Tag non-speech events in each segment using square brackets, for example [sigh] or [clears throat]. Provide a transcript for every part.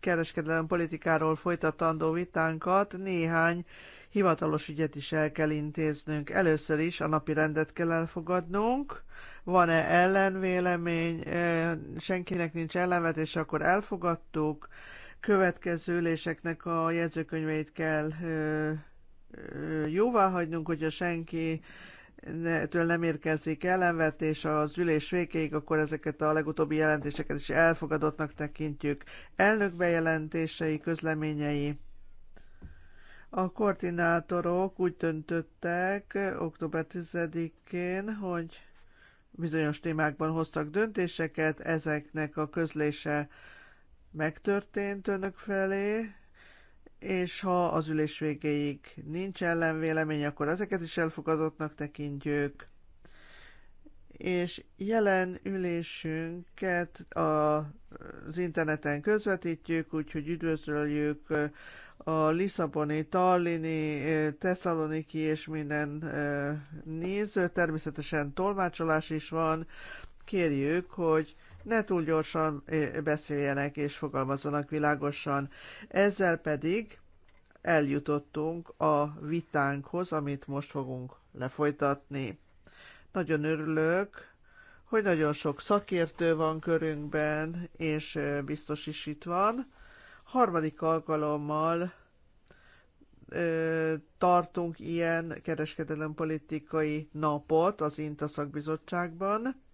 kereskedelem politikáról folytatandó vitánkat néhány hivatalos ügyet is el kell intéznünk. Először is a napi rendet kell elfogadnunk. Van-e ellenvélemény? Senkinek nincs ellenvetés, akkor elfogadtuk. Következő üléseknek a jegyzőkönyveit kell jóvá hagynunk, hogyha senki től nem érkezik ellenvetés az ülés végéig, akkor ezeket a legutóbbi jelentéseket is elfogadottnak tekintjük. Elnök bejelentései, közleményei. A koordinátorok úgy döntöttek október 10-én, hogy bizonyos témákban hoztak döntéseket, ezeknek a közlése megtörtént önök felé, és ha az ülés végéig nincs ellenvélemény, akkor ezeket is elfogadottnak tekintjük. És jelen ülésünket az interneten közvetítjük, úgyhogy üdvözöljük a Lisszaboni, Tallini, Tesszaloniki és minden néző. Természetesen tolmácsolás is van. Kérjük, hogy ne túl gyorsan beszéljenek és fogalmazzanak világosan. Ezzel pedig eljutottunk a vitánkhoz, amit most fogunk lefolytatni. Nagyon örülök, hogy nagyon sok szakértő van körünkben, és biztos is itt van. Harmadik alkalommal tartunk ilyen kereskedelempolitikai napot az Intaszakbizottságban. bizottságban.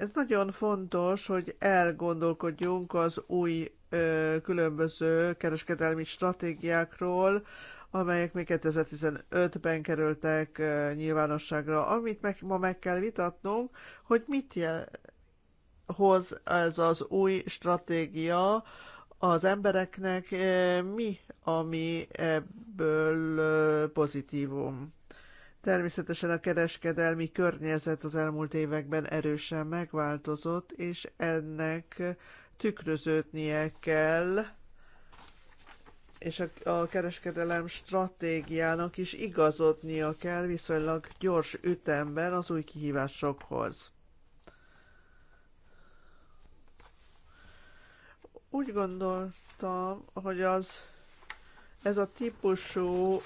Ez nagyon fontos, hogy elgondolkodjunk az új ö, különböző kereskedelmi stratégiákról, amelyek még 2015-ben kerültek ö, nyilvánosságra. Amit meg, ma meg kell vitatnunk, hogy mit jel, hoz ez az új stratégia az embereknek, ö, mi, ami ebből ö, pozitívum. Természetesen a kereskedelmi környezet az elmúlt években erősen megváltozott, és ennek tükröződnie kell, és a, a kereskedelem stratégiának is igazodnia kell viszonylag gyors ütemben az új kihívásokhoz. Úgy gondoltam, hogy az ez a típusú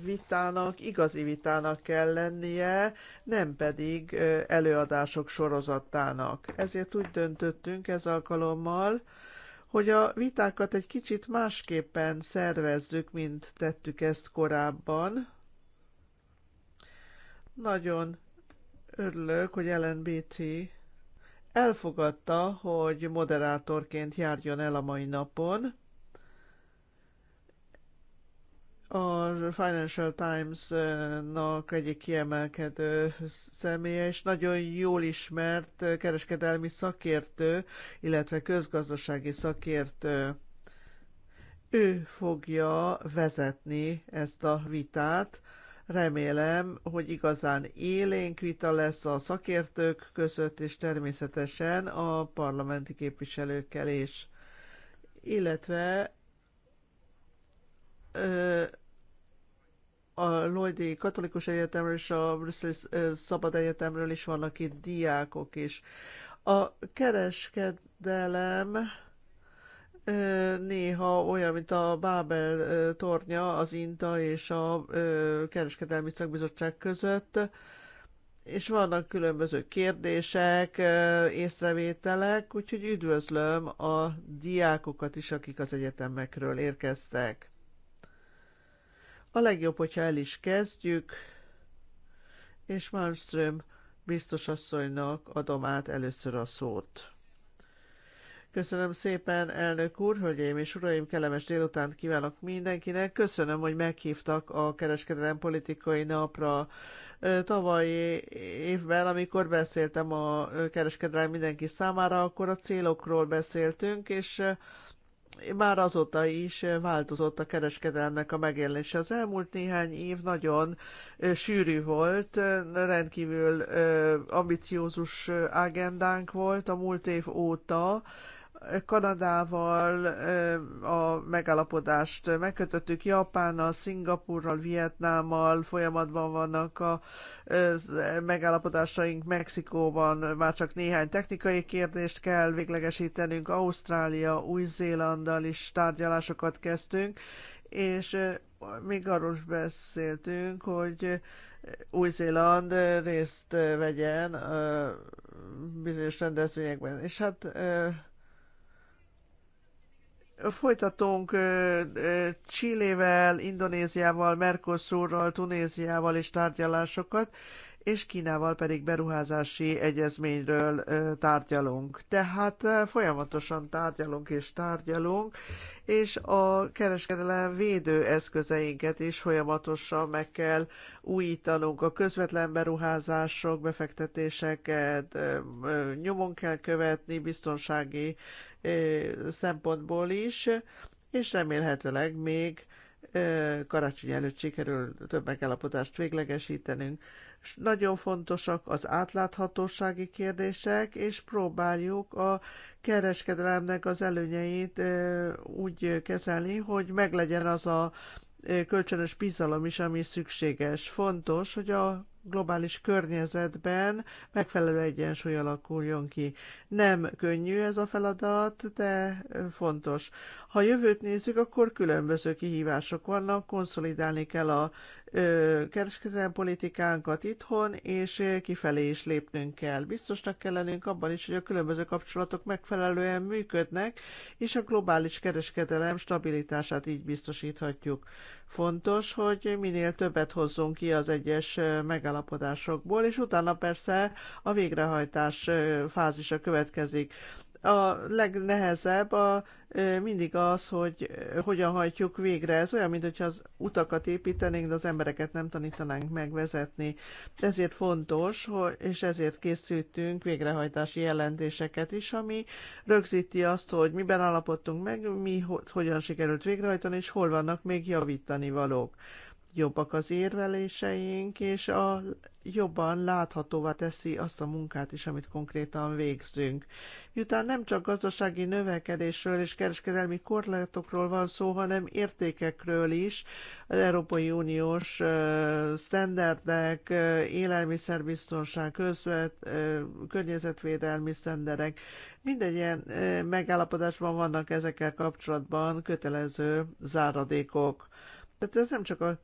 vitának igazi vitának kell lennie, nem pedig előadások sorozatának. Ezért úgy döntöttünk ez alkalommal, hogy a vitákat egy kicsit másképpen szervezzük, mint tettük ezt korábban. Nagyon örülök, hogy Ellen elfogadta, hogy moderátorként járjon el a mai napon, a Financial Times-nak egyik kiemelkedő személye, és nagyon jól ismert kereskedelmi szakértő, illetve közgazdasági szakértő. Ő fogja vezetni ezt a vitát. Remélem, hogy igazán élénk vita lesz a szakértők között, és természetesen a parlamenti képviselőkkel is illetve a Lloydi Katolikus Egyetemről és a Brüsszeli Szabad Egyetemről is vannak itt diákok is. A kereskedelem néha olyan, mint a Bábel tornya az INTA és a Kereskedelmi Szakbizottság között, és vannak különböző kérdések, észrevételek, úgyhogy üdvözlöm a diákokat is, akik az egyetemekről érkeztek. A legjobb, hogyha el is kezdjük, és Malmström biztos asszonynak adom át először a szót. Köszönöm szépen, elnök úr, hölgyeim és uraim, kellemes délutánt kívánok mindenkinek. Köszönöm, hogy meghívtak a kereskedelem politikai napra tavalyi évben, amikor beszéltem a kereskedelem mindenki számára, akkor a célokról beszéltünk, és már azóta is változott a kereskedelmnek a megélése. Az elmúlt néhány év nagyon sűrű volt, rendkívül ambiciózus agendánk volt a múlt év óta, Kanadával a megállapodást megkötöttük, Japánnal, Szingapurral, Vietnámmal folyamatban vannak a megállapodásaink, Mexikóban már csak néhány technikai kérdést kell véglegesítenünk, Ausztrália, Új-Zélanddal is tárgyalásokat kezdtünk, és még arról is beszéltünk, hogy új-Zéland részt vegyen bizonyos rendezvényekben. És hát Folytatunk Csillével, Indonéziával, Mercosurral, Tunéziával és tárgyalásokat, és Kínával pedig beruházási egyezményről tárgyalunk. Tehát folyamatosan tárgyalunk és tárgyalunk, és a kereskedelem védő eszközeinket is folyamatosan meg kell újítanunk. A közvetlen beruházások, befektetéseket nyomon kell követni, biztonsági szempontból is, és remélhetőleg még karácsony előtt sikerül több megállapodást véglegesítenünk. És nagyon fontosak az átláthatósági kérdések, és próbáljuk a kereskedelemnek az előnyeit úgy kezelni, hogy meglegyen az a kölcsönös bizalom is, ami szükséges. Fontos, hogy a globális környezetben megfelelő egyensúly alakuljon ki. Nem könnyű ez a feladat, de fontos. Ha jövőt nézzük, akkor különböző kihívások vannak, konszolidálni kell a kereskedelmi politikánkat itthon, és kifelé is lépnünk kell. Biztosnak kell lennünk abban is, hogy a különböző kapcsolatok megfelelően működnek, és a globális kereskedelem stabilitását így biztosíthatjuk. Fontos, hogy minél többet hozzunk ki az egyes megállapodásokból, és utána persze a végrehajtás fázisa következik a legnehezebb a, mindig az, hogy hogyan hajtjuk végre. Ez olyan, mintha az utakat építenénk, de az embereket nem tanítanánk megvezetni. Ezért fontos, és ezért készültünk végrehajtási jelentéseket is, ami rögzíti azt, hogy miben alapodtunk meg, mi hogyan sikerült végrehajtani, és hol vannak még javítani valók jobbak az érveléseink, és a jobban láthatóvá teszi azt a munkát is, amit konkrétan végzünk. Miután nem csak gazdasági növekedésről és kereskedelmi korlátokról van szó, hanem értékekről is, az Európai Uniós uh, sztenderdek, uh, élelmiszerbiztonság, közvet, uh, környezetvédelmi sztenderek, minden ilyen uh, megállapodásban vannak ezekkel kapcsolatban kötelező záradékok. Tehát ez nem csak a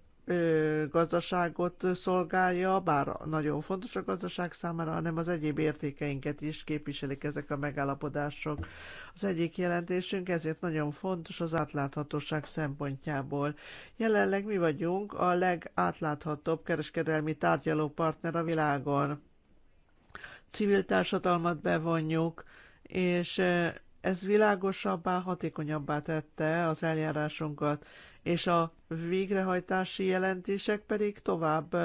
gazdaságot szolgálja, bár nagyon fontos a gazdaság számára, hanem az egyéb értékeinket is képviselik ezek a megállapodások. Az egyik jelentésünk ezért nagyon fontos az átláthatóság szempontjából. Jelenleg mi vagyunk a legátláthatóbb kereskedelmi tárgyalópartner a világon. Civil társadalmat bevonjuk, és ez világosabbá, hatékonyabbá tette az eljárásunkat, és a végrehajtási jelentések pedig tovább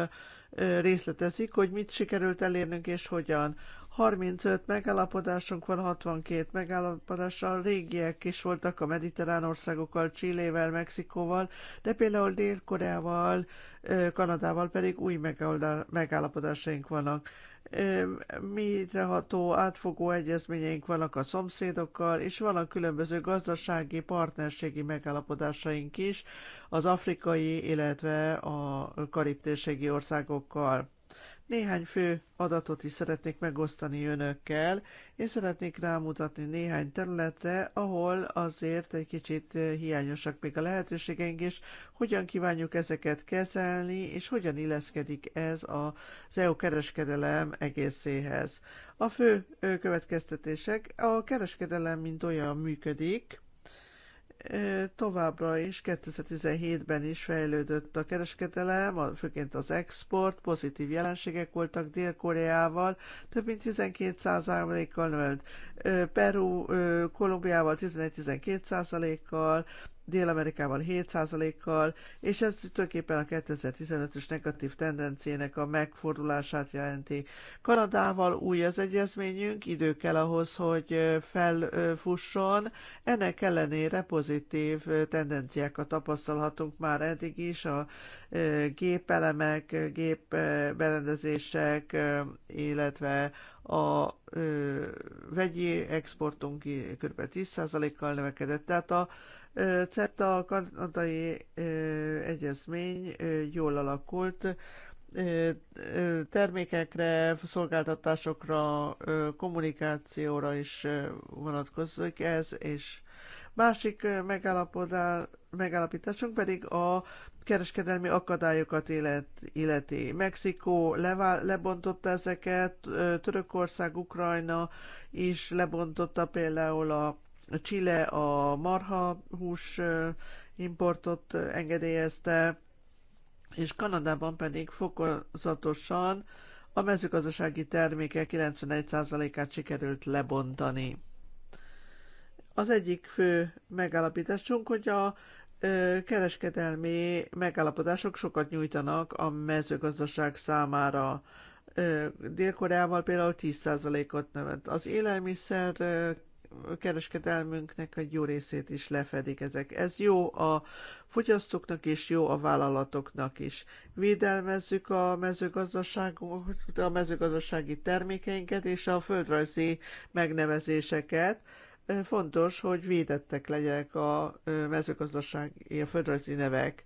részletezik, hogy mit sikerült elérnünk és hogyan. 35 megállapodásunk van, 62 megállapodással, régiek is voltak a mediterrán országokkal, Csillével, Mexikóval, de például Dél-Koreával, Kanadával pedig új megállapodásaink vannak mélyreható, átfogó egyezményeink vannak a szomszédokkal, és vannak különböző gazdasági, partnerségi megállapodásaink is az afrikai, illetve a karib országokkal. Néhány fő adatot is szeretnék megosztani önökkel, és szeretnék rámutatni néhány területre, ahol azért egy kicsit eh, hiányosak még a lehetőségeink, és hogyan kívánjuk ezeket kezelni, és hogyan illeszkedik ez az EU kereskedelem egészéhez. A fő eh, következtetések, a kereskedelem mint olyan működik, továbbra is 2017-ben is fejlődött a kereskedelem, főként az export, pozitív jelenségek voltak Dél-Koreával, több mint 12%-kal nőtt, Peru, Kolumbiával 11-12%-kal, Dél-Amerikában 7%-kal, és ez tulajdonképpen a 2015-ös negatív tendenciének a megfordulását jelenti. Kanadával új az egyezményünk, idő kell ahhoz, hogy felfusson. Ennek ellenére pozitív tendenciákat tapasztalhatunk már eddig is, a gépelemek, gépberendezések, illetve a ö, vegyi exportunk kb. 10%-kal növekedett, tehát a CETA, a kanadai egyezmény jól alakult, termékekre, szolgáltatásokra, kommunikációra is vonatkozik ez, és másik megállapításunk pedig a kereskedelmi akadályokat élet, illeti. Mexikó levá, lebontotta ezeket, Törökország, Ukrajna is lebontotta például a Chile a marha hús importot engedélyezte, és Kanadában pedig fokozatosan a mezőgazdasági termékek 91%-át sikerült lebontani. Az egyik fő megállapításunk, hogy a kereskedelmi megállapodások sokat nyújtanak a mezőgazdaság számára. Dél-Koreával például 10%-ot növelt. Az élelmiszer kereskedelmünknek egy jó részét is lefedik ezek. Ez jó a fogyasztóknak és jó a vállalatoknak is. Védelmezzük a, a mezőgazdasági termékeinket és a földrajzi megnevezéseket. Fontos, hogy védettek legyenek a mezőgazdasági, a földrajzi nevek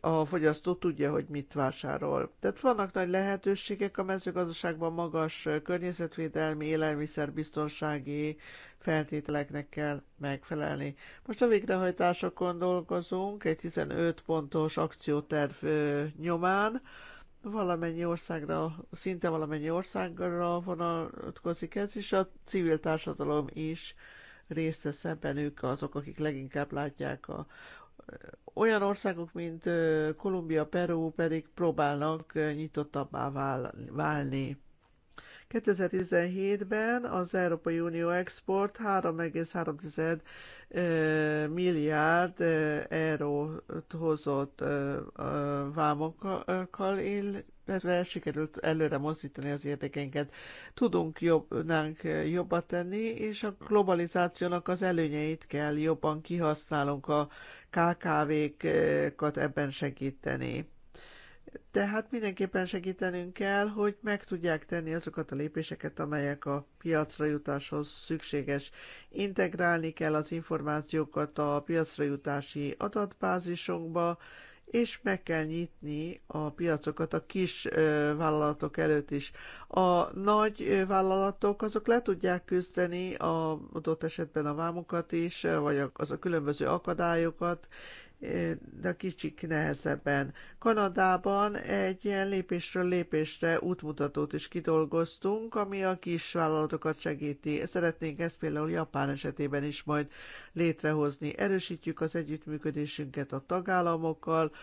a fogyasztó tudja, hogy mit vásárol. Tehát vannak nagy lehetőségek a mezőgazdaságban magas környezetvédelmi, élelmiszerbiztonsági feltételeknek kell megfelelni. Most a végrehajtásokon dolgozunk, egy 15 pontos akcióterv nyomán, valamennyi országra, szinte valamennyi országra vonatkozik ez, és a civil társadalom is részt vesz ebben, ők azok, akik leginkább látják a olyan országok, mint Kolumbia, Peru pedig próbálnak nyitottabbá válni. 2017-ben az Európai Unió export 3,3 milliárd eurót hozott vámokkal, illetve sikerült előre mozdítani az érdekeinket. Tudunk jobbnánk jobbat tenni, és a globalizációnak az előnyeit kell jobban kihasználunk a KKV-kat ebben segíteni. Tehát mindenképpen segítenünk kell, hogy meg tudják tenni azokat a lépéseket, amelyek a piacra jutáshoz szükséges. Integrálni kell az információkat a piacra jutási adatbázisunkba, és meg kell nyitni a piacokat a kis vállalatok előtt is. A nagy vállalatok azok le tudják küzdeni a adott esetben a vámokat is, vagy az a különböző akadályokat, de a kicsik nehezebben. Kanadában egy ilyen lépésről lépésre útmutatót is kidolgoztunk, ami a kis vállalatokat segíti. Szeretnénk ezt például Japán esetében is majd létrehozni. Erősítjük az együttműködésünket a tagállamokkal,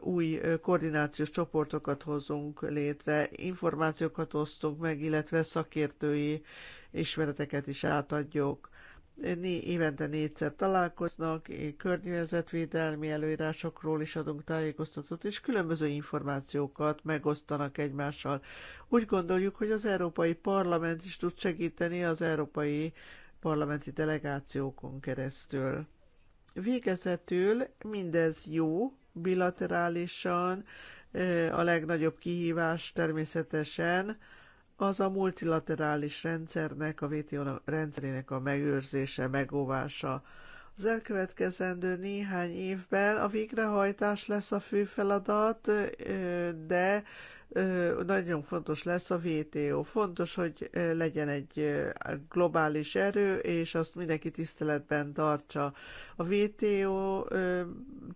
új koordinációs csoportokat hozunk létre, információkat osztunk meg, illetve szakértői ismereteket is átadjuk évente négyszer találkoznak, környezetvédelmi előírásokról is adunk tájékoztatót, és különböző információkat megosztanak egymással. Úgy gondoljuk, hogy az Európai Parlament is tud segíteni az európai parlamenti delegációkon keresztül. Végezetül mindez jó, bilaterálisan, a legnagyobb kihívás természetesen, az a multilaterális rendszernek, a WTO rendszerének a megőrzése, megóvása. Az elkövetkezendő néhány évben a végrehajtás lesz a fő feladat, de nagyon fontos lesz a VTO. Fontos, hogy legyen egy globális erő, és azt mindenki tiszteletben tartsa. A VTO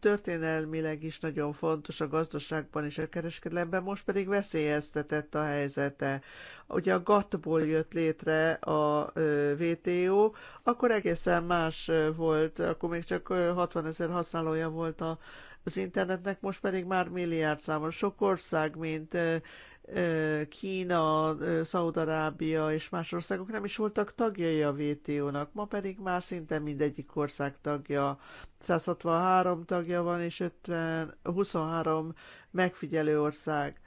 történelmileg is nagyon fontos a gazdaságban és a kereskedelemben, most pedig veszélyeztetett a helyzete. Ugye a GATT-ból jött létre a VTO, akkor egészen más volt, akkor még csak 60 ezer használója volt a az internetnek most pedig már milliárd számon. Sok ország, mint Kína, Szaudarábia és más országok nem is voltak tagjai a WTO-nak, ma pedig már szinte mindegyik ország tagja. 163 tagja van és 50, 23 megfigyelő ország.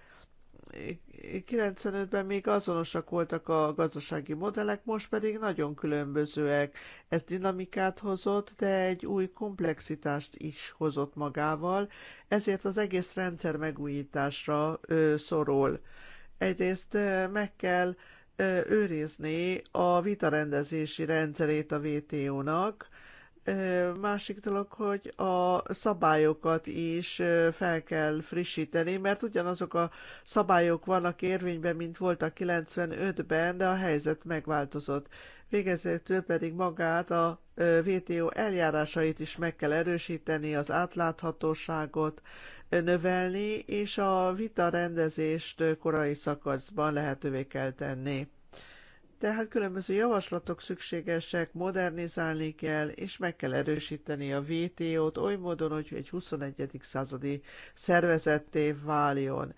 95-ben még azonosak voltak a gazdasági modellek, most pedig nagyon különbözőek. Ez dinamikát hozott, de egy új komplexitást is hozott magával, ezért az egész rendszer megújításra ö, szorul. Egyrészt ö, meg kell ö, őrizni a vitarendezési rendszerét a vto nak Másik dolog, hogy a szabályokat is fel kell frissíteni, mert ugyanazok a szabályok vannak érvényben, mint voltak 95-ben, de a helyzet megváltozott. Végezetül pedig magát a VTO eljárásait is meg kell erősíteni, az átláthatóságot növelni, és a vita rendezést korai szakaszban lehetővé kell tenni. Tehát különböző javaslatok szükségesek, modernizálni kell, és meg kell erősíteni a VTO-t oly módon, hogy egy 21. századi szervezetté váljon.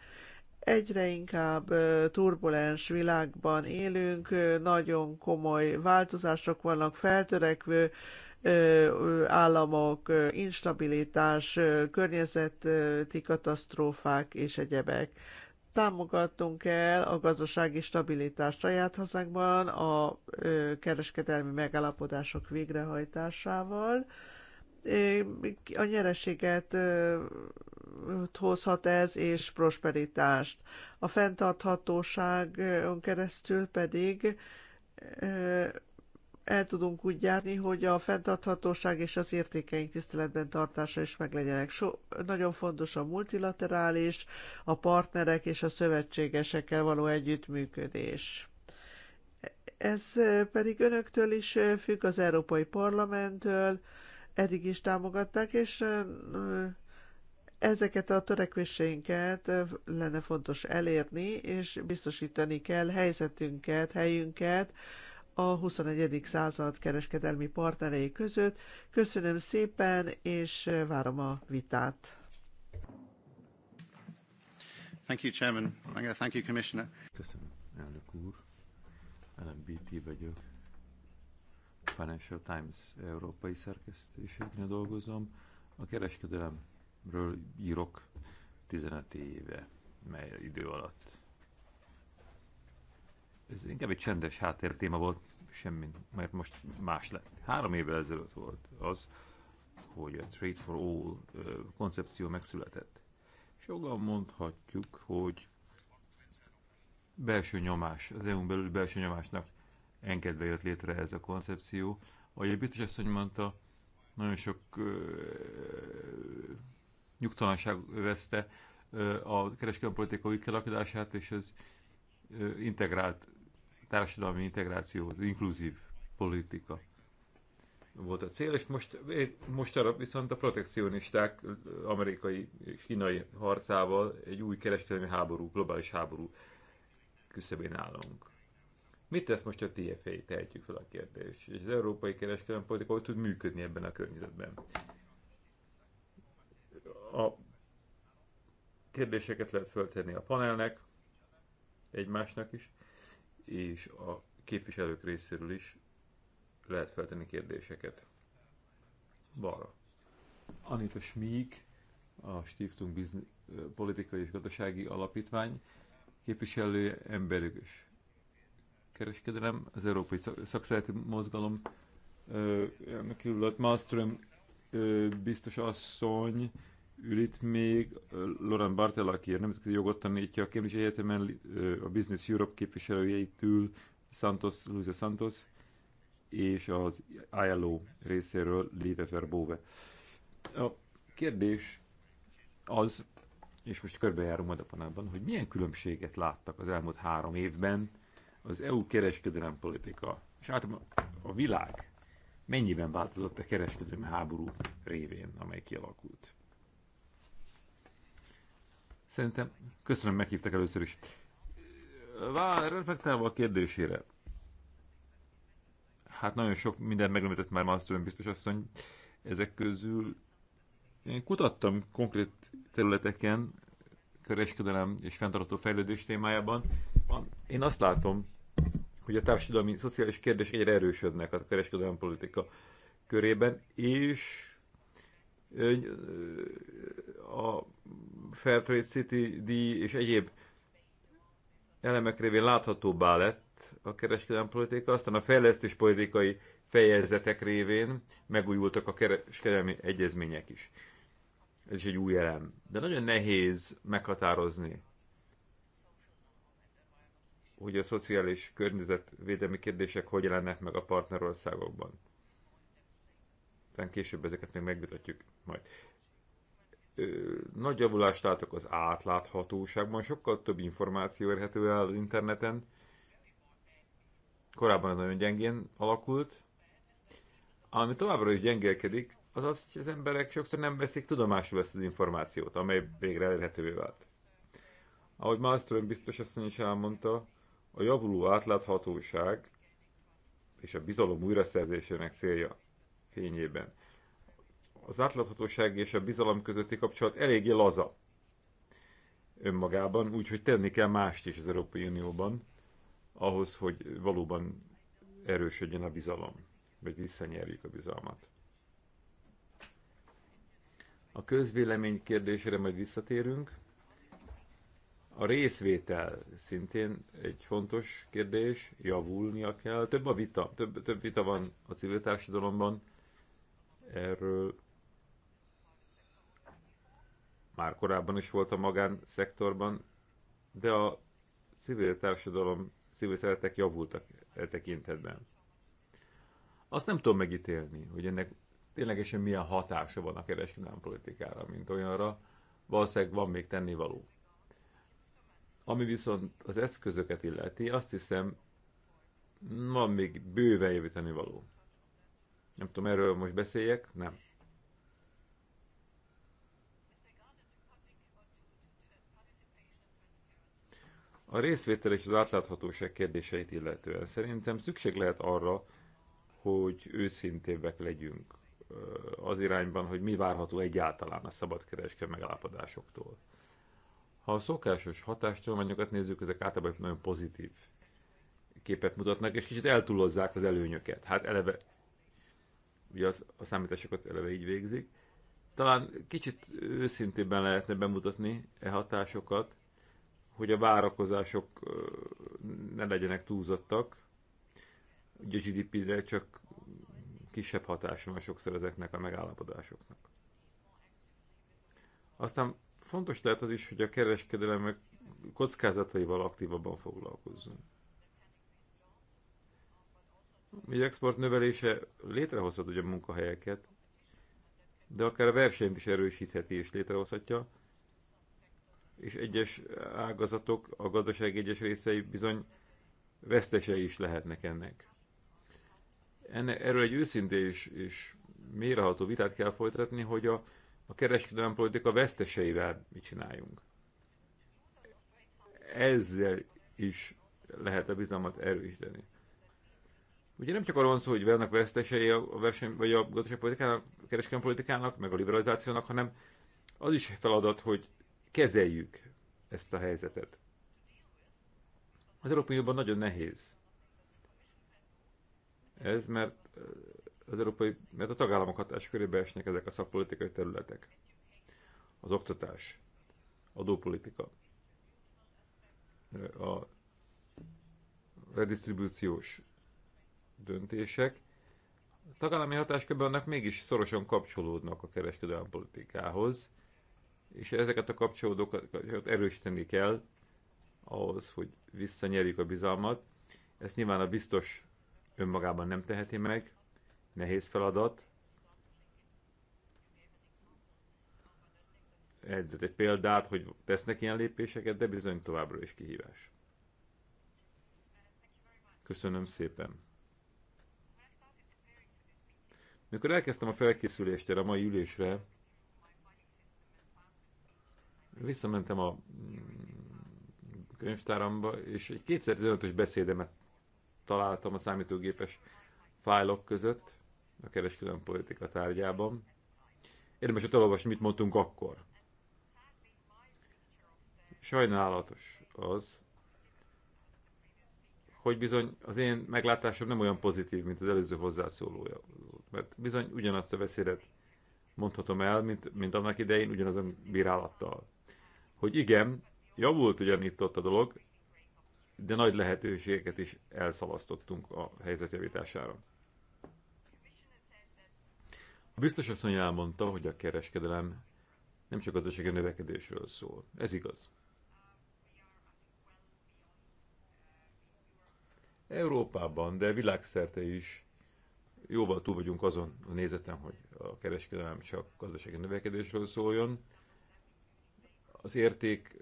Egyre inkább turbulens világban élünk, nagyon komoly változások vannak, feltörekvő államok, instabilitás, környezeti katasztrófák és egyebek támogatunk el a gazdasági stabilitást saját hazánkban, a kereskedelmi megállapodások végrehajtásával. A nyereséget hozhat ez, és prosperitást. A fenntarthatóságon keresztül pedig el tudunk úgy járni, hogy a fenntarthatóság és az értékeink tiszteletben tartása is meglegyenek. So, nagyon fontos a multilaterális, a partnerek és a szövetségesekkel való együttműködés. Ez pedig önöktől is függ, az Európai Parlamenttől, eddig is támogatták, és ezeket a törekvéseinket lenne fontos elérni, és biztosítani kell helyzetünket, helyünket, a 21. század kereskedelmi partnerei között. Köszönöm szépen, és várom a vitát. Thank you, Chairman. Thank you, Commissioner. Köszönöm, elnök úr. LMBT vagyok. Financial Times európai szerkesztőségnél dolgozom. A kereskedelemről írok 15 éve, mely idő alatt ez inkább egy csendes téma volt, semmi, mert most más lett. Három évvel ezelőtt volt az, hogy a Trade for All koncepció megszületett. És jogan mondhatjuk, hogy belső nyomás, az EU-n belül belső nyomásnak engedve jött létre ez a koncepció. Ahogy a biztos asszony mondta, nagyon sok ö, nyugtalanság övezte ö, a kereskedelmi politika kialakítását, és ez ö, integrált társadalmi integráció, inkluzív politika volt a cél, és most, most arra viszont a protekcionisták amerikai és kínai harcával egy új kereskedelmi háború, globális háború küszöbén állunk. Mit tesz most a TFA? Tehetjük fel a kérdést. És az európai kereskedelmi politika hogy tud működni ebben a környezetben? A kérdéseket lehet föltenni a panelnek, egymásnak is és a képviselők részéről is lehet feltenni kérdéseket. Balra. Anita Schmík, a Stiftung Bizni- Politikai és Gazdasági Alapítvány képviselője, is. kereskedelem, az Európai Szakszereti Mozgalom elnökülött, Malmström biztos asszony, ül itt még Loren Bartel, aki a nemzetközi jogot tanítja a Cambridge Egyetemen, a Business Europe képviselőjeit ül, Santos, Luisa Santos, és az ILO részéről Lieve Verbove. A kérdés az, és most körbejárom majd a panában, hogy milyen különbséget láttak az elmúlt három évben az EU kereskedelem politika, és általában a világ mennyiben változott a kereskedelmi háború révén, amely kialakult. Szerintem, köszönöm, meghívtak először is. Vár, reflektálva a kérdésére. Hát nagyon sok minden meglömetett már Malmström biztos asszony. Ezek közül én kutattam konkrét területeken, kereskedelem és fenntartható fejlődés témájában. Én azt látom, hogy a társadalmi, szociális kérdés egyre erősödnek a kereskedelem politika körében, és a Fairtrade City díj és egyéb elemek révén láthatóbbá lett a kereskedelmi politika, aztán a fejlesztés politikai fejezetek révén megújultak a kereskedelmi egyezmények is. Ez is egy új elem. De nagyon nehéz meghatározni, hogy a szociális környezetvédelmi kérdések hogy jelennek meg a partnerországokban. Talán később ezeket még megvitatjuk majd. Nagy javulást látok az átláthatóságban, sokkal több információ érhető el az interneten. Korábban ez nagyon gyengén alakult. Ami továbbra is gyengélkedik, az az, hogy az emberek sokszor nem veszik tudomásul ezt az információt, amely végre elérhetővé vált. Ahogy Malmström biztos asszony is elmondta, a javuló átláthatóság és a bizalom újraszerzésének célja fényében. Az átláthatóság és a bizalom közötti kapcsolat eléggé laza önmagában, úgyhogy tenni kell mást is az Európai Unióban, ahhoz, hogy valóban erősödjön a bizalom, vagy visszanyerjük a bizalmat. A közvélemény kérdésére majd visszatérünk. A részvétel szintén egy fontos kérdés, javulnia kell. Több a vita, több, több vita van a civil társadalomban Erről már korábban is volt a magánszektorban, de a civil társadalom, civil szeretek javultak e tekintetben. Azt nem tudom megítélni, hogy ennek ténylegesen milyen hatása van a kereskedelmi politikára, mint olyanra, valószínűleg van még tennivaló. Ami viszont az eszközöket illeti, azt hiszem, van még bőven javítani való. Nem tudom, erről most beszéljek? Nem. A részvétel és az átláthatóság kérdéseit illetően szerintem szükség lehet arra, hogy őszintébbek legyünk az irányban, hogy mi várható egyáltalán a szabadkereskedelmi megállapodásoktól. Ha a szokásos hatástudományokat nézzük, ezek általában nagyon pozitív képet mutatnak, és kicsit eltúlozzák az előnyöket. Hát eleve ugye az, a számításokat eleve így végzik. Talán kicsit őszintében lehetne bemutatni e hatásokat, hogy a várakozások ne legyenek túlzottak. Ugye a GDP-re csak kisebb hatása van sokszor ezeknek a megállapodásoknak. Aztán fontos lehet az is, hogy a kereskedelem kockázataival aktívabban foglalkozzunk. Ugye export növelése létrehozhat ugye munkahelyeket, de akár a versenyt is erősítheti és létrehozhatja, és egyes ágazatok, a gazdaság egyes részei bizony vesztesei is lehetnek ennek. Enne, erről egy őszintén és, és mélyreható vitát kell folytatni, hogy a, a kereskedelmi politika veszteseivel mit csináljunk. Ezzel is lehet a bizalmat erősíteni. Ugye nem csak arról van szó, hogy vannak vesztesei a verseny, vagy a gazdaságpolitikának, a kereskedelmi politikának, meg a liberalizációnak, hanem az is feladat, hogy kezeljük ezt a helyzetet. Az Európai Unióban nagyon nehéz. Ez mert eh, az európai, mert a tagállamok körébe esnek ezek a szakpolitikai területek. Az oktatás, adópolitika, eh, a redistribúciós döntések a tagállami hatáskörben annak mégis szorosan kapcsolódnak a kereskedelmi politikához, és ezeket a kapcsolódókat erősíteni kell ahhoz, hogy visszanyerjük a bizalmat. Ezt nyilván a biztos önmagában nem teheti meg, nehéz feladat. Egy, egy példát, hogy tesznek ilyen lépéseket, de bizony továbbra is kihívás. Köszönöm szépen! Mikor elkezdtem a felkészülést erre a mai ülésre, visszamentem a mm, könyvtáramba, és egy 2015-ös beszédemet találtam a számítógépes fájlok között, a kereskedelmi politika tárgyában. Érdemes ott elolvasni, mit mondtunk akkor. Sajnálatos az, hogy bizony az én meglátásom nem olyan pozitív, mint az előző hozzászólója. Mert bizony ugyanazt a veszélyet mondhatom el, mint, mint annak idején ugyanazon bírálattal. Hogy igen, javult ugyan itt ott a dolog, de nagy lehetőségeket is elszalasztottunk a helyzet javítására. A biztos asszony elmondta, hogy a kereskedelem nem csak gazdasági növekedésről szól. Ez igaz. Európában, de világszerte is jóval túl vagyunk azon a nézeten, hogy a kereskedelem csak gazdasági növekedésről szóljon. Az érték,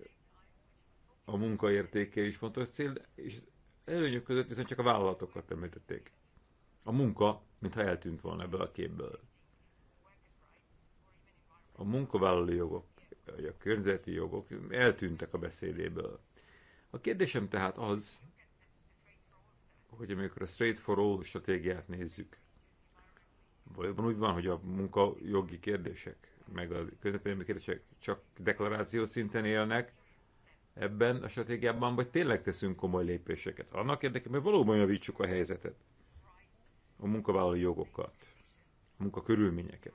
a munka értéke is fontos cél, és az előnyök között viszont csak a vállalatokat említették. A munka, mintha eltűnt volna ebből a képből. A munkavállalói jogok, a környezeti jogok eltűntek a beszédéből. A kérdésem tehát az, hogy amikor a straight for all stratégiát nézzük, valóban úgy van, hogy a munkajogi kérdések, meg a közvetlenül kérdések csak deklaráció szinten élnek ebben a stratégiában, vagy tényleg teszünk komoly lépéseket. Annak érdekében valóban javítsuk a helyzetet, a munkavállalói jogokat, a munkakörülményeket,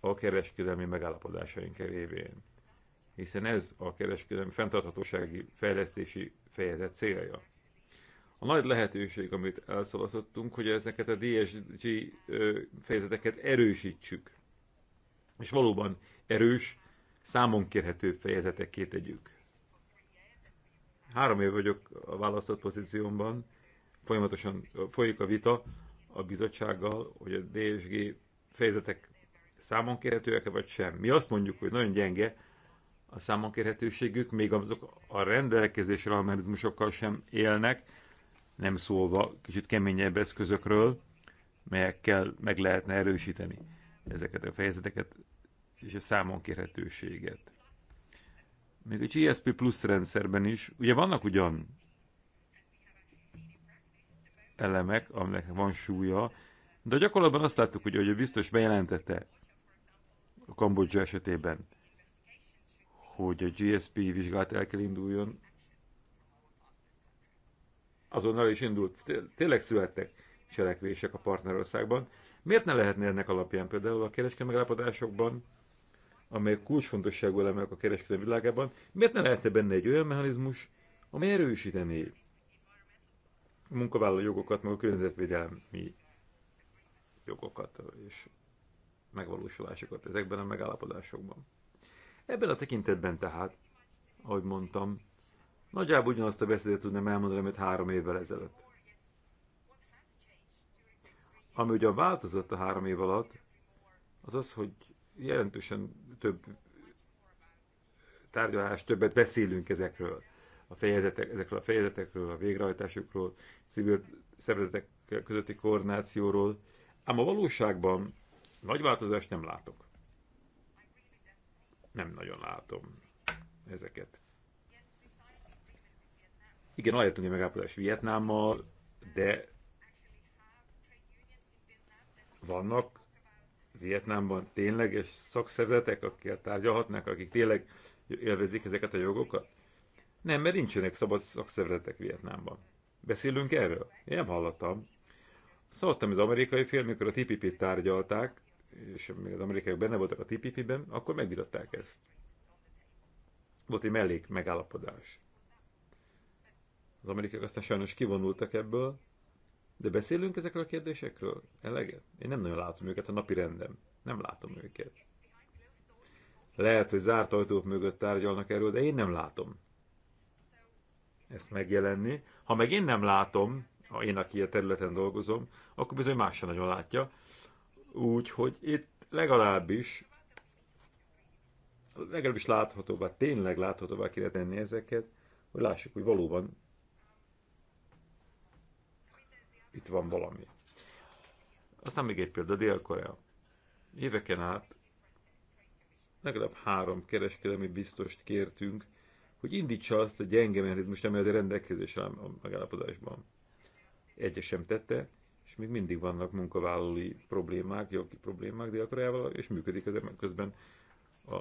a kereskedelmi megállapodásaink révén hiszen ez a kereskedelmi fenntarthatósági fejlesztési fejezet célja. A nagy lehetőség, amit elszalasztottunk, hogy ezeket a DSG fejezeteket erősítsük, és valóban erős, számon kérhető fejezetekké tegyük. Három év vagyok a választott pozíciómban, folyamatosan folyik a vita a bizottsággal, hogy a DSG fejezetek számon kérhetőek -e, vagy sem. Mi azt mondjuk, hogy nagyon gyenge a számon kérhetőségük, még azok a rendelkezésre a mechanizmusokkal sem élnek, nem szólva kicsit keményebb eszközökről, melyekkel meg lehetne erősíteni ezeket a fejezeteket és a számon kérhetőséget. Még a GSP Plus rendszerben is, ugye vannak ugyan elemek, aminek van súlya, de gyakorlatban azt láttuk, hogy a biztos bejelentette a Kambodzsa esetében, hogy a GSP vizsgálat el kell induljon. Azonnal is indult, tényleg születtek cselekvések a partnerországban. Miért ne lehetne ennek alapján például a kereskedelmi megállapodásokban, amely kulcsfontosságú elemek a kereskedelmi világában, miért ne lehetne benne egy olyan mechanizmus, ami erősítené a munkavállaló jogokat, meg a környezetvédelmi jogokat és megvalósulásokat ezekben a megállapodásokban. Ebben a tekintetben tehát, ahogy mondtam, nagyjából ugyanazt a beszédet tudnám elmondani, amit három évvel ezelőtt. Ami ugye változott a három év alatt, az az, hogy jelentősen több tárgyalás, többet beszélünk ezekről, a fejezetek, ezekről a fejezetekről, a végrehajtásokról, civil szervezetek közötti koordinációról, ám a valóságban nagy változást nem látok nem nagyon látom ezeket. Igen, aláírtunk egy megállapodást Vietnámmal, de vannak Vietnámban tényleges szakszervezetek, akikkel tárgyalhatnak, akik tényleg élvezik ezeket a jogokat? Nem, mert nincsenek szabad szakszervezetek Vietnámban. Beszélünk erről? Én nem hallottam. Szóltam az amerikai fél, mikor a TPP-t tárgyalták, és még az amerikaiak benne voltak a TPP-ben, akkor megvitatták ezt. Volt egy mellék megállapodás. Az amerikaiak aztán sajnos kivonultak ebből, de beszélünk ezekről a kérdésekről? Eleget? Én nem nagyon látom őket a napi rendem. Nem látom őket. Lehet, hogy zárt ajtók mögött tárgyalnak erről, de én nem látom ezt megjelenni. Ha meg én nem látom, ha én, aki a területen dolgozom, akkor bizony más sem nagyon látja. Úgyhogy itt legalábbis legalábbis láthatóvá, tényleg láthatóvá kéne tenni ezeket, hogy lássuk, hogy valóban itt van valami. Aztán még egy példa, Dél-Korea. Éveken át legalább három kereskedelmi biztost kértünk, hogy indítsa azt a gyenge mechanizmust, ami az rendelkezésre a megállapodásban. Egyes sem tette, és még mindig vannak munkavállalói problémák, jogi problémák Dél-Koreával, és működik az közben a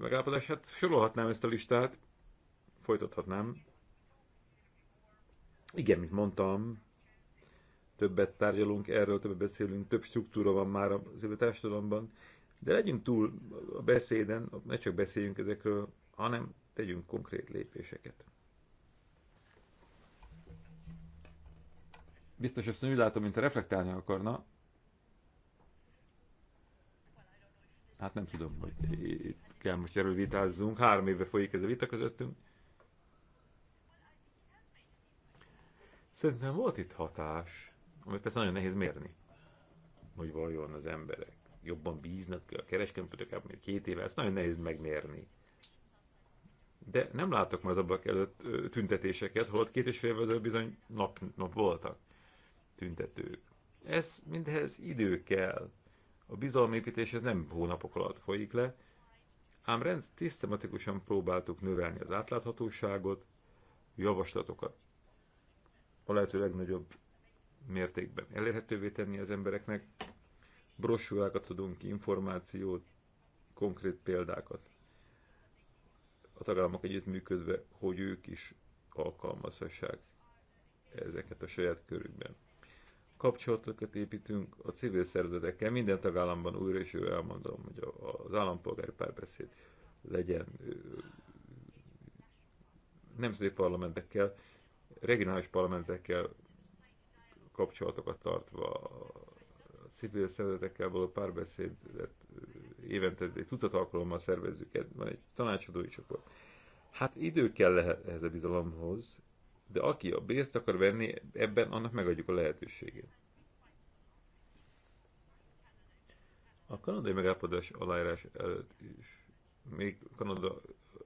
megállapodás. Hát sorolhatnám ezt a listát, folytathatnám. Igen, mint mondtam, többet tárgyalunk erről, többet beszélünk, több struktúra van már az élő társadalomban, de legyünk túl a beszéden, ne csak beszéljünk ezekről, hanem tegyünk konkrét lépéseket. Biztos azt úgy látom, mint a reflektálni akarna. Hát nem tudom, hogy itt kell most erről vitázzunk. Három éve folyik ez a vita közöttünk. Szerintem volt itt hatás, amit persze nagyon nehéz mérni, hogy vajon az emberek jobban bíznak a kereskedőkkel, mint két éve, ezt nagyon nehéz megmérni. De nem látok már az ablak előtt tüntetéseket, holott két és fél bizony nap, nap voltak tüntetők. Ez mindhez idő kell. A bizalomépítés ez nem hónapok alatt folyik le, ám rend szisztematikusan próbáltuk növelni az átláthatóságot, javaslatokat a lehető legnagyobb mértékben elérhetővé tenni az embereknek, brosúrákat adunk ki, információt, konkrét példákat a tagállamok együttműködve, hogy ők is alkalmazhassák ezeket a saját körükben kapcsolatokat építünk a civil szervezetekkel, minden tagállamban újra és újra elmondom, hogy az állampolgári párbeszéd legyen nemzeti parlamentekkel, regionális parlamentekkel kapcsolatokat tartva, a civil szervezetekkel való párbeszédet évente egy tucat alkalommal szervezzük, van egy tanácsadói csoport. Hát idő kell ehhez a bizalomhoz, de aki a részt akar venni ebben, annak megadjuk a lehetőségét. A kanadai megállapodás aláírás előtt is még Kanada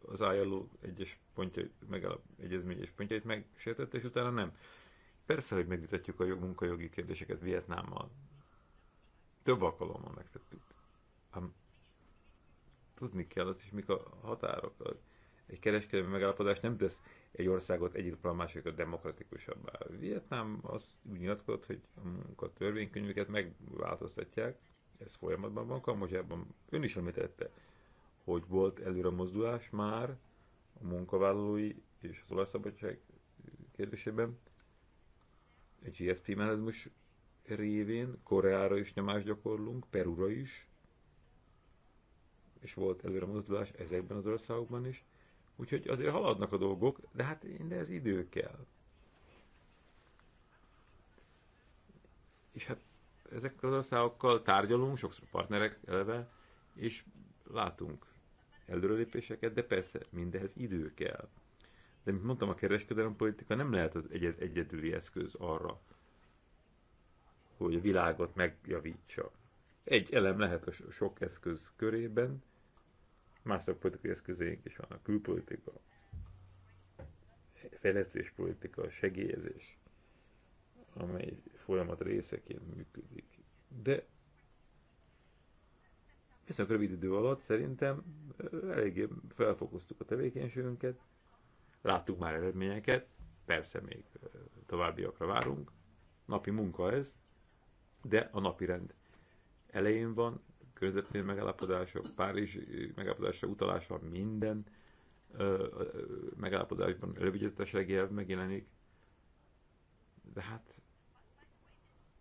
az ILO egyes pontjait egyezményes pontjait megsértette, és utána nem. Persze, hogy megvitatjuk a jog, munkajogi kérdéseket Vietnámmal. Több alkalommal megtettük. Ám tudni kell az is, mik a határok egy kereskedelmi megállapodás nem tesz egy országot egyik a másikat demokratikusabbá. Vietnám az úgy nyilatkozott, hogy a törvénykönyveket megváltoztatják, ez folyamatban van, Kambodzsában ön is említette, hogy volt előre mozdulás már a munkavállalói és a szólásszabadság kérdésében, a GSP mechanizmus révén Koreára is nyomást gyakorlunk, Perúra is, és volt előre mozdulás ezekben az országokban is, Úgyhogy azért haladnak a dolgok, de hát de ez idő kell. És hát ezekkel az országokkal tárgyalunk, sokszor partnerek eleve, és látunk előrelépéseket, de persze mindehez idő kell. De mint mondtam, a kereskedelmi politika nem lehet az egyed, egyedüli eszköz arra, hogy a világot megjavítsa. Egy elem lehet a sok eszköz körében, más szakpolitikai eszközeink is vannak. Külpolitika, fejlesztéspolitika, segélyezés, amely folyamat részeként működik. De viszonylag rövid idő alatt szerintem eléggé felfokoztuk a tevékenységünket, láttuk már eredményeket, persze még továbbiakra várunk, napi munka ez, de a napi rend elején van, közepén megállapodások, Párizsi megállapodásra utalása minden ö, megállapodásban elővigyázatossági elv megjelenik. De hát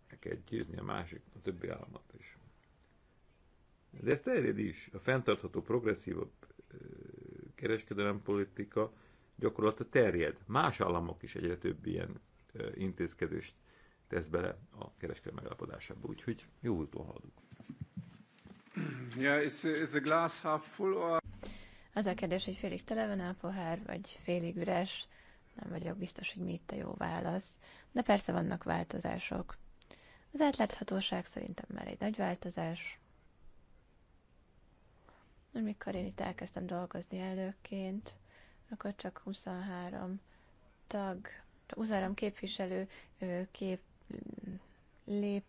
meg kell győzni a másik, a többi államot is. De ezt terjed is. A fenntartható, progresszívabb kereskedelempolitika gyakorlata terjed. Más államok is egyre több ilyen intézkedést tesz bele a kereskedelmi megállapodásába, úgyhogy jó úton haladunk. Az a kérdés, hogy félig tele van a pohár, vagy félig üres. Nem vagyok biztos, hogy mi itt a jó válasz. De persze vannak változások. Az átláthatóság szerintem már egy nagy változás. Amikor én itt elkezdtem dolgozni előként, akkor csak 23 tag, 23 képviselő kép lép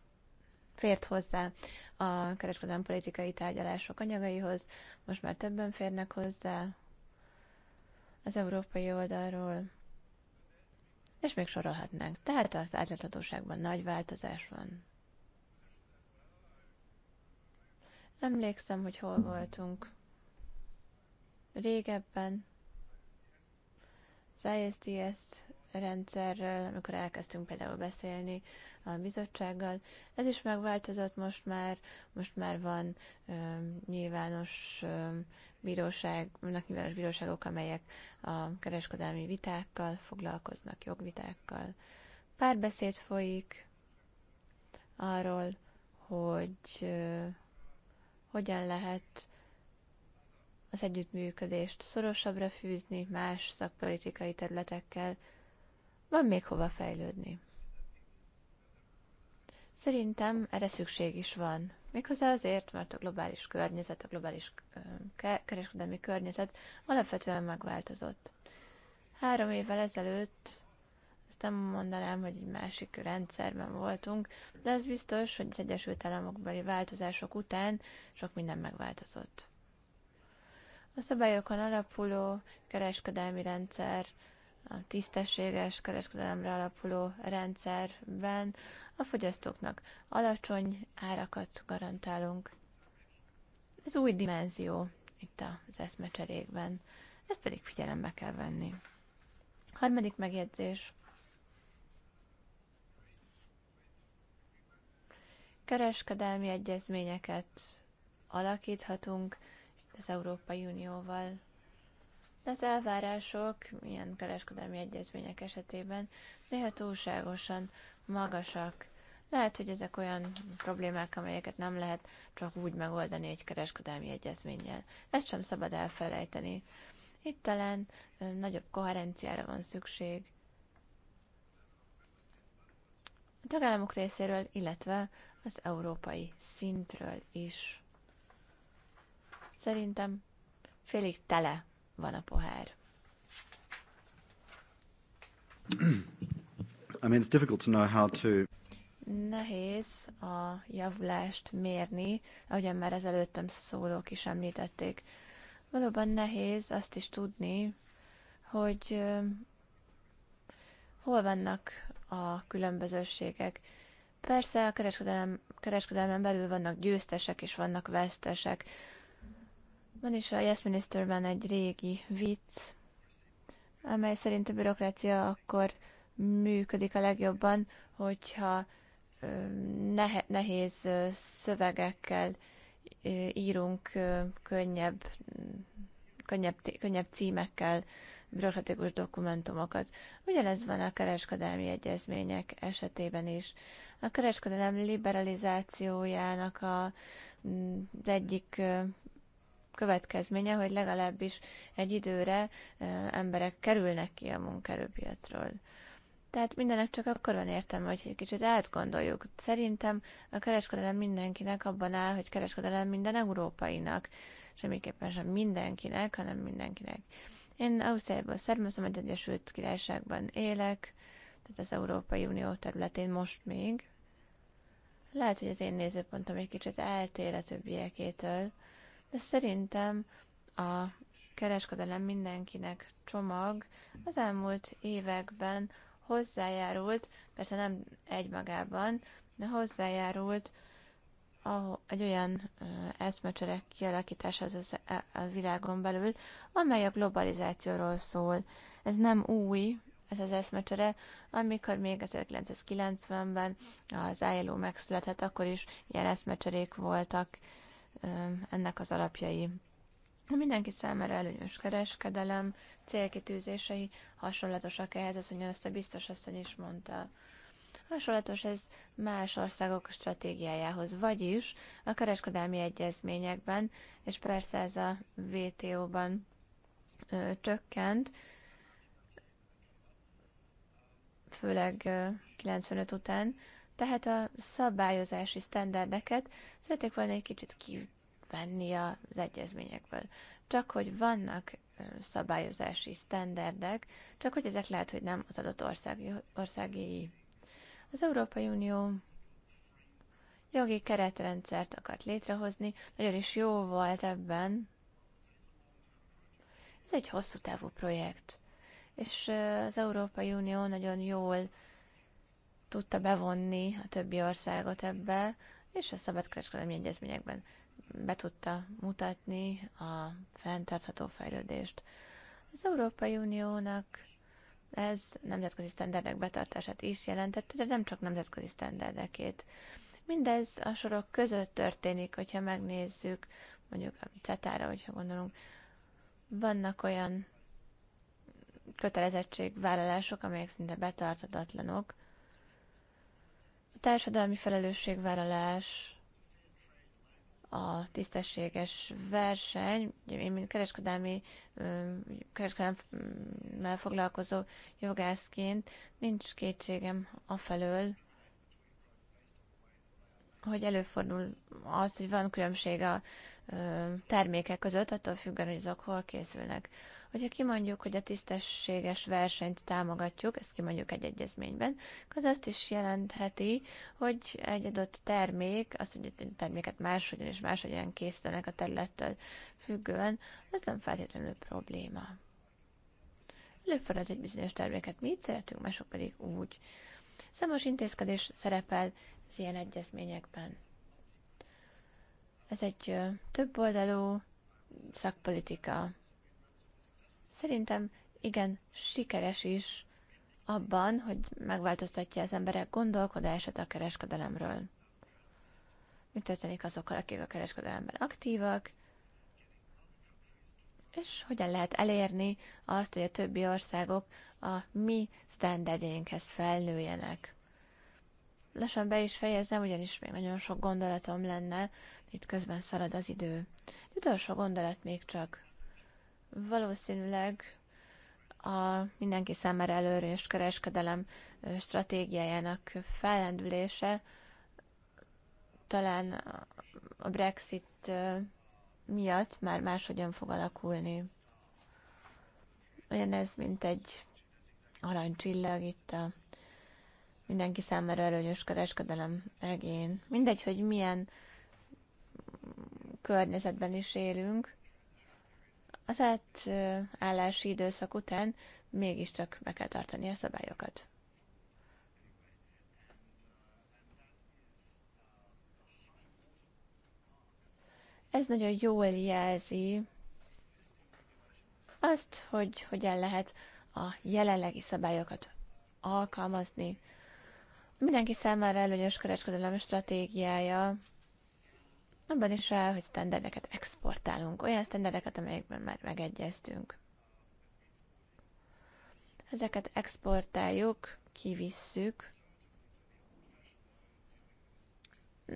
fért hozzá a kereskedelmi politikai tárgyalások anyagaihoz, most már többen férnek hozzá az európai oldalról, és még sorolhatnánk. Tehát az átláthatóságban nagy változás van. Emlékszem, hogy hol voltunk régebben, az ISDS rendszerről, amikor elkezdtünk például beszélni a bizottsággal. Ez is megváltozott most már, most már van ö, nyilvános ö, bíróság, vannak nyilvános bíróságok, amelyek a kereskedelmi vitákkal foglalkoznak, jogvitákkal. Párbeszéd folyik arról, hogy ö, hogyan lehet az együttműködést szorosabbra fűzni más szakpolitikai területekkel, van még hova fejlődni. Szerintem erre szükség is van. Méghozzá azért, mert a globális környezet, a globális kereskedelmi környezet alapvetően megváltozott. Három évvel ezelőtt, ezt nem mondanám, hogy egy másik rendszerben voltunk, de az biztos, hogy az Egyesült Államokbeli változások után sok minden megváltozott. A szabályokon alapuló kereskedelmi rendszer, a tisztességes kereskedelemre alapuló rendszerben a fogyasztóknak alacsony árakat garantálunk. Ez új dimenzió itt az eszmecserékben, ezt pedig figyelembe kell venni. Harmadik megjegyzés. Kereskedelmi egyezményeket alakíthatunk az Európai Unióval az elvárások ilyen kereskedelmi egyezmények esetében néha túlságosan magasak. Lehet, hogy ezek olyan problémák, amelyeket nem lehet csak úgy megoldani egy kereskedelmi egyezménnyel. Ezt sem szabad elfelejteni. Itt talán nagyobb koherenciára van szükség. A tagállamok részéről, illetve az európai szintről is. Szerintem félig tele van a pohár. I mean, it's difficult to know how to... Nehéz a javulást mérni, ahogyan már az előttem szólók is említették. Valóban nehéz azt is tudni, hogy hol vannak a különbözőségek. Persze a kereskedelem, kereskedelmen belül vannak győztesek és vannak vesztesek. Van is a Yes Ministerben egy régi vicc, amely szerint a bürokrácia akkor működik a legjobban, hogyha nehe- nehéz szövegekkel írunk könnyebb, könnyebb, könnyebb címekkel bürokratikus dokumentumokat. Ugyanez van a kereskedelmi egyezmények esetében is. A kereskedelem liberalizációjának a, az egyik következménye, hogy legalábbis egy időre emberek kerülnek ki a munkaerőpiacról. Tehát mindenek csak akkor van értelme, hogy egy kicsit átgondoljuk. Szerintem a kereskedelem mindenkinek abban áll, hogy kereskedelem minden európainak. Semmiképpen sem mindenkinek, hanem mindenkinek. Én Ausztriából származom, egy Egyesült Királyságban élek, tehát az Európai Unió területén most még. Lehet, hogy az én nézőpontom egy kicsit eltér a többiekétől, de szerintem a kereskedelem mindenkinek csomag az elmúlt években hozzájárult, persze nem egymagában, de hozzájárult egy olyan eszmecsere kialakítása az, az, e- az világon belül, amely a globalizációról szól. Ez nem új, ez az eszmecsere, amikor még 1990-ben az ILO megszületett, akkor is ilyen eszmecserék voltak, ennek az alapjai. A mindenki számára előnyös kereskedelem, célkitűzései hasonlatosak ehhez, az ugyanazt a biztos asszony is mondta. Hasonlatos ez más országok stratégiájához, vagyis a kereskedelmi egyezményekben, és persze ez a WTO-ban ö, csökkent, főleg ö, 95 után, tehát a szabályozási sztenderdeket szeretnék volna egy kicsit ki, venni az egyezményekből. Csak hogy vannak szabályozási sztenderdek, csak hogy ezek lehet, hogy nem az adott országi, országi. Az Európai Unió jogi keretrendszert akart létrehozni, nagyon is jó volt ebben. Ez egy hosszú távú projekt, és az Európai Unió nagyon jól tudta bevonni a többi országot ebbe, és a szabadkereskedelmi egyezményekben be tudta mutatni a fenntartható fejlődést. Az Európai Uniónak ez nemzetközi sztenderdek betartását is jelentette, de nem csak nemzetközi sztenderdekét. Mindez a sorok között történik, hogyha megnézzük, mondjuk a CETA-ra, hogyha gondolunk, vannak olyan kötelezettségvállalások, amelyek szinte betartatatlanok. A társadalmi felelősségvállalás, a tisztességes verseny, én mint kereskedelmi, kereskedelmmel foglalkozó jogászként nincs kétségem afelől, hogy előfordul az, hogy van különbség a termékek között, attól függően, hogy azok hol készülnek. Hogyha kimondjuk, hogy a tisztességes versenyt támogatjuk, ezt kimondjuk egy egyezményben, az azt is jelentheti, hogy egy adott termék, az, hogy a terméket máshogyan és máshogyan készítenek a területtől függően, ez nem feltétlenül probléma. Előfordult egy bizonyos terméket mi szeretünk, mások pedig úgy. Számos intézkedés szerepel az ilyen egyezményekben. Ez egy többoldalú szakpolitika. Szerintem igen, sikeres is abban, hogy megváltoztatja az emberek gondolkodását a kereskedelemről. Mi történik azokkal, akik a kereskedelemben aktívak, és hogyan lehet elérni azt, hogy a többi országok a mi standardjainkhez felnőjenek. Lassan be is fejezem, ugyanis még nagyon sok gondolatom lenne, itt közben szalad az idő. Utolsó gondolat még csak. Valószínűleg a mindenki számára és kereskedelem stratégiájának fellendülése talán a Brexit miatt már máshogyan fog alakulni. Olyan ez, mint egy aranycsillag itt a mindenki számára előnyös kereskedelem egén. Mindegy, hogy milyen környezetben is élünk, az átállási időszak után mégiscsak meg kell tartani a szabályokat. Ez nagyon jól jelzi azt, hogy hogyan lehet a jelenlegi szabályokat alkalmazni. Mindenki számára előnyös kereskedelem stratégiája abban is áll, hogy sztenderdeket exportálunk, olyan sztenderdeket, amelyekben már megegyeztünk. Ezeket exportáljuk, kivisszük.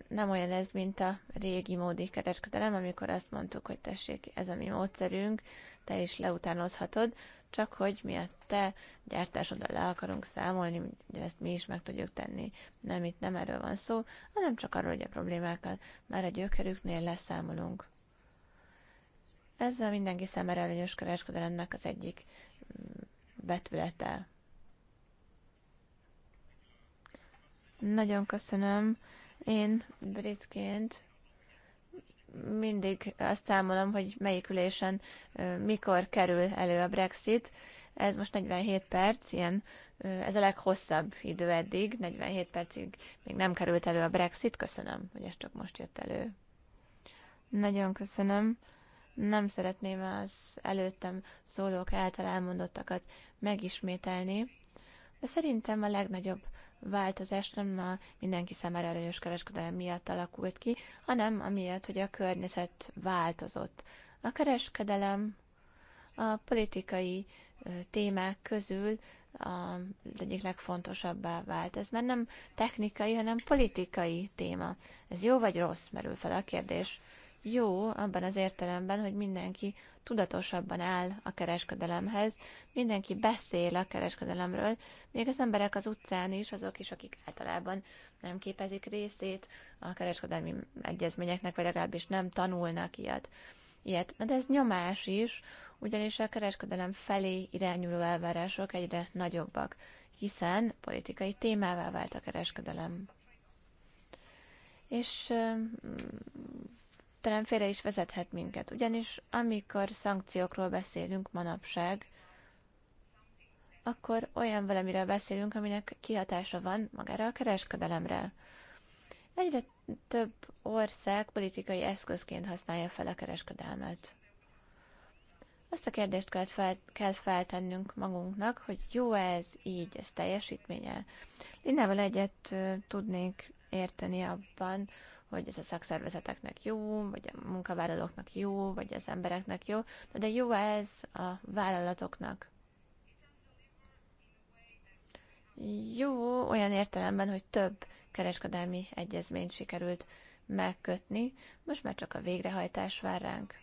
Nem olyan ez, mint a régi módi kereskedelem, amikor azt mondtuk, hogy tessék, ez a mi módszerünk, te is leutánozhatod, csak hogy mi a te gyártásoddal le akarunk számolni, ezt mi is meg tudjuk tenni. Nem, itt nem erről van szó, hanem csak arról, hogy a problémákkal már a gyökerüknél leszámolunk. Ez a mindenki számára előnyös kereskedelemnek az egyik betülete. Mm, Nagyon köszönöm. Én britként mindig azt számolom, hogy melyik ülésen mikor kerül elő a Brexit. Ez most 47 perc, ilyen, ez a leghosszabb idő eddig, 47 percig még nem került elő a Brexit. Köszönöm, hogy ez csak most jött elő. Nagyon köszönöm. Nem szeretném az előttem szólók által elmondottakat megismételni, de szerintem a legnagyobb változás nem a mindenki számára előnyös kereskedelem miatt alakult ki, hanem amiatt, hogy a környezet változott. A kereskedelem a politikai témák közül a egyik legfontosabbá vált. Ez már nem technikai, hanem politikai téma. Ez jó vagy rossz, merül fel a kérdés jó abban az értelemben, hogy mindenki tudatosabban áll a kereskedelemhez, mindenki beszél a kereskedelemről, még az emberek az utcán is, azok is, akik általában nem képezik részét a kereskedelmi egyezményeknek, vagy legalábbis nem tanulnak ilyet. Ilyet. Na de ez nyomás is, ugyanis a kereskedelem felé irányuló elvárások egyre nagyobbak, hiszen politikai témává vált a kereskedelem és talán félre is vezethet minket. Ugyanis amikor szankciókról beszélünk manapság, akkor olyan valamiről beszélünk, aminek kihatása van magára a kereskedelemre. Egyre több ország politikai eszközként használja fel a kereskedelmet. Azt a kérdést kell, fel, kell feltennünk magunknak, hogy jó ez így, ez teljesítménye. Linnával egyet tudnék érteni abban, hogy ez a szakszervezeteknek jó, vagy a munkavállalóknak jó, vagy az embereknek jó, de jó ez a vállalatoknak. Jó olyan értelemben, hogy több kereskedelmi egyezményt sikerült megkötni, most már csak a végrehajtás vár ránk.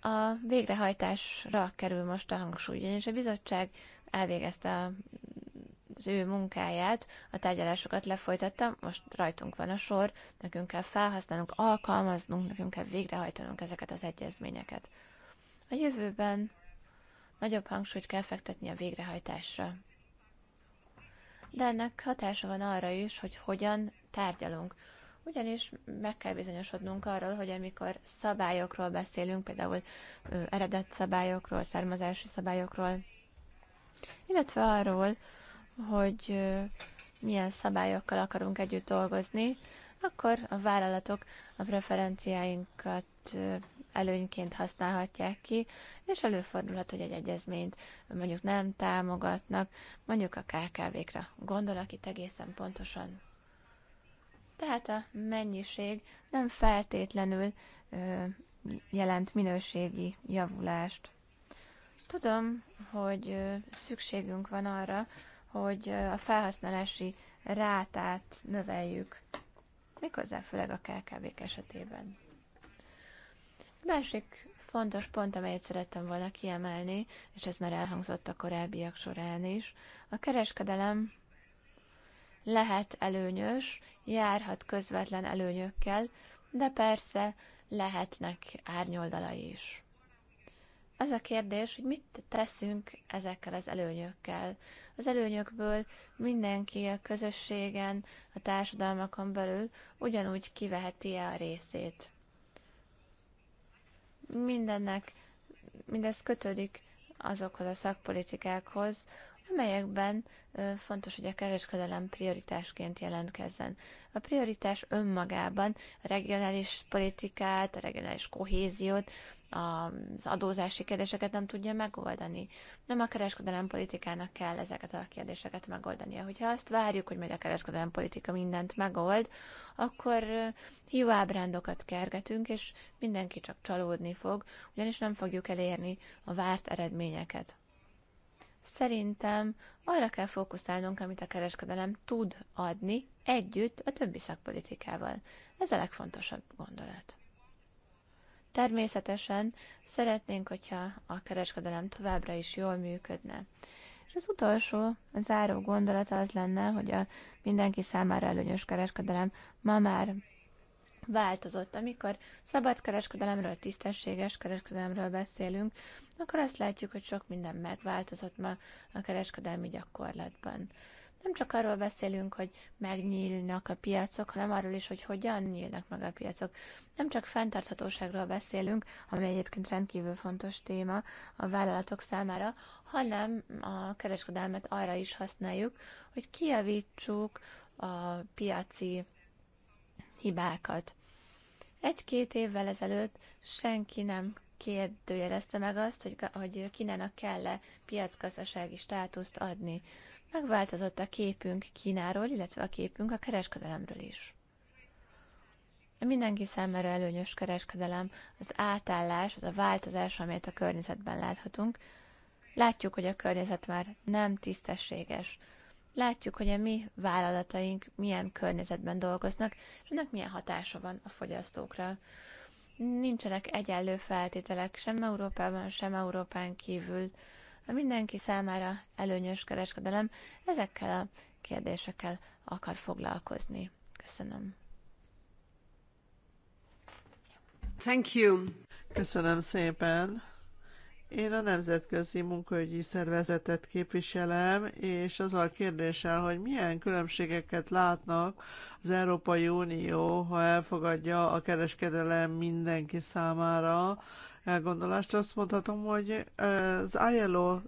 A végrehajtásra kerül most a hangsúly, és a bizottság elvégezte a az ő munkáját, a tárgyalásokat lefolytatta, most rajtunk van a sor, nekünk kell felhasználnunk, alkalmaznunk, nekünk kell végrehajtanunk ezeket az egyezményeket. A jövőben nagyobb hangsúlyt kell fektetni a végrehajtásra. De ennek hatása van arra is, hogy hogyan tárgyalunk. Ugyanis meg kell bizonyosodnunk arról, hogy amikor szabályokról beszélünk, például eredet szabályokról, származási szabályokról, illetve arról, hogy milyen szabályokkal akarunk együtt dolgozni, akkor a vállalatok a preferenciáinkat előnyként használhatják ki, és előfordulhat, hogy egy egyezményt mondjuk nem támogatnak, mondjuk a KKV-kra. Gondolok itt egészen pontosan. Tehát a mennyiség nem feltétlenül ö, jelent minőségi javulást. Tudom, hogy szükségünk van arra, hogy a felhasználási rátát növeljük, méghozzá főleg a kkv esetében. A másik fontos pont, amelyet szerettem volna kiemelni, és ez már elhangzott a korábbiak során is, a kereskedelem lehet előnyös, járhat közvetlen előnyökkel, de persze lehetnek árnyoldala is. Az a kérdés, hogy mit teszünk ezekkel az előnyökkel. Az előnyökből mindenki a közösségen, a társadalmakon belül ugyanúgy kiveheti-e a részét. Mindennek, mindez kötődik azokhoz a szakpolitikákhoz, amelyekben fontos, hogy a kereskedelem prioritásként jelentkezzen. A prioritás önmagában a regionális politikát, a regionális kohéziót az adózási kérdéseket nem tudja megoldani. Nem a kereskedelem politikának kell ezeket a kérdéseket megoldania. Hogyha azt várjuk, hogy majd a kereskedelem politika mindent megold, akkor ábrándokat kergetünk, és mindenki csak csalódni fog, ugyanis nem fogjuk elérni a várt eredményeket. Szerintem arra kell fókuszálnunk, amit a kereskedelem tud adni együtt a többi szakpolitikával. Ez a legfontosabb gondolat. Természetesen szeretnénk, hogyha a kereskedelem továbbra is jól működne. És az utolsó, a záró gondolata az lenne, hogy a mindenki számára előnyös kereskedelem ma már változott. Amikor szabad kereskedelemről, tisztességes kereskedelemről beszélünk, akkor azt látjuk, hogy sok minden megváltozott ma a kereskedelmi gyakorlatban. Nem csak arról beszélünk, hogy megnyílnak a piacok, hanem arról is, hogy hogyan nyílnak meg a piacok. Nem csak fenntarthatóságról beszélünk, ami egyébként rendkívül fontos téma a vállalatok számára, hanem a kereskedelmet arra is használjuk, hogy kijavítsuk a piaci hibákat. Egy-két évvel ezelőtt senki nem kérdőjelezte meg azt, hogy, hogy Kínának kell-e piacgazdasági státuszt adni megváltozott a képünk Kínáról, illetve a képünk a kereskedelemről is. A mindenki számára előnyös kereskedelem, az átállás, az a változás, amelyet a környezetben láthatunk. Látjuk, hogy a környezet már nem tisztességes. Látjuk, hogy a mi vállalataink milyen környezetben dolgoznak, és ennek milyen hatása van a fogyasztókra. Nincsenek egyenlő feltételek sem Európában, sem Európán kívül a mindenki számára előnyös kereskedelem ezekkel a kérdésekkel akar foglalkozni. Köszönöm. Thank you. Köszönöm szépen. Én a Nemzetközi Munkaügyi Szervezetet képviselem, és az a kérdéssel, hogy milyen különbségeket látnak az Európai Unió, ha elfogadja a kereskedelem mindenki számára, elgondolást. Azt mondhatom, hogy az ILO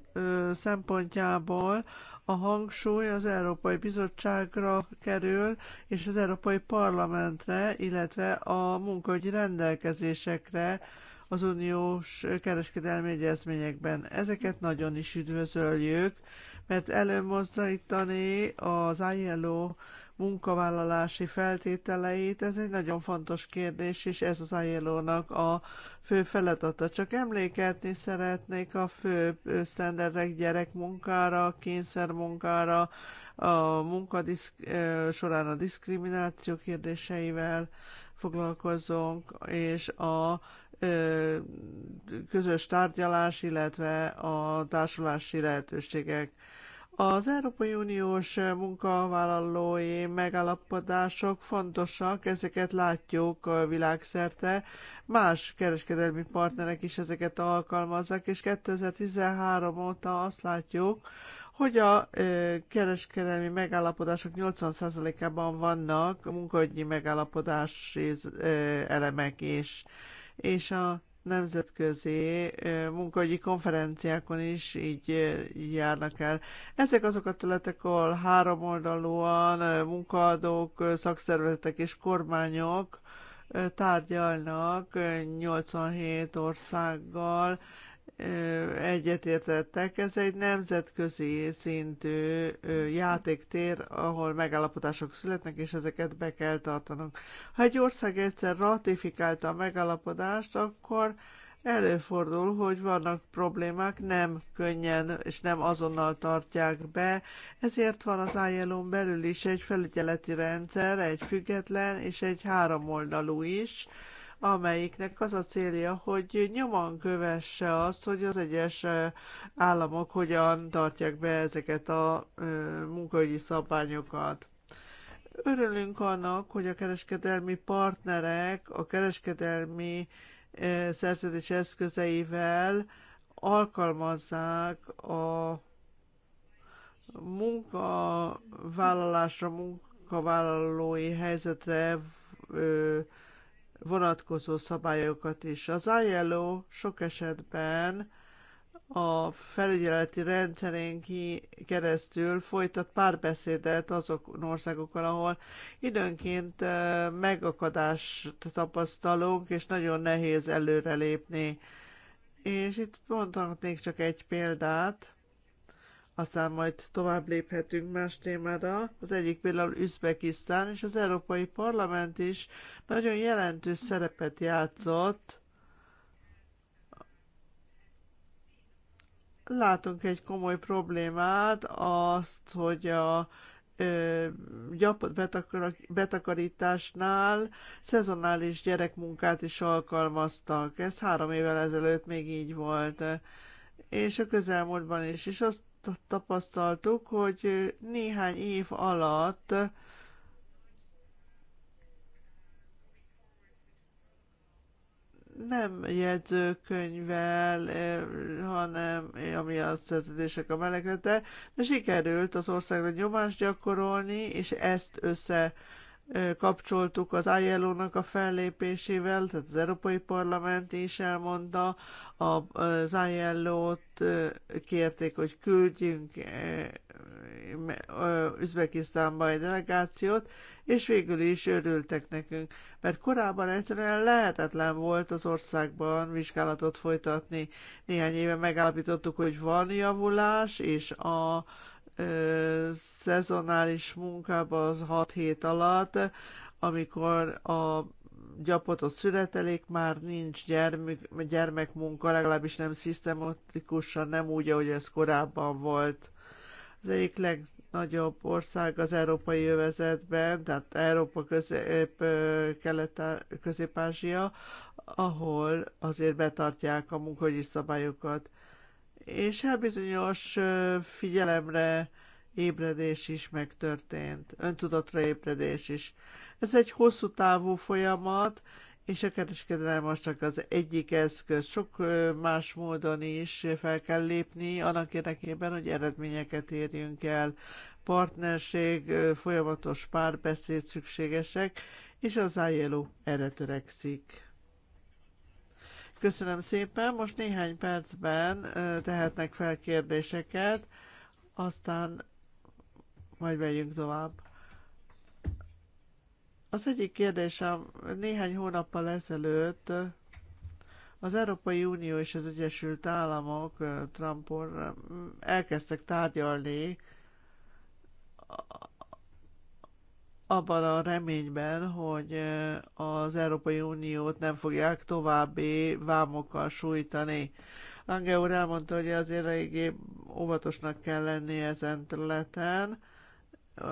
szempontjából a hangsúly az Európai Bizottságra kerül, és az Európai Parlamentre, illetve a munkahogyi rendelkezésekre az uniós kereskedelmi egyezményekben. Ezeket nagyon is üdvözöljük, mert előmozdítani az ILO munkavállalási feltételeit, ez egy nagyon fontos kérdés, és ez az ilo a fő feladata. Csak emlékezni szeretnék a fő sztenderdek gyerekmunkára, kényszermunkára, a munka során a diszkrimináció kérdéseivel foglalkozunk, és a közös tárgyalás, illetve a társulási lehetőségek az Európai Uniós munkavállalói megállapodások fontosak, ezeket látjuk világszerte. Más kereskedelmi partnerek is ezeket alkalmazzák, és 2013 óta azt látjuk, hogy a kereskedelmi megállapodások 80%-ában vannak munkahogyi megállapodási elemek is, és a nemzetközi munkahogyi konferenciákon is így járnak el. Ezek azok a területek, ahol háromoldalúan munkaadók, szakszervezetek és kormányok tárgyalnak 87 országgal egyetértettek. Ez egy nemzetközi szintű játéktér, ahol megállapodások születnek, és ezeket be kell tartanunk. Ha egy ország egyszer ratifikálta a megállapodást, akkor előfordul, hogy vannak problémák, nem könnyen és nem azonnal tartják be, ezért van az ilo belül is egy felügyeleti rendszer, egy független és egy háromoldalú is, amelyiknek az a célja, hogy nyomon kövesse azt, hogy az egyes államok hogyan tartják be ezeket a munkaügyi szabványokat. Örülünk annak, hogy a kereskedelmi partnerek a kereskedelmi szerződés eszközeivel alkalmazzák a munkavállalásra, munkavállalói helyzetre vonatkozó szabályokat is. Az ILO sok esetben a felügyeleti rendszerén keresztül folytat párbeszédet azok országokkal, ahol időnként megakadást tapasztalunk, és nagyon nehéz előrelépni. És itt mondhatnék csak egy példát. Aztán majd tovább léphetünk más témára. Az egyik például Üzbekisztán, és az Európai Parlament is nagyon jelentős szerepet játszott. Látunk egy komoly problémát, azt, hogy a betakarításnál szezonális gyerekmunkát is alkalmaztak. Ez három évvel ezelőtt még így volt. És a közelmúltban is. És azt tapasztaltuk, hogy néhány év alatt nem jegyzőkönyvvel, eh, hanem eh, ami a szerződések a melegrete, de sikerült az országra nyomást gyakorolni, és ezt össze kapcsoltuk az ilo a fellépésével, tehát az Európai Parlament is elmondta, az ILO-t kérték, hogy küldjünk Üzbekisztánba egy delegációt, és végül is örültek nekünk, mert korábban egyszerűen lehetetlen volt az országban vizsgálatot folytatni. Néhány éve megállapítottuk, hogy van javulás, és a szezonális munkába az 6 hét alatt, amikor a gyapotot születelék, már nincs gyermek, gyermekmunka, legalábbis nem szisztematikusan, nem úgy, ahogy ez korábban volt. Az egyik legnagyobb ország az európai övezetben, tehát Európa közép, kelet, közép-ázsia, ahol azért betartják a munkahogyi szabályokat és hát bizonyos figyelemre ébredés is megtörtént, öntudatra ébredés is. Ez egy hosszú távú folyamat, és a kereskedelem most csak az egyik eszköz. Sok más módon is fel kell lépni annak érdekében, hogy eredményeket érjünk el. Partnerség, folyamatos párbeszéd szükségesek, és az ILO erre törekszik. Köszönöm szépen. Most néhány percben tehetnek fel kérdéseket, aztán majd megyünk tovább. Az egyik kérdésem néhány hónappal ezelőtt az Európai Unió és az Egyesült Államok Trumpon elkezdtek tárgyalni abban a reményben, hogy az Európai Uniót nem fogják további vámokkal sújtani. Lange úr elmondta, hogy azért eléggé óvatosnak kell lenni ezen területen.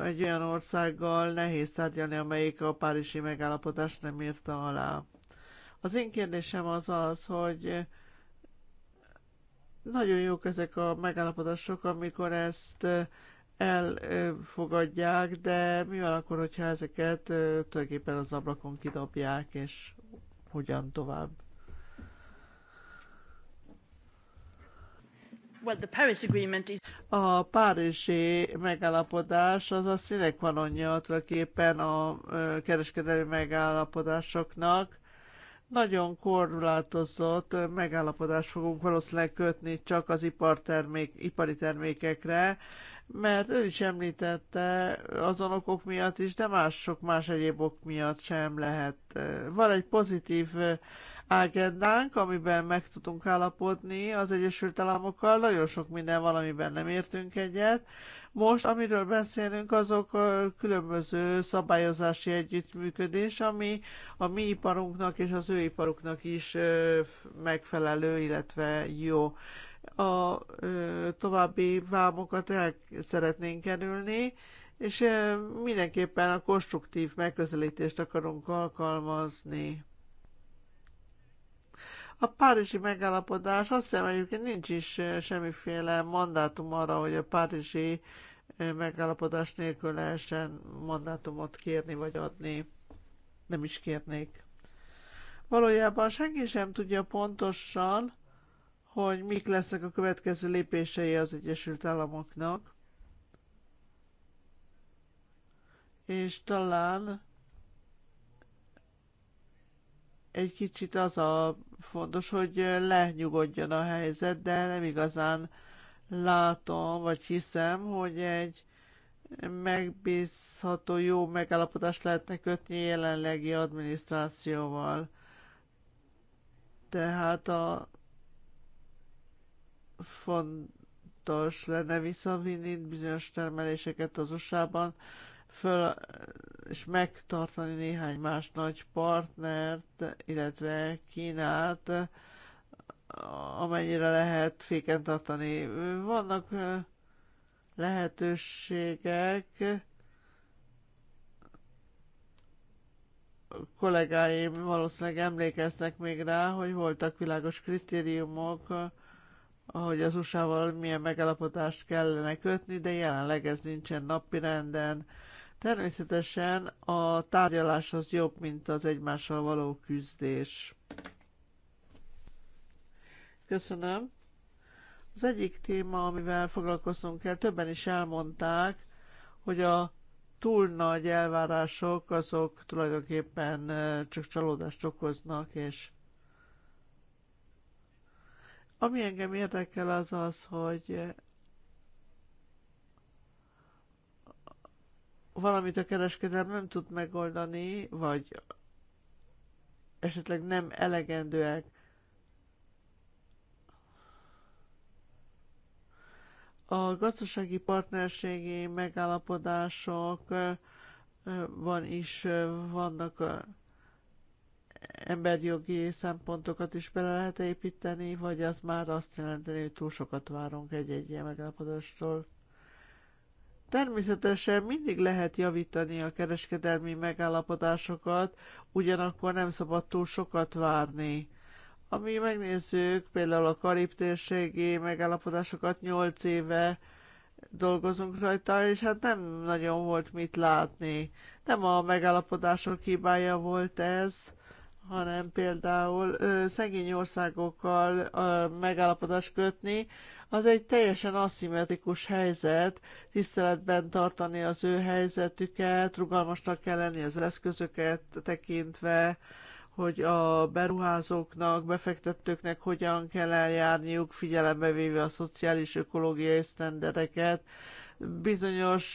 Egy olyan országgal nehéz tárgyalni, amelyik a párizsi megállapodást nem írta alá. Az én kérdésem az az, hogy nagyon jók ezek a megállapodások, amikor ezt elfogadják, de mi van akkor, hogyha ezeket tulajdonképpen az ablakon kidobják, és hogyan tovább? Well, the Paris Agreement is... A párizsi megállapodás az a színek anyja tulajdonképpen a kereskedelmi megállapodásoknak. Nagyon korlátozott megállapodást fogunk valószínűleg kötni csak az ipartermék, ipari termékekre, mert ő is említette azon okok miatt is, de más sok más egyéb ok miatt sem lehet. Van egy pozitív ágendánk, amiben meg tudunk állapodni az Egyesült Államokkal, nagyon sok minden valamiben nem értünk egyet. Most, amiről beszélünk, azok a különböző szabályozási együttműködés, ami a mi iparunknak és az ő iparuknak is megfelelő, illetve jó a további vámokat el szeretnénk kerülni, és mindenképpen a konstruktív megközelítést akarunk alkalmazni. A párizsi megállapodás azt hiszem hogy nincs is semmiféle mandátum arra, hogy a párizsi megállapodás nélkül lehessen mandátumot kérni vagy adni. Nem is kérnék. Valójában senki sem tudja pontosan, hogy mik lesznek a következő lépései az Egyesült Államoknak. És talán egy kicsit az a fontos, hogy lenyugodjon a helyzet, de nem igazán látom, vagy hiszem, hogy egy megbízható, jó megállapodást lehetne kötni jelenlegi adminisztrációval. Tehát a fontos lenne visszavinni bizonyos termeléseket az USA-ban, föl és megtartani néhány más nagy partnert, illetve Kínát, amennyire lehet féken tartani. Vannak lehetőségek, kollégáim valószínűleg emlékeznek még rá, hogy voltak világos kritériumok, ahogy az USA-val milyen megalapotást kellene kötni, de jelenleg ez nincsen napirenden. Természetesen a tárgyalás az jobb, mint az egymással való küzdés. Köszönöm. Az egyik téma, amivel foglalkoznunk kell, többen is elmondták, hogy a túl nagy elvárások azok tulajdonképpen csak csalódást okoznak, és ami engem érdekel az az, hogy eh, valamit a kereskedelem nem tud megoldani, vagy esetleg nem elegendőek. A gazdasági partnerségi megállapodások eh, eh, van is vannak emberjogi szempontokat is bele lehet építeni, vagy az már azt jelenteni, hogy túl sokat várunk egy-egy ilyen megállapodástól? Természetesen mindig lehet javítani a kereskedelmi megállapodásokat, ugyanakkor nem szabad túl sokat várni. Ami megnézzük, például a karib térségi megállapodásokat 8 éve dolgozunk rajta, és hát nem nagyon volt mit látni. Nem a megállapodások hibája volt ez, hanem például ö, szegény országokkal ö, megállapodást kötni, az egy teljesen aszimmetrikus helyzet, tiszteletben tartani az ő helyzetüket, rugalmasnak kell lenni az eszközöket tekintve, hogy a beruházóknak, befektetőknek hogyan kell eljárniuk, figyelembe véve a szociális ökológiai sztendereket, bizonyos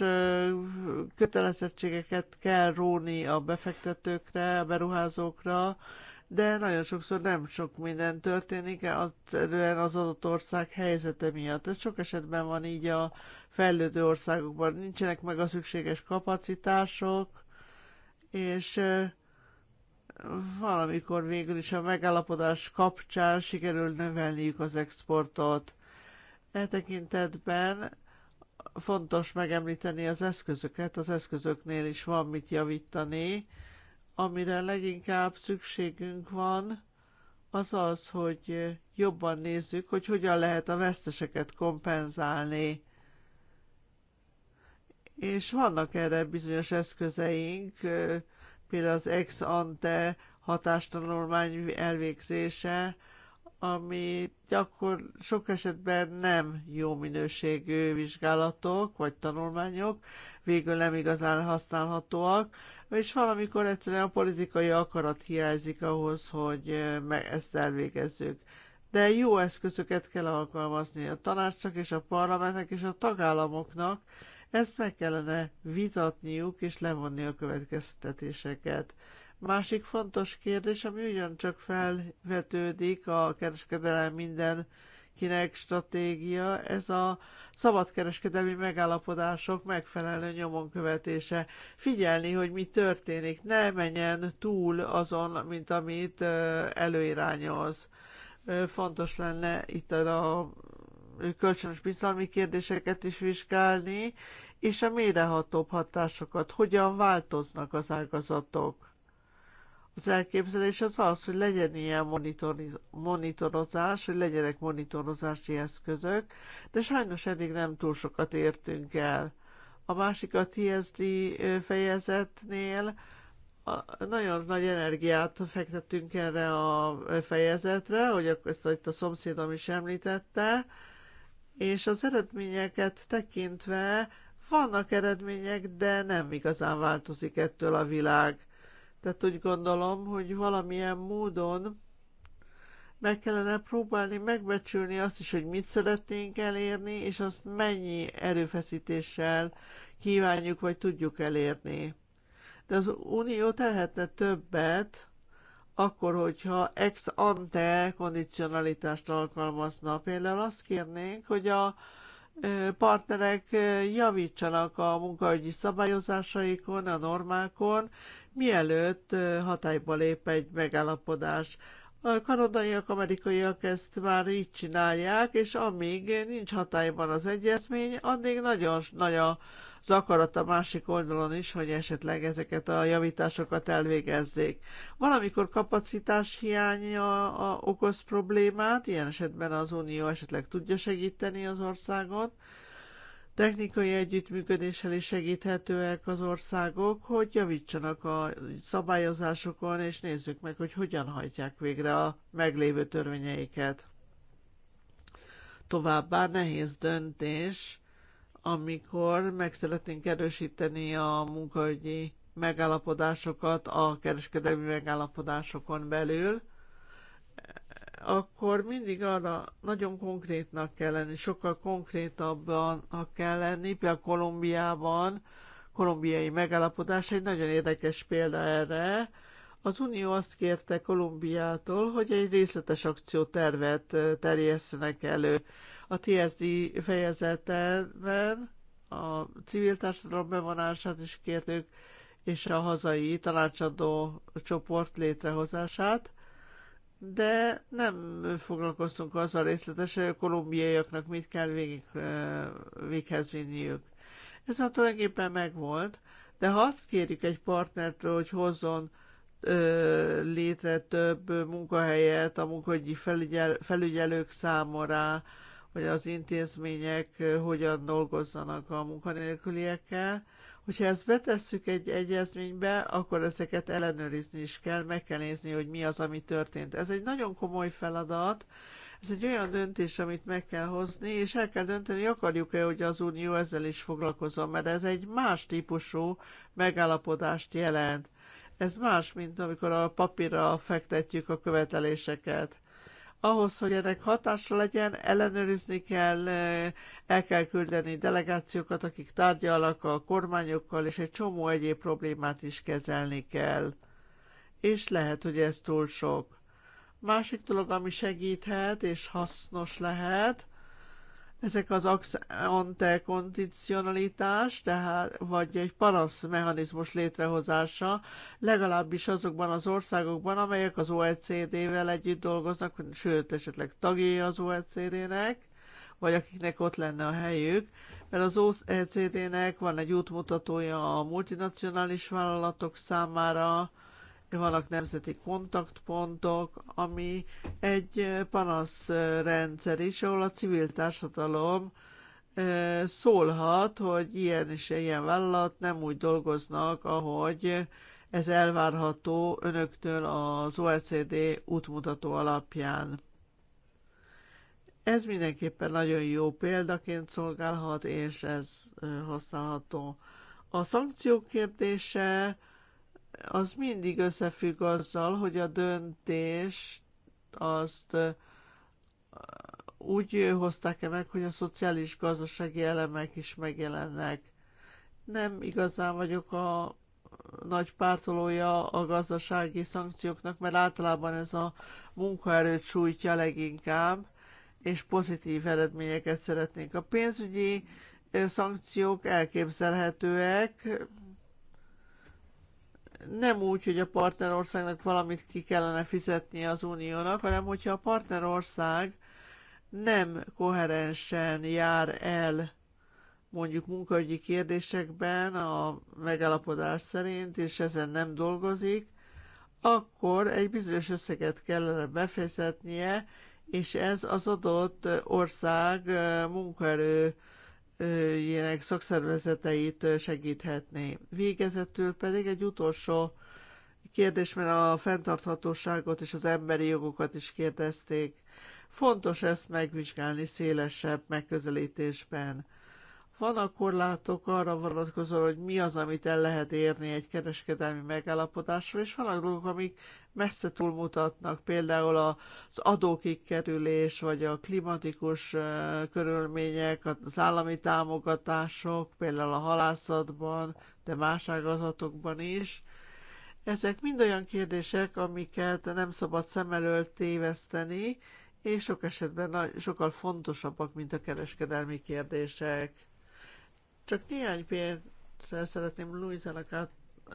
kötelezettségeket kell róni a befektetőkre, a beruházókra, de nagyon sokszor nem sok minden történik egyszerűen az adott ország helyzete miatt. Ez sok esetben van így a fejlődő országokban. Nincsenek meg a szükséges kapacitások, és valamikor végül is a megállapodás kapcsán sikerül növelniük az exportot. E tekintetben fontos megemlíteni az eszközöket, az eszközöknél is van mit javítani. Amire leginkább szükségünk van, az az, hogy jobban nézzük, hogy hogyan lehet a veszteseket kompenzálni. És vannak erre bizonyos eszközeink, például az ex ante hatástanulmány elvégzése, ami gyakor sok esetben nem jó minőségű vizsgálatok vagy tanulmányok, végül nem igazán használhatóak, és valamikor egyszerűen a politikai akarat hiányzik ahhoz, hogy eh, ezt elvégezzük. De jó eszközöket kell alkalmazni a tanácsnak és a parlamentnek és a tagállamoknak, ezt meg kellene vitatniuk és levonni a következtetéseket. Másik fontos kérdés, ami ugyancsak felvetődik a kereskedelem kinek stratégia, ez a szabadkereskedelmi megállapodások megfelelő nyomon követése. Figyelni, hogy mi történik, ne menjen túl azon, mint amit előirányoz. Fontos lenne itt a kölcsönös bizalmi kérdéseket is vizsgálni, és a mérehatóbb hatásokat, hogyan változnak az ágazatok az elképzelés az az, hogy legyen ilyen monitorozás, hogy legyenek monitorozási eszközök, de sajnos eddig nem túl sokat értünk el. A másik a TSD fejezetnél, a, nagyon nagy energiát fektettünk erre a fejezetre, hogy ezt itt a szomszédom is említette, és az eredményeket tekintve vannak eredmények, de nem igazán változik ettől a világ. Tehát úgy gondolom, hogy valamilyen módon meg kellene próbálni megbecsülni azt is, hogy mit szeretnénk elérni, és azt mennyi erőfeszítéssel kívánjuk vagy tudjuk elérni. De az Unió tehetne többet, akkor, hogyha ex ante kondicionalitást alkalmazna. Például azt kérnénk, hogy a partnerek javítsanak a munkaügyi szabályozásaikon, a normákon, mielőtt hatályba lép egy megállapodás. A kanadaiak, amerikaiak ezt már így csinálják, és amíg nincs hatályban az egyezmény, addig nagyon nagy az akarat a másik oldalon is, hogy esetleg ezeket a javításokat elvégezzék. Valamikor kapacitás hiánya okoz problémát, ilyen esetben az Unió esetleg tudja segíteni az országot, Technikai együttműködéssel is segíthetőek az országok, hogy javítsanak a szabályozásokon, és nézzük meg, hogy hogyan hajtják végre a meglévő törvényeiket. Továbbá nehéz döntés, amikor meg szeretnénk erősíteni a munkaügyi megállapodásokat a kereskedelmi megállapodásokon belül, akkor mindig arra nagyon konkrétnak kell lenni, sokkal konkrétabban, kell lenni, például Kolumbiában, kolumbiai megállapodás egy nagyon érdekes példa erre. Az Unió azt kérte Kolumbiától, hogy egy részletes akciótervet terjesztenek elő. A TSD fejezetben a civil társadalom bevonását is kértük, és a hazai tanácsadó csoport létrehozását de nem foglalkoztunk azzal részletesen, hogy a kolumbiaiaknak mit kell végig, véghez vinniük. Ez már tulajdonképpen megvolt, de ha azt kérjük egy partnertől, hogy hozzon ö, létre több munkahelyet a munkahogyi felügyel, felügyelők számára, hogy az intézmények hogyan dolgozzanak a munkanélküliekkel, Hogyha ezt betesszük egy egyezménybe, akkor ezeket ellenőrizni is kell, meg kell nézni, hogy mi az, ami történt. Ez egy nagyon komoly feladat, ez egy olyan döntés, amit meg kell hozni, és el kell dönteni, akarjuk-e, hogy az Unió ezzel is foglalkozom, mert ez egy más típusú megállapodást jelent. Ez más, mint amikor a papírra fektetjük a követeléseket ahhoz, hogy ennek hatása legyen, ellenőrizni kell, el kell küldeni delegációkat, akik tárgyalnak a kormányokkal, és egy csomó egyéb problémát is kezelni kell. És lehet, hogy ez túl sok. Másik dolog, ami segíthet és hasznos lehet, ezek az antekondicionalitás, tehát vagy egy parasz mechanizmus létrehozása, legalábbis azokban az országokban, amelyek az OECD-vel együtt dolgoznak, sőt, esetleg tagjai az OECD-nek, vagy akiknek ott lenne a helyük, mert az OECD-nek van egy útmutatója a multinacionális vállalatok számára, vannak nemzeti kontaktpontok, ami egy panaszrendszer is, ahol a civil társadalom szólhat, hogy ilyen és ilyen vállalat nem úgy dolgoznak, ahogy ez elvárható önöktől az OECD útmutató alapján. Ez mindenképpen nagyon jó példaként szolgálhat, és ez használható. A szankciók kérdése az mindig összefügg azzal, hogy a döntés azt úgy hozták-e meg, hogy a szociális gazdasági elemek is megjelennek. Nem igazán vagyok a nagy pártolója a gazdasági szankcióknak, mert általában ez a munkaerőt sújtja leginkább, és pozitív eredményeket szeretnénk. A pénzügyi szankciók elképzelhetőek, nem úgy, hogy a partnerországnak valamit ki kellene fizetnie az uniónak, hanem hogyha a partnerország nem koherensen jár el mondjuk munkaügyi kérdésekben a megállapodás szerint, és ezen nem dolgozik, akkor egy bizonyos összeget kellene befizetnie, és ez az adott ország munkaerő ilyenek szakszervezeteit segíthetné. Végezetül pedig egy utolsó kérdés, mert a fenntarthatóságot és az emberi jogokat is kérdezték. Fontos ezt megvizsgálni szélesebb megközelítésben. Vannak korlátok arra vonatkozóan, hogy mi az, amit el lehet érni egy kereskedelmi megállapodással, és vannak dolgok, amik messze túlmutatnak, például az adókikerülés, vagy a klimatikus körülmények, az állami támogatások, például a halászatban, de más ágazatokban is. Ezek mind olyan kérdések, amiket nem szabad szem elől téveszteni, és sok esetben sokkal fontosabbak, mint a kereskedelmi kérdések. Csak néhány perccel szeretném Luizának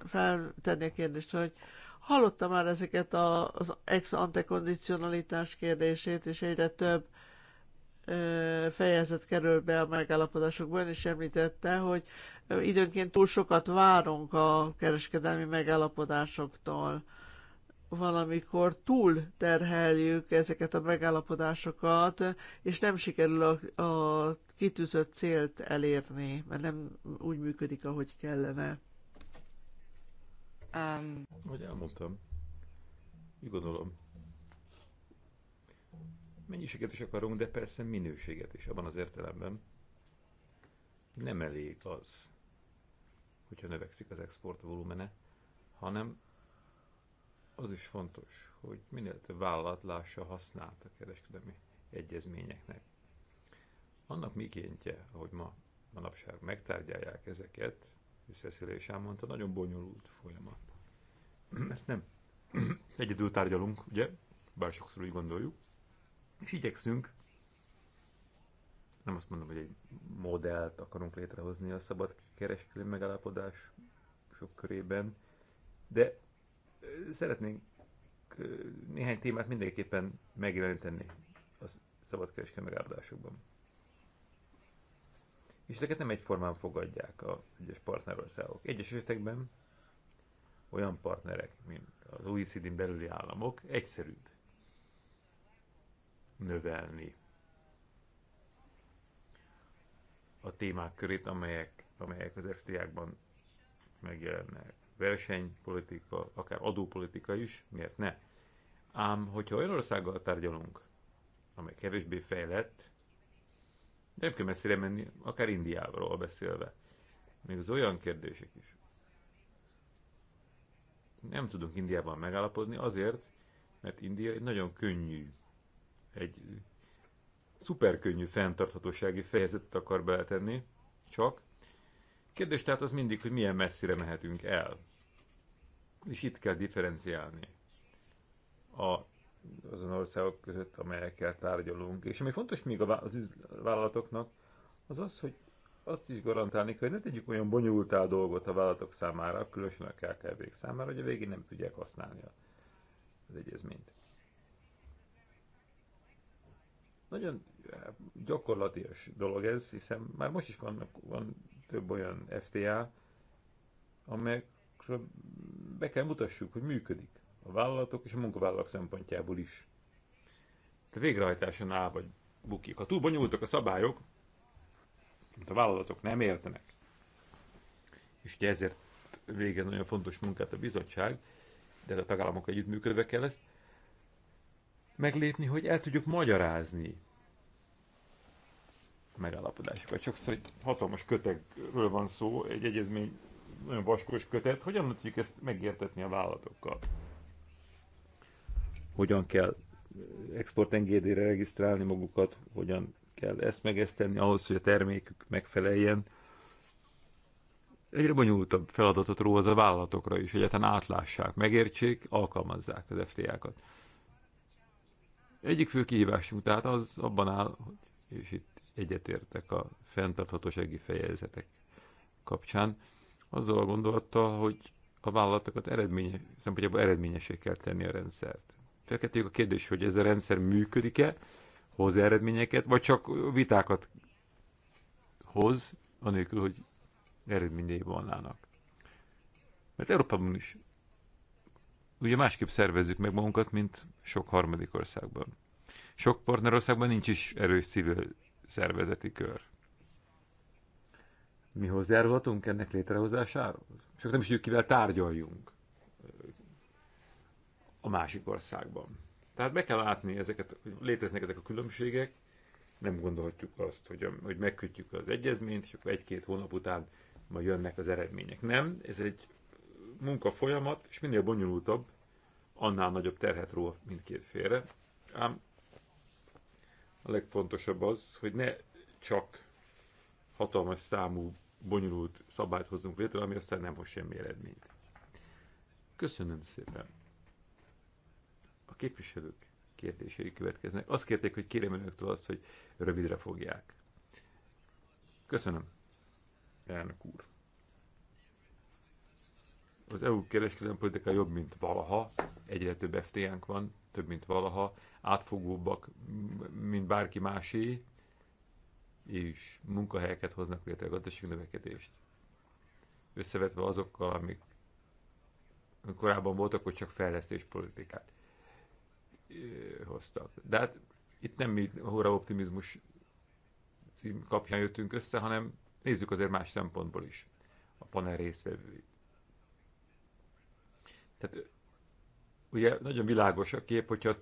feltenni a kérdést, hogy hallottam már ezeket a, az ex-antekondicionalitás kérdését, és egyre több fejezet kerül be a megállapodásokban, és említette, hogy időnként túl sokat várunk a kereskedelmi megállapodásoktól valamikor túl terheljük ezeket a megállapodásokat, és nem sikerül a, a kitűzött célt elérni, mert nem úgy működik, ahogy kellene. Um. Hogy elmondtam, úgy gondolom, mennyiséget is akarunk, de persze minőséget is, abban az értelemben nem elég az, hogyha növekszik az export volumene, hanem az is fontos, hogy minél több vállalat lássa használt a kereskedelmi egyezményeknek. Annak mikéntje, ahogy ma manapság megtárgyálják ezeket, és is elmondta, nagyon bonyolult folyamat. Mert nem [clears throat] egyedül tárgyalunk, ugye, bár sokszor úgy gondoljuk, és igyekszünk, nem azt mondom, hogy egy modellt akarunk létrehozni a szabad kereskedelmi megállapodás sok körében, de Szeretnénk néhány témát mindenképpen megjeleníteni a szabadkereskedelmi megállapodásokban. És ezeket nem egyformán fogadják a egyes partnerországok. Egyes esetekben olyan partnerek, mint az OECD-n belüli államok, egyszerűbb növelni a témák körét, amelyek, amelyek az FTA-kban megjelennek versenypolitika, akár adópolitika is, miért ne? Ám, hogyha országgal tárgyalunk, amely kevésbé fejlett, nem kell messzire menni, akár Indiáról beszélve, még az olyan kérdések is. Nem tudunk Indiában megállapodni azért, mert India egy nagyon könnyű, egy szuperkönnyű fenntarthatósági fejezetet akar beletenni, csak Kérdés tehát az mindig, hogy milyen messzire mehetünk el. És itt kell differenciálni a, azon országok között, amelyekkel tárgyalunk. És ami fontos még az vállalatoknak, az az, hogy azt is garantálni kell, hogy ne tegyük olyan bonyolultá dolgot a vállalatok számára, különösen a kkv számára, hogy a végén nem tudják használni az egyezményt. Nagyon gyakorlatias dolog ez, hiszen már most is vannak, van több olyan FTA, amelyekről be kell mutassuk, hogy működik a vállalatok és a munkavállalók szempontjából is. Te végrehajtáson áll vagy bukik. Ha túl bonyolultak a szabályok, amit a vállalatok nem értenek, és ugye ezért végez nagyon fontos munkát a bizottság, de a tagállamok együttműködve kell ezt meglépni, hogy el tudjuk magyarázni megállapodásokat. Sokszor egy hatalmas kötegről van szó, egy egyezmény nagyon vaskos kötet. Hogyan tudjuk ezt megértetni a vállalatokkal? Hogyan kell exportengedélyre regisztrálni magukat, hogyan kell ezt meg ezt tenni ahhoz, hogy a termékük megfeleljen. Egyre bonyolultabb feladatot ró az a vállalatokra is, egyáltalán átlássák, megértsék, alkalmazzák az FTA-kat. Egyik fő kihívásunk tehát az abban áll, és itt egyetértek a fenntarthatósági fejezetek kapcsán. Azzal a gondolattal, hogy a vállalatokat eredménye, szempontjából eredményesé kell tenni a rendszert. Felkettőjük a kérdés, hogy ez a rendszer működik-e, hoz -e eredményeket, vagy csak vitákat hoz, anélkül, hogy eredményei vannának. Mert Európában is ugye másképp szervezzük meg magunkat, mint sok harmadik országban. Sok partnerországban nincs is erős civil szervezeti kör. Mi hozzájárulhatunk ennek létrehozásához? Csak nem is tudjuk, kivel tárgyaljunk a másik országban. Tehát be kell látni ezeket, léteznek ezek a különbségek, nem gondolhatjuk azt, hogy, hogy megkötjük az egyezményt, és akkor egy-két hónap után majd jönnek az eredmények. Nem, ez egy munka folyamat, és minél bonyolultabb, annál nagyobb terhet ró mindkét félre. Ám a legfontosabb az, hogy ne csak hatalmas számú bonyolult szabályt hozzunk létre, ami aztán nem hoz semmi eredményt. Köszönöm szépen. A képviselők kérdései következnek. Azt kérték, hogy kérem önöktől azt, hogy rövidre fogják. Köszönöm, elnök úr. Az EU kereskedelmi politika jobb, mint valaha. Egyre több FTA-nk van, több, mint valaha átfogóbbak, mint bárki másé, és munkahelyeket hoznak létre a gazdasági növekedést. Összevetve azokkal, amik korábban voltak, hogy csak fejlesztéspolitikát hoztak. De hát itt nem mi Hóra Optimizmus cím kapján jöttünk össze, hanem nézzük azért más szempontból is a panel részvevőit. Tehát ugye nagyon világos a kép, hogyha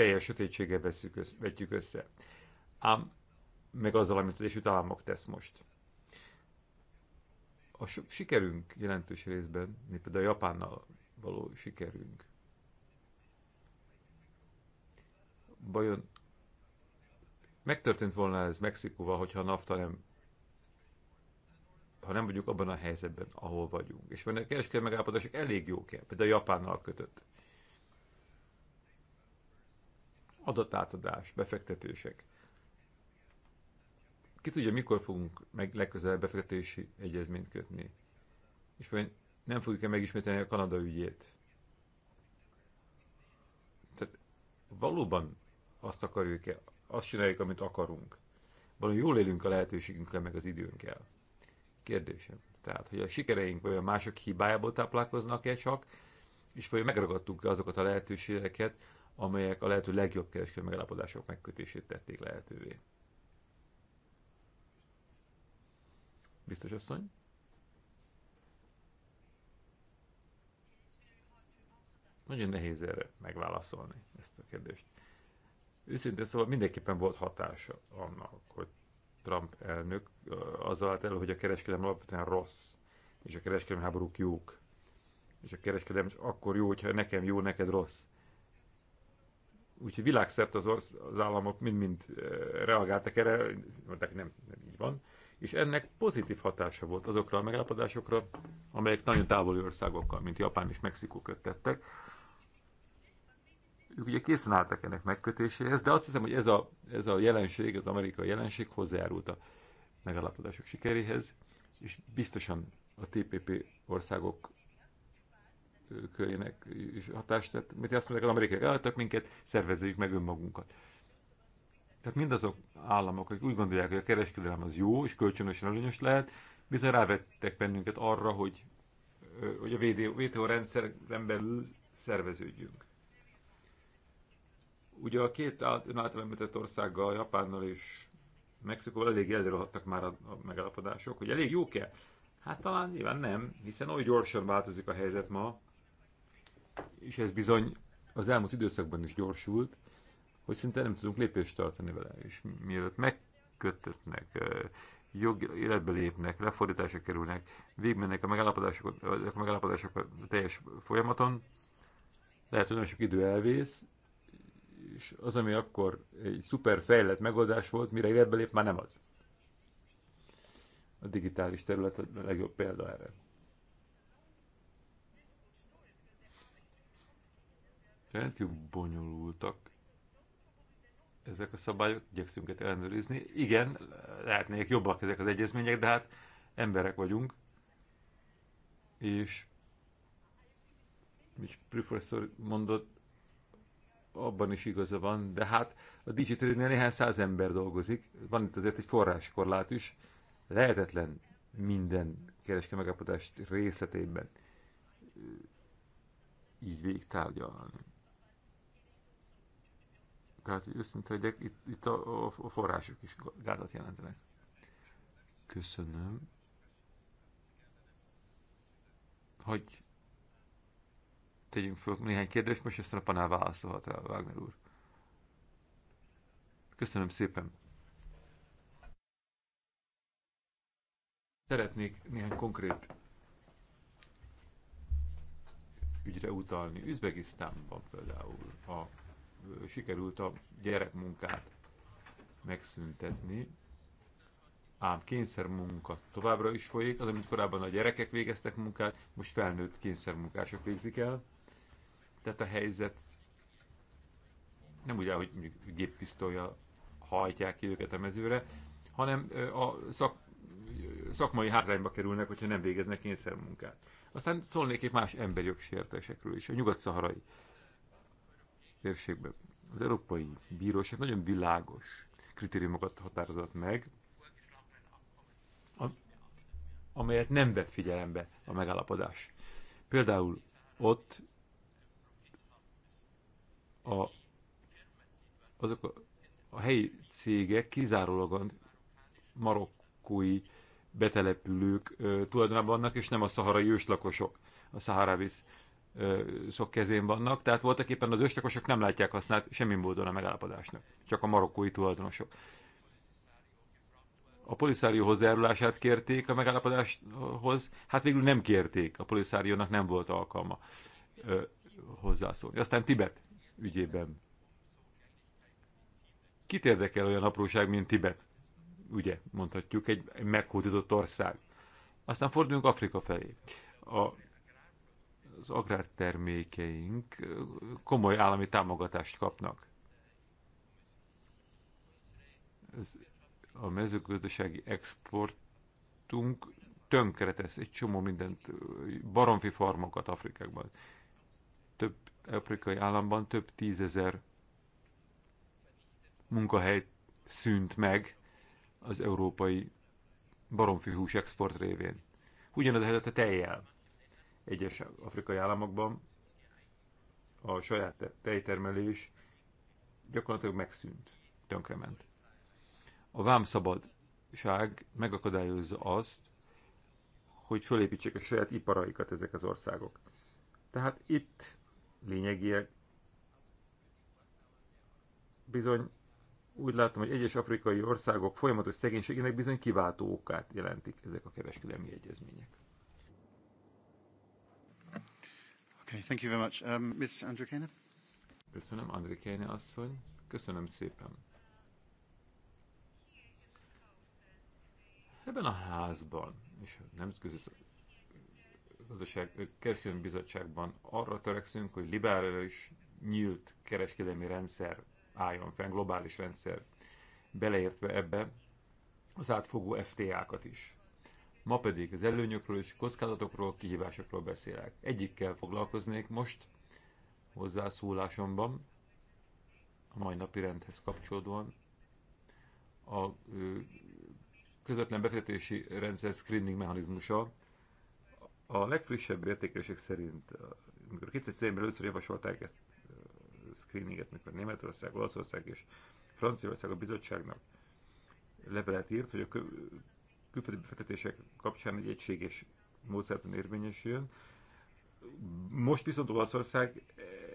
teljes sötétsége veszük, vetjük össze. Ám meg azzal, amit az Egyesült Államok tesz most. A sikerünk jelentős részben, mint például a Japánnal való sikerünk, vajon megtörtént volna ez Mexikóval, hogyha a NAFTA nem ha nem vagyunk abban a helyzetben, ahol vagyunk. És van a kereskedelmi megállapodások elég jók például a Japánnal kötött adatátadás, befektetések. Ki tudja, mikor fogunk meg legközelebb befektetési egyezményt kötni? És vagy nem fogjuk-e megismételni a Kanada ügyét? Tehát valóban azt akarjuk-e, azt csináljuk, amit akarunk. Valóban jól élünk a lehetőségünkkel, meg az időnkkel. Kérdésem. Tehát, hogy a sikereink vagy a mások hibájából táplálkoznak-e csak, és vagy megragadtuk -e azokat a lehetőségeket, amelyek a lehető legjobb kereskedő megállapodások megkötését tették lehetővé. Biztos asszony? Nagyon nehéz erre megválaszolni ezt a kérdést. Őszintén szóval mindenképpen volt hatása annak, hogy Trump elnök az állt elő, hogy a kereskedelem alapvetően rossz, és a kereskedelem háborúk jók. És a kereskedelem akkor jó, hogyha nekem jó, neked rossz. Úgyhogy világszerte az, orsz, az államok mind-mind reagáltak erre, mondták, nem, nem így van. És ennek pozitív hatása volt azokra a megállapodásokra, amelyek nagyon távoli országokkal, mint Japán és Mexikó kötettek. Ők ugye készen álltak ennek megkötéséhez, de azt hiszem, hogy ez a, ez a jelenség, az amerikai jelenség hozzájárult a megállapodások sikeréhez, és biztosan a TPP országok körének is hatást tett. Mert azt mondják, az amerikaiak elhagytak minket, szervezzük meg önmagunkat. Tehát mindazok államok, akik úgy gondolják, hogy a kereskedelem az jó és kölcsönösen előnyös lehet, bizony rávettek bennünket arra, hogy, hogy a WTO rendszeren belül szerveződjünk. Ugye a két által említett országgal, Japánnal és Mexikóval elég előre már a, megállapodások, hogy elég jók-e? Hát talán nyilván nem, hiszen oly gyorsan változik a helyzet ma, és ez bizony az elmúlt időszakban is gyorsult, hogy szinte nem tudunk lépést tartani vele, és mielőtt megkötetnek, jogi életbe lépnek, lefordításra kerülnek, végigmennek a megállapodások, a megállapodások a teljes folyamaton, lehet, hogy nagyon sok idő elvész, és az, ami akkor egy szuper fejlett megoldás volt, mire életbe lép, már nem az. A digitális terület a legjobb példa erre. rendkívül bonyolultak ezek a szabályok, igyekszünk ezt ellenőrizni. Igen, lehetnék jobbak ezek az egyezmények, de hát emberek vagyunk, és mit professzor mondott, abban is igaza van, de hát a digitalnél néhány száz ember dolgozik, van itt azért egy forráskorlát is, lehetetlen minden kereske megállapodást részletében így végig tárgyalni gáz, őszinte legyek, itt, itt a, a források is gázat jelentenek. Köszönöm. Hogy tegyünk föl néhány kérdést, most aztán a panel válaszolhat el, Wagner úr. Köszönöm szépen. Szeretnék néhány konkrét ügyre utalni. Üzbegisztánban például a sikerült a gyerekmunkát megszüntetni, ám kényszermunka továbbra is folyik, az, amit korábban a gyerekek végeztek munkát, most felnőtt kényszermunkások végzik el. Tehát a helyzet nem úgy áll, hogy mondjuk hajtják ki őket a mezőre, hanem a szak, szakmai hátrányba kerülnek, hogyha nem végeznek kényszermunkát. Aztán szólnék egy más emberjogsértésekről is, a nyugat-szaharai térségben. Az Európai Bíróság nagyon világos kritériumokat határozott meg, amelyet nem vett figyelembe a megállapodás. Például ott a, azok a, a helyi cégek kizárólag marokkói betelepülők ö, tulajdonában vannak, és nem a szaharai őslakosok, a szaharávisz sok kezén vannak, tehát voltak éppen az őslakosok nem látják használt semmi módon a megállapodásnak, csak a marokkói tulajdonosok. A poliszárió hozzájárulását kérték a megállapodáshoz, hát végül nem kérték, a poliszáriónak nem volt alkalma ö, hozzászólni. Aztán Tibet ügyében. Kit érdekel olyan apróság, mint Tibet? Ugye, mondhatjuk, egy meghódított ország. Aztán forduljunk Afrika felé. A az agrártermékeink komoly állami támogatást kapnak. Ez a mezőgazdasági exportunk tönkretesz egy csomó mindent, baromfi farmokat Afrikában. Több afrikai államban több tízezer munkahely szűnt meg az európai baromfi hús export révén. Ugyanaz a helyzet a tejjel egyes afrikai államokban a saját tejtermelés gyakorlatilag megszűnt, tönkrement. A vámszabadság megakadályozza azt, hogy fölépítsék a saját iparaikat ezek az országok. Tehát itt lényegiek bizony úgy látom, hogy egyes afrikai országok folyamatos szegénységének bizony kiváltó okát jelentik ezek a kereskedelmi egyezmények. Okay, thank you very much. Um, Ms. Andrikéne? Köszönöm, Andrikéne asszony. Köszönöm szépen. Ebben a házban és a Nemzetközi Kereskedelmi Bizottságban arra törekszünk, hogy liberális, nyílt kereskedelmi rendszer álljon fenn, globális rendszer, beleértve ebbe az átfogó FTA-kat is. Ma pedig az előnyökről és kockázatokról, kihívásokról beszélek. Egyikkel foglalkoznék most hozzászólásomban, a mai napi rendhez kapcsolódóan, a közvetlen befektetési rendszer screening mechanizmusa. A legfrissebb értékelések szerint, amikor 2001-ben először javasolták ezt a screeninget, mikor Németország, Olaszország és Franciaország a bizottságnak levelet írt, hogy a külföldi befektetések kapcsán egy egységes módszertan érvényesüljön. Most viszont Olaszország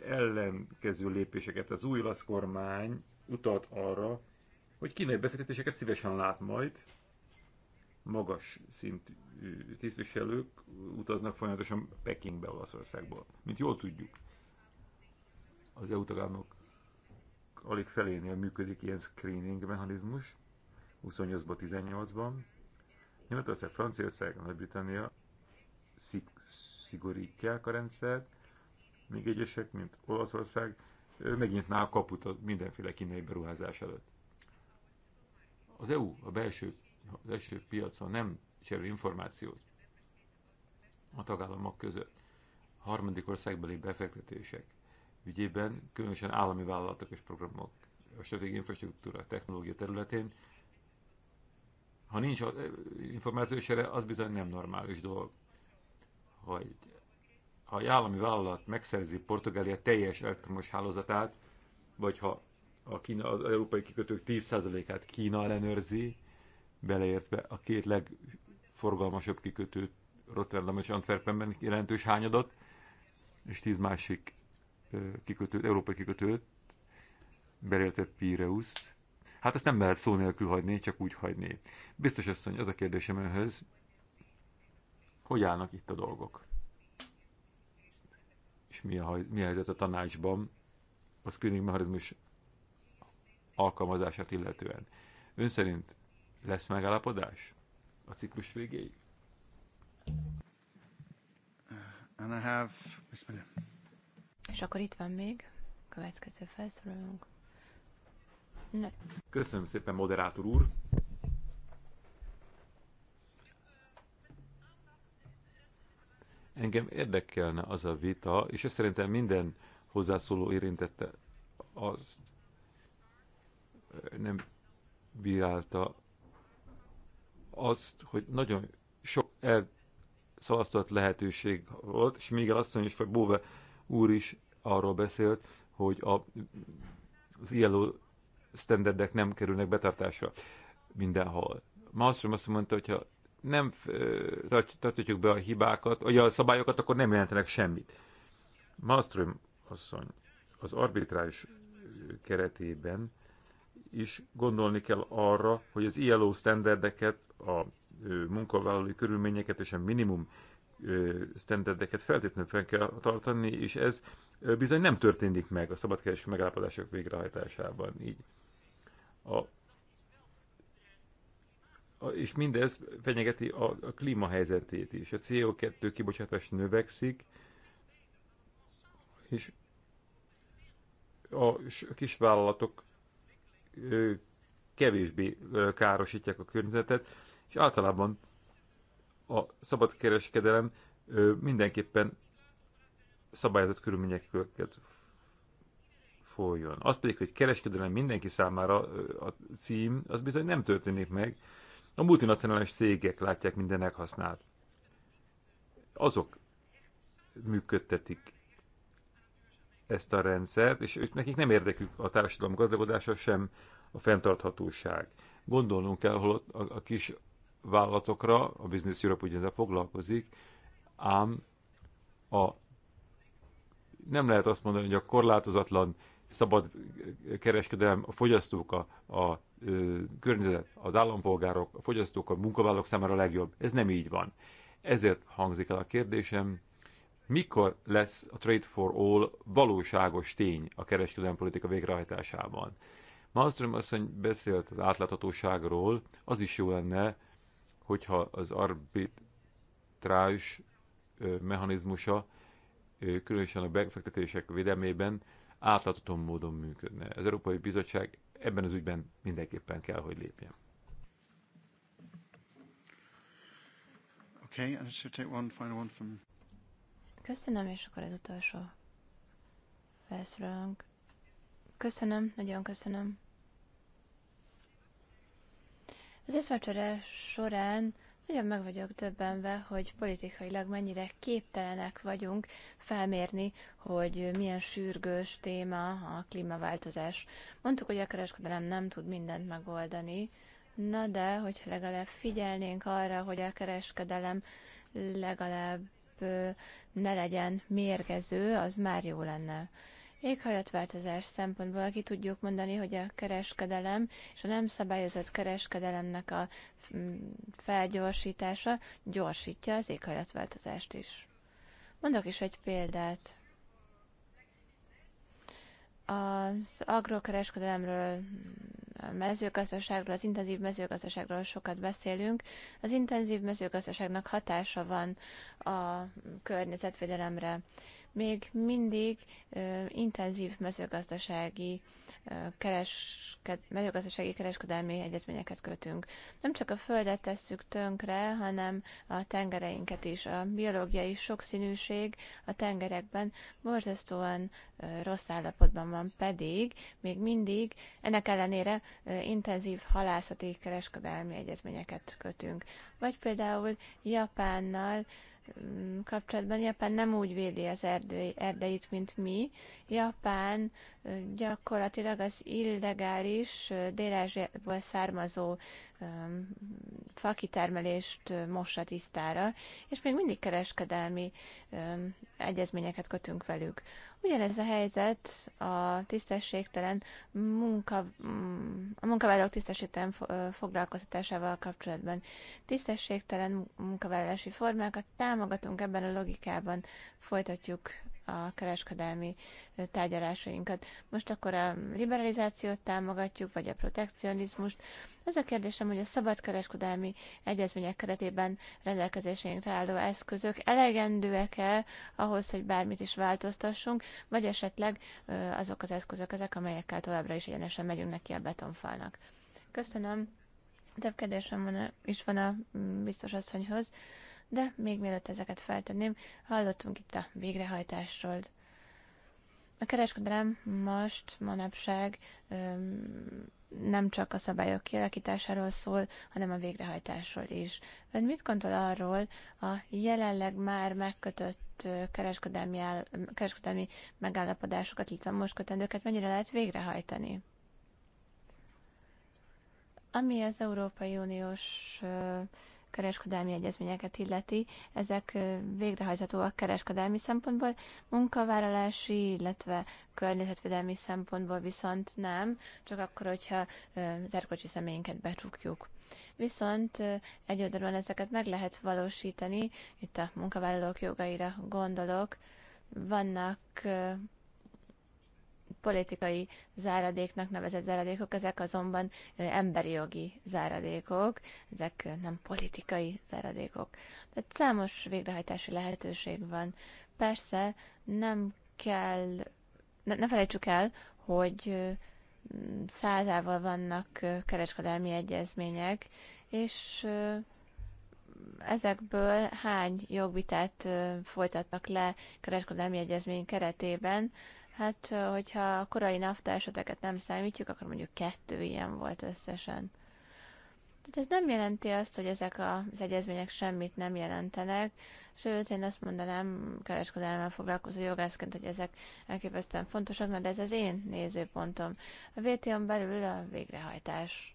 ellenkező lépéseket. Az új olasz kormány utalt arra, hogy kínai befektetéseket szívesen lát majd, magas szintű tisztviselők utaznak folyamatosan Pekingbe, Olaszországból. Mint jól tudjuk, az EU tagállamok alig felénél működik ilyen screening mechanizmus, 28-ban, 18-ban. Németország, Franciaország, Nagy-Britannia szig szigorítják a rendszert, még egyesek, mint Olaszország, megnyitná a kaput a mindenféle kínai beruházás előtt. Az EU a belső, az első piacon nem cserél információt a tagállamok között. A harmadik országbeli befektetések ügyében, különösen állami vállalatok és programok a stratégiai infrastruktúra technológia területén ha nincs információs erre, az bizony nem normális dolog. Hogy ha egy állami vállalat megszerzi Portugália teljes elektromos hálózatát, vagy ha a Kína, az európai kikötők 10%-át Kína ellenőrzi, beleértve a két legforgalmasabb kikötőt, Rotterdam és Antwerpenben jelentős hányadat, és 10 másik kikötőt, európai kikötőt, beleértve Pireus, Hát ezt nem lehet szó nélkül hagyni, csak úgy hagyni. Biztos asszony, az a kérdésem önhöz, hogy állnak itt a dolgok? És mi a, mi a helyzet a tanácsban a screening mechanizmus alkalmazását illetően? Ön szerint lesz megállapodás a ciklus végéig? And I have... És akkor itt van még következő felszólalónk. Köszönöm szépen, moderátor úr. Engem érdekelne az a vita, és ez szerintem minden hozzászóló érintette az nem bírálta azt, hogy nagyon sok elszalasztott lehetőség volt, és még azt mondja, hogy Bóve úr is arról beszélt, hogy a, az ilyen standardek nem kerülnek betartásra mindenhol. Malmström azt mondta, hogy ha nem tartjuk be a hibákat, vagy a szabályokat, akkor nem jelentenek semmit. Malmström asszony az arbitrális keretében is gondolni kell arra, hogy az ILO standardeket, a munkavállalói körülményeket és a minimum standardeket feltétlenül fel kell tartani, és ez bizony nem történik meg a szabadkereső megállapodások végrehajtásában. Így a, a, és mindez fenyegeti a, a klímahelyzetét is. A CO2 kibocsátás növekszik, és a, a kisvállalatok ö, kevésbé ö, károsítják a környezetet, és általában a szabadkereskedelem mindenképpen szabályozott körülményeket folyjon. Az pedig, hogy kereskedelem mindenki számára a cím, az bizony nem történik meg. A multinacionális cégek látják mindenek hasznát. Azok működtetik ezt a rendszert, és ők, nekik nem érdekük a társadalom gazdagodása, sem a fenntarthatóság. Gondolnunk kell, hol a, a kis vállalatokra, a Business Europe ugye foglalkozik, ám a, nem lehet azt mondani, hogy a korlátozatlan szabad kereskedelem a fogyasztók, a, a környezet, az állampolgárok, a fogyasztók, a munkavállalók számára a legjobb. Ez nem így van. Ezért hangzik el a kérdésem, mikor lesz a Trade for All valóságos tény a kereskedelmi politika végrehajtásában? Malmström asszony beszélt az átláthatóságról, az is jó lenne, hogyha az arbitrás mechanizmusa, különösen a befektetések védelmében átlátható módon működne. Az Európai Bizottság ebben az ügyben mindenképpen kell, hogy lépjen. Okay, and I should take one final one from... Köszönöm, és akkor az utolsó felszólalunk. Köszönöm, nagyon köszönöm. Az eszmecsere során nagyon meg vagyok döbbenve, hogy politikailag mennyire képtelenek vagyunk felmérni, hogy milyen sürgős téma a klímaváltozás. Mondtuk, hogy a kereskedelem nem tud mindent megoldani, na de, hogy legalább figyelnénk arra, hogy a kereskedelem legalább ne legyen mérgező, az már jó lenne. Éghajlatváltozás szempontból ki tudjuk mondani, hogy a kereskedelem és a nem szabályozott kereskedelemnek a mm, felgyorsítása gyorsítja az éghajlatváltozást is. Mondok is egy példát. Az agrokereskedelemről mezőgazdaságról, az intenzív mezőgazdaságról sokat beszélünk. Az intenzív mezőgazdaságnak hatása van a környezetvédelemre. Még mindig intenzív mezőgazdasági keresked, mezőgazdasági kereskedelmi egyezményeket kötünk. Nem csak a földet tesszük tönkre, hanem a tengereinket is. A biológiai sokszínűség a tengerekben borzasztóan rossz állapotban van, pedig még mindig ennek ellenére intenzív halászati kereskedelmi egyezményeket kötünk. Vagy például Japánnal kapcsolatban Japán nem úgy védi az erdei, erdeit, mint mi. Japán gyakorlatilag az illegális dél származó fakitermelést mossa tisztára, és még mindig kereskedelmi egyezményeket kötünk velük. Ugyanez a helyzet a tisztességtelen munka, a munkavállalók tisztességtelen foglalkoztatásával kapcsolatban. Tisztességtelen munkavállalási formákat támogatunk ebben a logikában, folytatjuk a kereskedelmi tárgyalásainkat. Most akkor a liberalizációt támogatjuk, vagy a protekcionizmust. Az a kérdésem, hogy a szabadkereskedelmi egyezmények keretében rendelkezéseinkre álló eszközök elegendőek-e ahhoz, hogy bármit is változtassunk, vagy esetleg azok az eszközök, ezek, amelyekkel továbbra is egyenesen megyünk neki a betonfalnak. Köszönöm. Több kérdésem van, is van a mm, biztos asszonyhoz de még mielőtt ezeket feltenném, hallottunk itt a végrehajtásról. A kereskedelem most, manapság nem csak a szabályok kialakításáról szól, hanem a végrehajtásról is. Ön mit gondol arról a jelenleg már megkötött kereskedelmi, áll, kereskedelmi megállapodásokat, illetve most kötendőket mennyire lehet végrehajtani? Ami az Európai Uniós kereskedelmi egyezményeket illeti, ezek végrehajthatóak kereskedelmi szempontból, munkavállalási, illetve környezetvédelmi szempontból viszont nem, csak akkor, hogyha az erkocsi személyinket becsukjuk. Viszont egy oldalon ezeket meg lehet valósítani, itt a munkavállalók jogaira gondolok, vannak politikai záradéknak nevezett záradékok, ezek azonban emberi jogi záradékok, ezek nem politikai záradékok. Tehát számos végrehajtási lehetőség van. Persze nem kell, ne, ne felejtsük el, hogy százával vannak kereskedelmi egyezmények, és ezekből hány jogvitát folytatnak le kereskedelmi egyezmény keretében, Hát, hogyha a korai nafta eseteket nem számítjuk, akkor mondjuk kettő ilyen volt összesen. Tehát ez nem jelenti azt, hogy ezek az egyezmények semmit nem jelentenek, sőt, én azt mondanám kereskedelmel foglalkozó jogászként, hogy ezek elképesztően fontosak, de ez az én nézőpontom. A vto belül a végrehajtás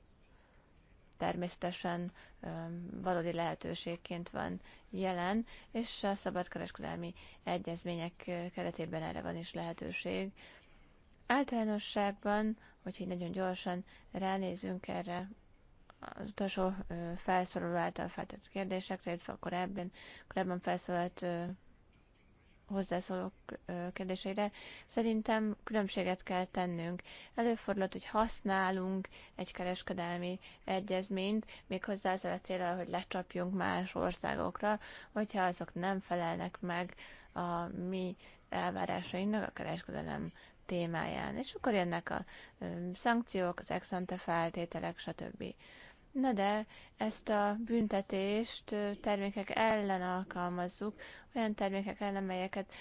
természetesen valódi lehetőségként van jelen, és a szabadkereskedelmi egyezmények keretében erre van is lehetőség. Általánosságban, hogyha így nagyon gyorsan ránézünk erre az utolsó felszólaló által feltett kérdésekre, illetve a korábban, korábban felszólalt hozzászólók kérdéseire, szerintem különbséget kell tennünk. Előfordulhat, hogy használunk egy kereskedelmi egyezményt, méghozzá az a célra, hogy lecsapjunk más országokra, hogyha azok nem felelnek meg a mi elvárásainknak a kereskedelem témáján. És akkor jönnek a szankciók, az ex ante feltételek, stb. Na de ezt a büntetést termékek ellen alkalmazzuk, olyan termékek ellen, melyeket,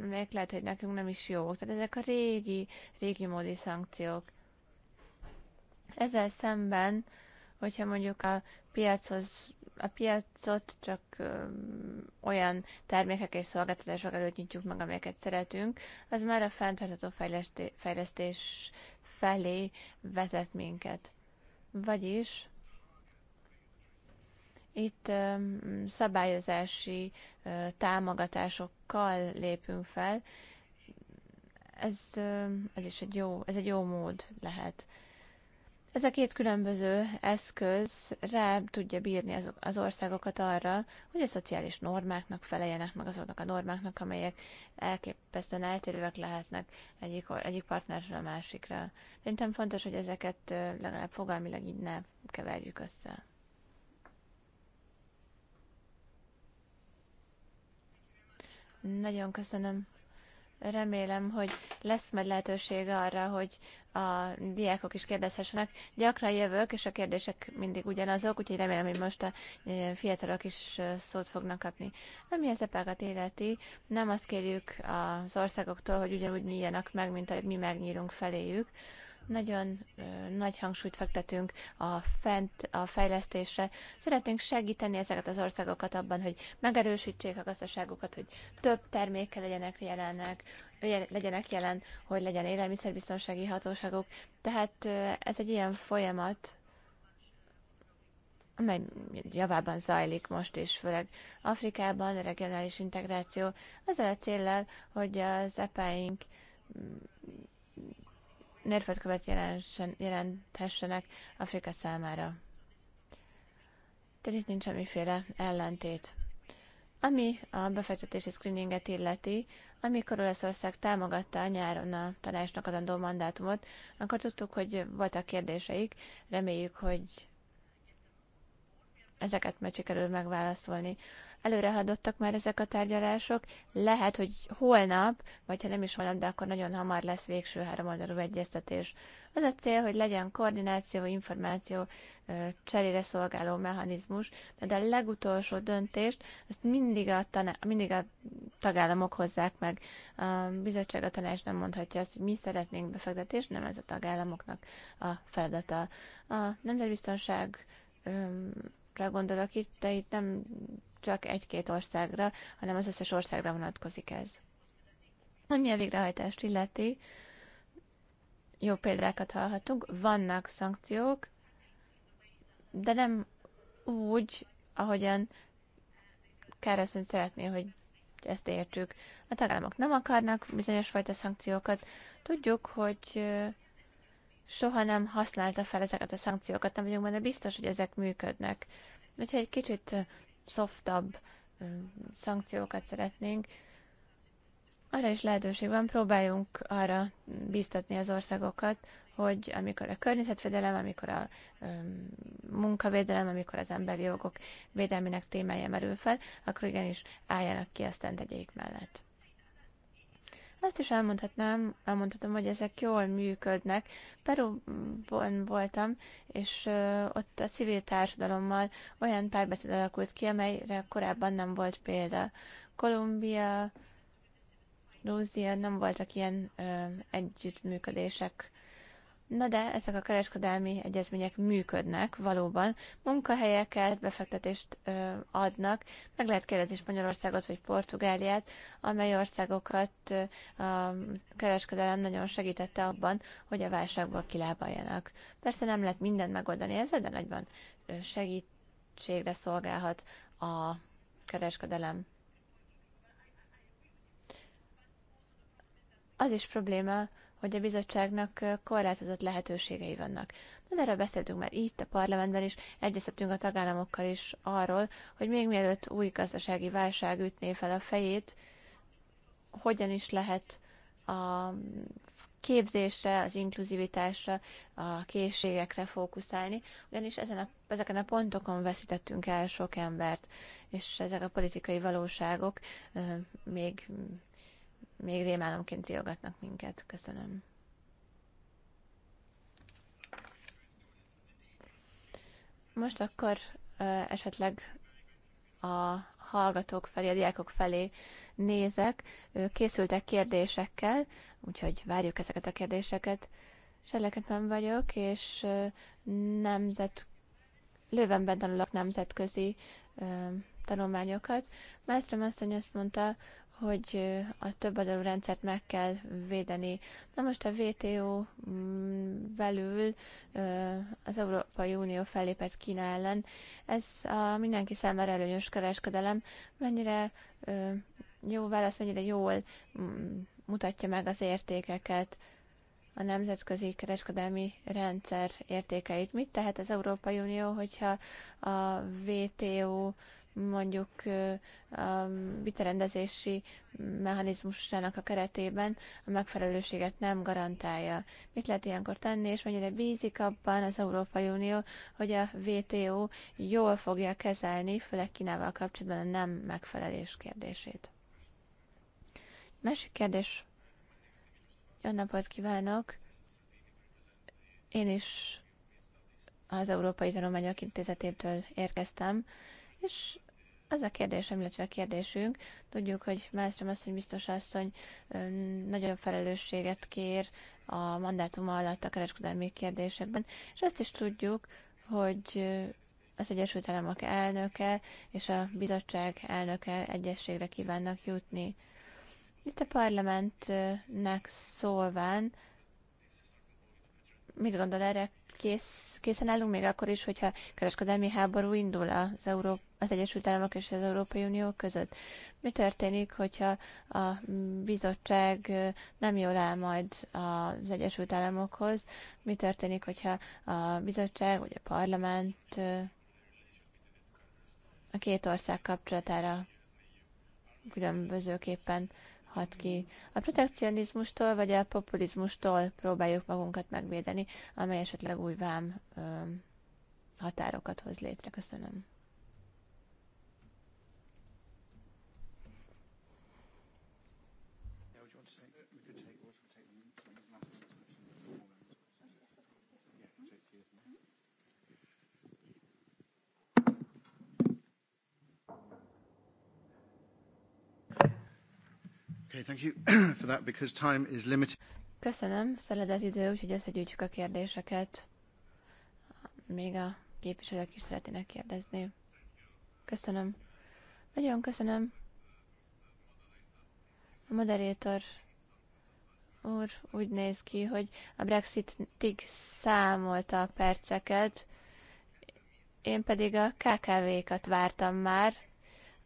melyek lehet, hogy nekünk nem is jók. Tehát ezek a régi, régi módi szankciók. Ezzel szemben, hogyha mondjuk a piachoz a piacot csak olyan termékek és szolgáltatások előtt nyitjuk meg, amelyeket szeretünk, az már a fenntartható fejlesztés felé vezet minket. Vagyis itt szabályozási támogatásokkal lépünk fel. Ez, ez is egy jó, ez egy jó mód lehet ez a két különböző eszköz rá tudja bírni az, az országokat arra, hogy a szociális normáknak feleljenek meg azoknak a normáknak, amelyek elképesztően eltérőek lehetnek egyik, egyik partnerről a másikra. Szerintem fontos, hogy ezeket legalább fogalmilag így ne keverjük össze. Nagyon köszönöm remélem, hogy lesz majd lehetősége arra, hogy a diákok is kérdezhessenek. Gyakran jövök, és a kérdések mindig ugyanazok, úgyhogy remélem, hogy most a fiatalok is szót fognak kapni. Ami az epákat életi, nem azt kérjük az országoktól, hogy ugyanúgy nyíljanak meg, mint ahogy mi megnyílunk feléjük, nagyon nagy hangsúlyt fektetünk a, fent, a fejlesztésre. Szeretnénk segíteni ezeket az országokat abban, hogy megerősítsék a gazdaságukat, hogy több termékkel legyenek jelenek, legyenek jelen, hogy legyen élelmiszerbiztonsági hatóságok. Tehát ez egy ilyen folyamat, amely javában zajlik most is, főleg Afrikában, regionális integráció, azzal a célral, hogy az epáink mérföldkövet jelenthessenek Afrika számára. Tehát itt nincs semmiféle ellentét. Ami a befektetési screeninget illeti, amikor Olaszország támogatta a nyáron a tanácsnak adandó mandátumot, akkor tudtuk, hogy voltak kérdéseik, reméljük, hogy ezeket meg sikerül megválaszolni előre haladottak már ezek a tárgyalások. Lehet, hogy holnap, vagy ha nem is holnap, de akkor nagyon hamar lesz végső háromoldalú egyeztetés. Az a cél, hogy legyen koordináció, információ, cserére szolgáló mechanizmus, de a legutolsó döntést ezt mindig a, taná- mindig a tagállamok hozzák meg. A bizottság, a tanács nem mondhatja azt, hogy mi szeretnénk befektetést, nem ez a tagállamoknak a feladata. A nemzetbiztonság gondolok itt, de itt nem csak egy-két országra, hanem az összes országra vonatkozik ez. Ami a végrehajtást illeti, jó példákat hallhatunk, vannak szankciók, de nem úgy, ahogyan Károszony szeretné, hogy ezt értsük. A tagállamok nem akarnak bizonyos fajta szankciókat. Tudjuk, hogy soha nem használta fel ezeket a szankciókat, nem vagyunk benne biztos, hogy ezek működnek. Úgyhogy egy kicsit szoftabb szankciókat szeretnénk, arra is lehetőség van, próbáljunk arra biztatni az országokat, hogy amikor a környezetvédelem, amikor a munkavédelem, amikor az emberi jogok védelmének témája merül fel, akkor igenis álljanak ki, a tegyék mellett. Azt is elmondhatnám, elmondhatom, hogy ezek jól működnek. Peruban voltam, és ott a civil társadalommal olyan párbeszéd alakult ki, amelyre korábban nem volt példa. Kolumbia, Lúzia nem voltak ilyen ö, együttműködések Na de ezek a kereskedelmi egyezmények működnek valóban, munkahelyeket, befektetést ö, adnak, meg lehet kérdezni Spanyolországot vagy Portugáliát, amely országokat ö, a kereskedelem nagyon segítette abban, hogy a válságból kilábaljanak. Persze nem lehet mindent megoldani ezzel, de nagyban segítségre szolgálhat a kereskedelem. Az is probléma, hogy a bizottságnak korlátozott lehetőségei vannak. De erről beszéltünk már itt a parlamentben is, egyeztettünk a tagállamokkal is arról, hogy még mielőtt új gazdasági válság ütné fel a fejét, hogyan is lehet a képzésre, az inkluzivitásra, a készségekre fókuszálni, ugyanis ezen a, ezeken a pontokon veszítettünk el sok embert, és ezek a politikai valóságok euh, még még rémálomként riogatnak minket. Köszönöm. Most akkor esetleg a hallgatók felé, a diákok felé nézek. Készültek kérdésekkel, úgyhogy várjuk ezeket a kérdéseket. Sellekepen vagyok, és nemzet Lővenben tanulok nemzetközi ö, tanulmányokat. Mástrom asszony azt mondta, hogy a több adalú rendszert meg kell védeni. Na most a WTO mm, belül az Európai Unió fellépett Kína ellen. Ez a mindenki számára előnyös kereskedelem. Mennyire jó válasz, mennyire jól mm, mutatja meg az értékeket, a nemzetközi kereskedelmi rendszer értékeit. Mit tehet az Európai Unió, hogyha a WTO mondjuk a vitarendezési mechanizmusának a keretében a megfelelőséget nem garantálja. Mit lehet ilyenkor tenni, és mennyire bízik abban az Európai Unió, hogy a WTO jól fogja kezelni, főleg Kínával kapcsolatban a nem megfelelés kérdését? Másik kérdés. Jó napot kívánok! Én is az Európai Tanulmányok Intézetétől érkeztem, és az a kérdésem, illetve a kérdésünk. Tudjuk, hogy Mástrom asszony, biztos asszony nagyon felelősséget kér a mandátum alatt a kereskedelmi kérdésekben, és azt is tudjuk, hogy az Egyesült Államok elnöke és a bizottság elnöke egyességre kívánnak jutni. Itt a parlamentnek szólván Mit gondol erre? Kész, készen állunk még akkor is, hogyha kereskedelmi háború indul az, Európa, az Egyesült Államok és az Európai Unió között? Mi történik, hogyha a bizottság nem jól áll majd az Egyesült Államokhoz? Mi történik, hogyha a bizottság vagy a parlament a két ország kapcsolatára különbözőképpen hat ki. A protekcionizmustól vagy a populizmustól próbáljuk magunkat megvédeni, amely esetleg új vám határokat hoz létre. Köszönöm. Köszönöm, szeled az idő, úgyhogy összegyűjtjük a kérdéseket. Még a képviselők is szeretnének kérdezni. Köszönöm. Nagyon köszönöm. A moderátor úr úgy néz ki, hogy a Brexit-tig számolta a perceket, én pedig a KKV-kat vártam már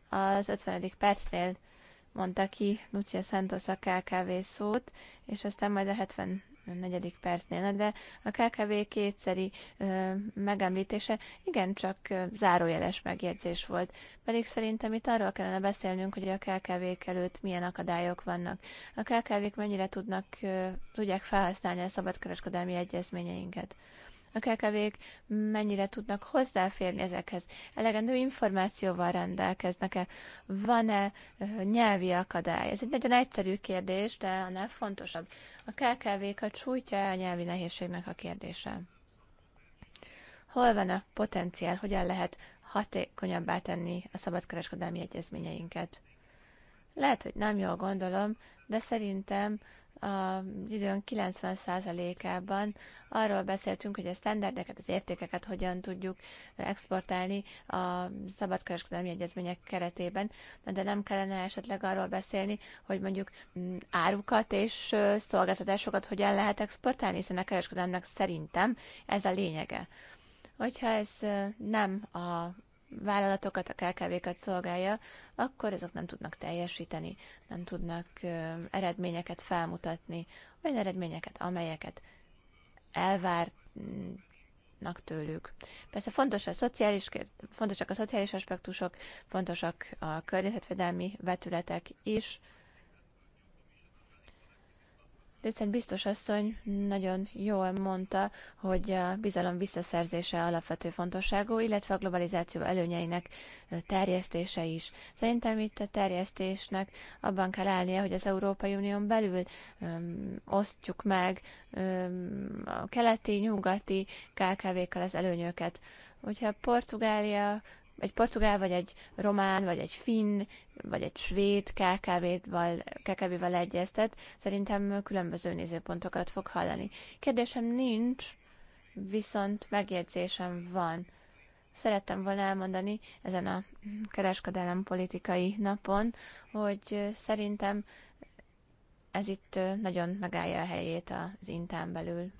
az 50. percnél mondta ki Lucia Santos a KKV szót, és aztán majd a 70 negyedik percnél, de a KKV kétszeri ö, megemlítése igencsak ö, zárójeles megjegyzés volt. Pedig szerintem itt arról kellene beszélnünk, hogy a kkv előtt milyen akadályok vannak. A KKV-k mennyire tudnak, ö, tudják felhasználni a szabadkereskedelmi egyezményeinket a kkv mennyire tudnak hozzáférni ezekhez? Elegendő információval rendelkeznek-e? Van-e nyelvi akadály? Ez egy nagyon egyszerű kérdés, de annál fontosabb. A KKV-kat sújtja a nyelvi nehézségnek a kérdése? Hol van a potenciál, hogyan lehet hatékonyabbá tenni a szabadkereskedelmi egyezményeinket? Lehet, hogy nem jól gondolom, de szerintem a időn 90%-ában arról beszéltünk, hogy a standardeket, az értékeket hogyan tudjuk exportálni a szabadkereskedelmi egyezmények keretében, de nem kellene esetleg arról beszélni, hogy mondjuk mm, árukat és szolgáltatásokat hogyan lehet exportálni, hiszen a kereskedelmnek szerintem ez a lényege. Hogyha ez nem a vállalatokat, a KKV-kat szolgálja, akkor azok nem tudnak teljesíteni, nem tudnak eredményeket felmutatni, olyan eredményeket, amelyeket elvárnak tőlük. Persze fontos a szociális, fontosak a szociális aspektusok, fontosak a környezetvédelmi vetületek is, Tisztelt biztos asszony nagyon jól mondta, hogy a bizalom visszaszerzése alapvető fontosságú, illetve a globalizáció előnyeinek terjesztése is. Szerintem itt a terjesztésnek abban kell állnia, hogy az Európai Unión belül öm, osztjuk meg öm, a keleti, nyugati KKV-kkal az előnyöket hogyha Portugália egy portugál, vagy egy román, vagy egy finn, vagy egy svéd KKV-val, KKV-val egyeztet, szerintem különböző nézőpontokat fog hallani. Kérdésem nincs, viszont megjegyzésem van. Szerettem volna elmondani ezen a kereskedelem politikai napon, hogy szerintem ez itt nagyon megállja a helyét az intán belül.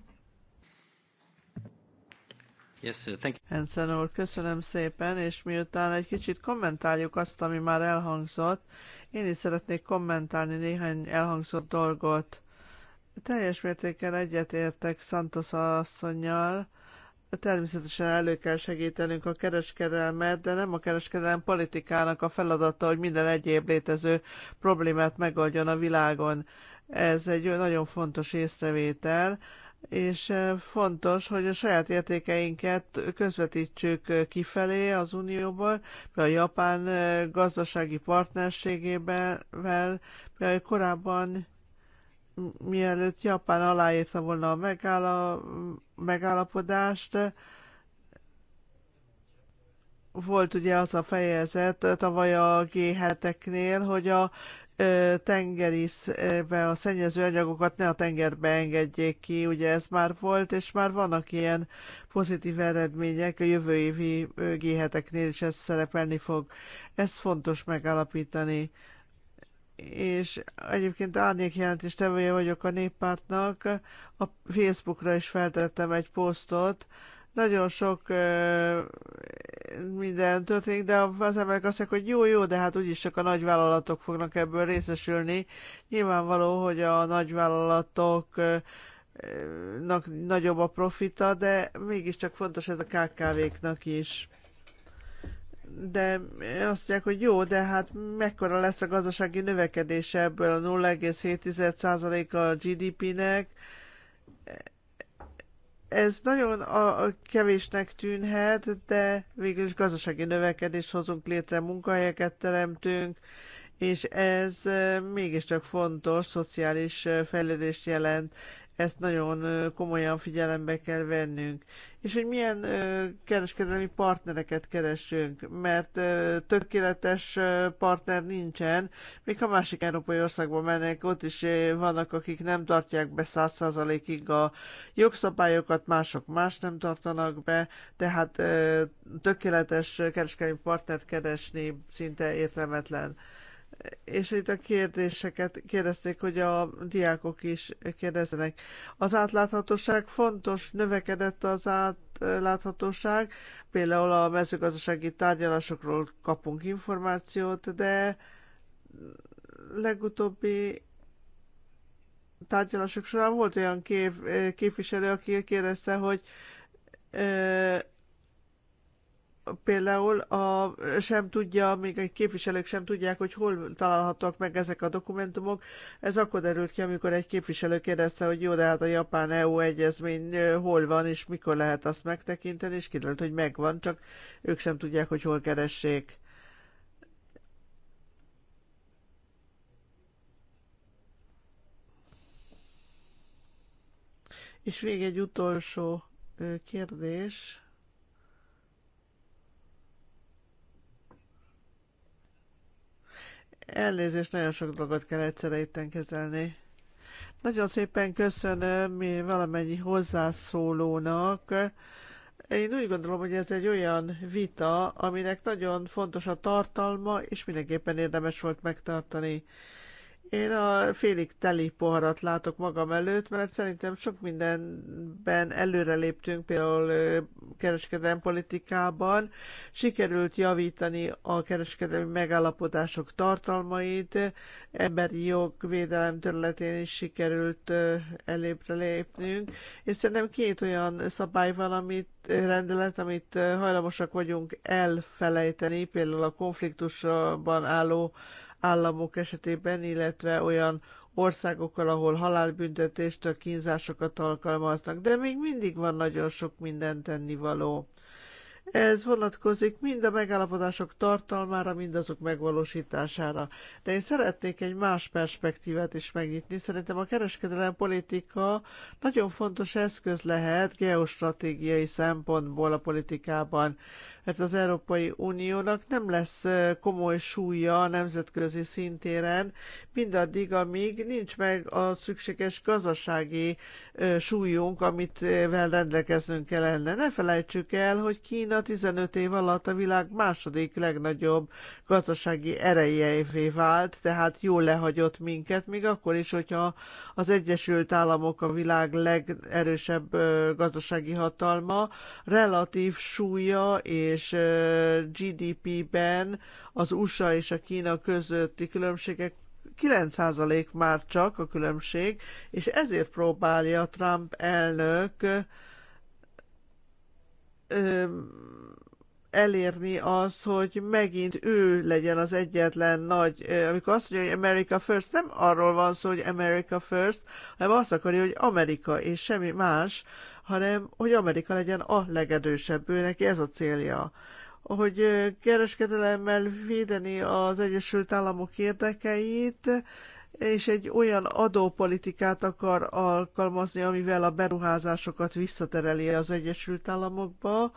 Yes, Hansen úr, köszönöm szépen, és miután egy kicsit kommentáljuk azt, ami már elhangzott, én is szeretnék kommentálni néhány elhangzott dolgot. Teljes mértékben egyetértek Santos asszonynal, Természetesen elő kell segítenünk a kereskedelmet, de nem a kereskedelem politikának a feladata, hogy minden egyéb létező problémát megoldjon a világon. Ez egy nagyon fontos észrevétel és fontos, hogy a saját értékeinket közvetítsük kifelé az Unióból, például a Japán gazdasági partnerségével, mert korábban mielőtt Japán aláírta volna a megállap, megállapodást, volt ugye az a fejezet tavaly a G7-eknél, hogy a tengerészbe a szennyező anyagokat ne a tengerbe engedjék ki, ugye ez már volt, és már vannak ilyen pozitív eredmények, a jövő évi g is ez szerepelni fog. Ezt fontos megállapítani. És egyébként árnyék tevője vagyok a néppártnak, a Facebookra is feltettem egy posztot, nagyon sok minden történik, de az emberek azt mondják, hogy jó, jó, de hát úgyis csak a nagyvállalatok fognak ebből részesülni. Nyilvánvaló, hogy a nagyvállalatoknak nagyobb a profita, de mégiscsak fontos ez a KKV-knak is de azt mondják, hogy jó, de hát mekkora lesz a gazdasági növekedés ebből a 0,7%-a a GDP-nek, ez nagyon a, a kevésnek tűnhet, de végül is gazdasági növekedést hozunk létre, munkahelyeket teremtünk, és ez eh, mégiscsak fontos szociális eh, fejlődést jelent. Ezt nagyon komolyan figyelembe kell vennünk. És hogy milyen kereskedelmi partnereket keresünk, mert tökéletes partner nincsen, még a másik európai országban mennek, ott is vannak, akik nem tartják be száz százalékig a jogszabályokat, mások más nem tartanak be, tehát tökéletes kereskedelmi partnert keresni szinte értelmetlen és itt a kérdéseket kérdezték, hogy a diákok is kérdezzenek. Az átláthatóság fontos, növekedett az átláthatóság, például a mezőgazdasági tárgyalásokról kapunk információt, de legutóbbi tárgyalások során volt olyan kép, képviselő, aki kérdezte, hogy például a, sem tudja, még egy képviselők sem tudják, hogy hol találhatók meg ezek a dokumentumok. Ez akkor derült ki, amikor egy képviselő kérdezte, hogy jó, de hát a japán EU egyezmény hol van, és mikor lehet azt megtekinteni, és kiderült, hogy megvan, csak ők sem tudják, hogy hol keressék. És még egy utolsó kérdés. Elnézést, nagyon sok dolgot kell egyszerre itten kezelni. Nagyon szépen köszönöm mi valamennyi hozzászólónak. Én úgy gondolom, hogy ez egy olyan vita, aminek nagyon fontos a tartalma, és mindenképpen érdemes volt megtartani. Én a félig teli poharat látok magam előtt, mert szerintem sok mindenben előre léptünk, például kereskedelmi politikában. Sikerült javítani a kereskedelmi megállapodások tartalmait, emberi jogvédelem területén is sikerült előbbre lépnünk, és szerintem két olyan szabály van, amit rendelet, amit hajlamosak vagyunk elfelejteni, például a konfliktusban álló államok esetében, illetve olyan országokkal, ahol halálbüntetést, a kínzásokat alkalmaznak, de még mindig van nagyon sok minden tennivaló. Ez vonatkozik mind a megállapodások tartalmára, mind azok megvalósítására. De én szeretnék egy más perspektívát is megnyitni. Szerintem a kereskedelem politika nagyon fontos eszköz lehet geostratégiai szempontból a politikában mert az Európai Uniónak nem lesz komoly súlya a nemzetközi szintéren, mindaddig, amíg nincs meg a szükséges gazdasági súlyunk, amit vel rendelkeznünk kellene. Ne felejtsük el, hogy Kína 15 év alatt a világ második legnagyobb gazdasági erejeivé vált, tehát jól lehagyott minket, még akkor is, hogyha az Egyesült Államok a világ legerősebb gazdasági hatalma, relatív súlya és és GDP-ben az USA és a Kína közötti különbségek 9% már csak a különbség, és ezért próbálja Trump elnök elérni azt, hogy megint ő legyen az egyetlen nagy, amikor azt mondja, hogy America First, nem arról van szó, hogy America First, hanem azt akarja, hogy Amerika és semmi más, hanem hogy Amerika legyen a legedősebb, ő neki ez a célja. Hogy kereskedelemmel védeni az Egyesült Államok érdekeit, és egy olyan adópolitikát akar alkalmazni, amivel a beruházásokat visszatereli az Egyesült Államokba,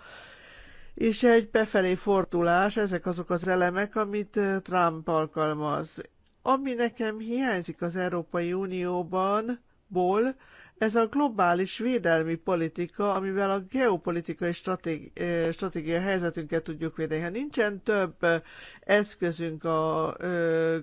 és egy befelé fordulás, ezek azok az elemek, amit Trump alkalmaz. Ami nekem hiányzik az Európai Unióban, ból, ez a globális védelmi politika, amivel a geopolitikai stratégi, stratégia helyzetünket tudjuk védeni. Ha nincsen több eszközünk a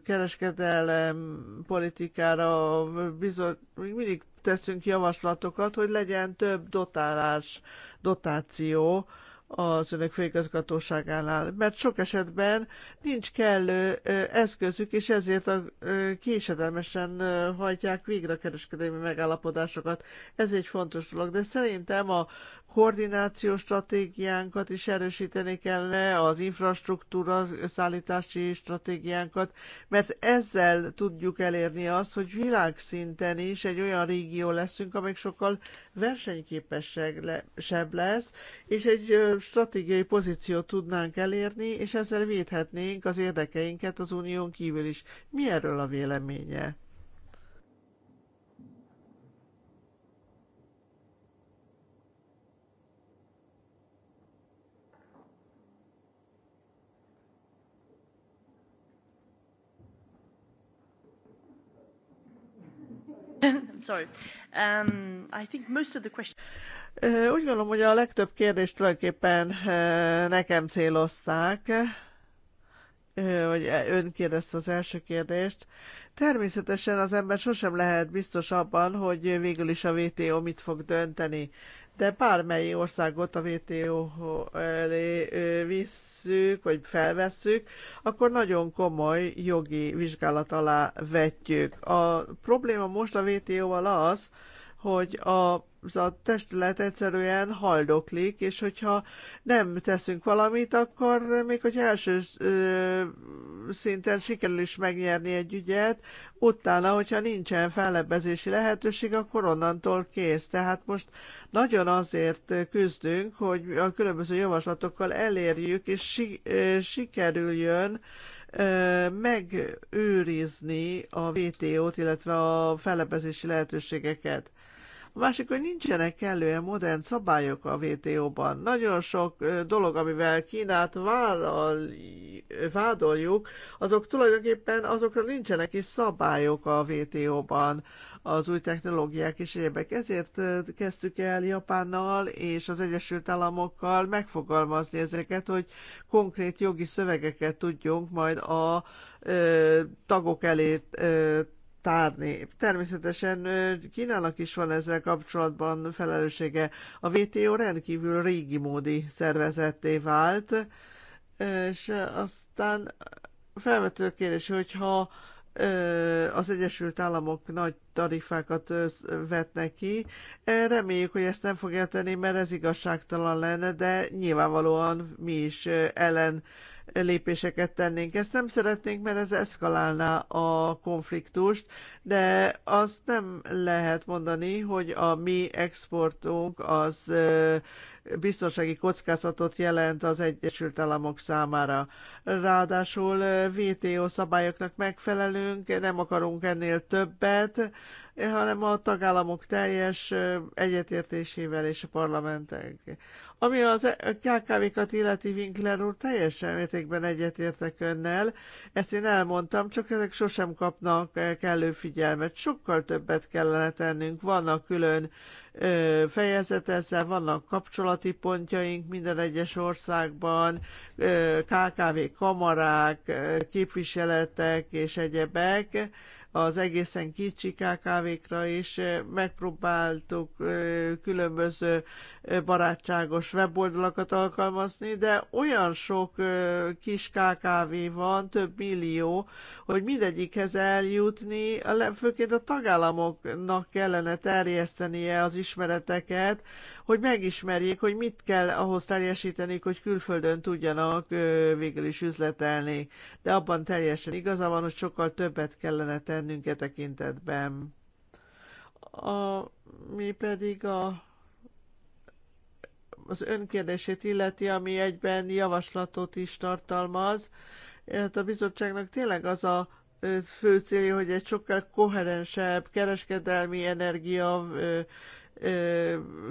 kereskedelem politikára, bizony, mindig teszünk javaslatokat, hogy legyen több dotálás, dotáció, az önök főigazgatóságánál, mert sok esetben nincs kellő eszközük, és ezért a, késedelmesen hajtják végre a kereskedelmi megállapodásokat. Ez egy fontos dolog, de szerintem a koordinációs stratégiánkat is erősíteni kellene, az infrastruktúra szállítási stratégiánkat, mert ezzel tudjuk elérni azt, hogy világszinten is egy olyan régió leszünk, amely sokkal versenyképesebb lesz, és egy stratégiai pozíciót tudnánk elérni, és ezzel védhetnénk az érdekeinket az unión kívül is. Mi erről a véleménye? Úgy gondolom, hogy a legtöbb kérdést tulajdonképpen nekem célozták, hogy e, ön kérdezte az első kérdést. Természetesen az ember sosem lehet biztos abban, hogy végül is a VTO mit fog dönteni de bármely országot a WTO elé visszük, vagy felvesszük, akkor nagyon komoly jogi vizsgálat alá vetjük. A probléma most a WTO-val az, hogy a a testület egyszerűen haldoklik, és hogyha nem teszünk valamit, akkor még hogyha első szinten sikerül is megnyerni egy ügyet, utána, hogyha nincsen fellebbezési lehetőség, akkor onnantól kész. Tehát most nagyon azért küzdünk, hogy a különböző javaslatokkal elérjük, és si- sikerüljön megőrizni a VTO-t, illetve a fellebbezési lehetőségeket. A másik, hogy nincsenek kellően modern szabályok a WTO-ban. Nagyon sok dolog, amivel Kínát vállal, vádoljuk, azok tulajdonképpen azokra nincsenek is szabályok a WTO-ban az új technológiák és egyébek Ezért kezdtük el Japánnal és az Egyesült Államokkal megfogalmazni ezeket, hogy konkrét jogi szövegeket tudjunk majd a ö, tagok elé ö, tárni. Természetesen Kínának is van ezzel kapcsolatban felelőssége. A WTO rendkívül régi módi szervezetté vált, és aztán felvető kérdés, hogyha az Egyesült Államok nagy tarifákat vetnek ki. Reméljük, hogy ezt nem fogja tenni, mert ez igazságtalan lenne, de nyilvánvalóan mi is ellen lépéseket tennénk. Ezt nem szeretnénk, mert ez eszkalálná a konfliktust, de azt nem lehet mondani, hogy a mi exportunk az biztonsági kockázatot jelent az Egyesült Államok számára. Ráadásul VTO szabályoknak megfelelünk, nem akarunk ennél többet, hanem a tagállamok teljes egyetértésével és a parlamentek. Ami az e- KKV-kat illeti Winkler úr, teljesen mértékben egyetértek önnel. Ezt én elmondtam, csak ezek sosem kapnak eh, kellő figyelmet. Sokkal többet kellene tennünk. Vannak külön fejezet ezzel, vannak kapcsolati pontjaink minden egyes országban, KKV kamarák, képviseletek és egyebek az egészen kicsi KKV-kra is megpróbáltuk különböző barátságos weboldalakat alkalmazni, de olyan sok kis KKV van, több millió, hogy mindegyikhez eljutni, főként a tagállamoknak kellene terjesztenie az ismereteket, hogy megismerjék, hogy mit kell ahhoz teljesíteni, hogy külföldön tudjanak végül is üzletelni. De abban teljesen igaza van, hogy sokkal többet kellene tennünk e tekintetben. Mi pedig a az önkérdését illeti, ami egyben javaslatot is tartalmaz. Hát a bizottságnak tényleg az a fő célja, hogy egy sokkal koherensebb kereskedelmi energia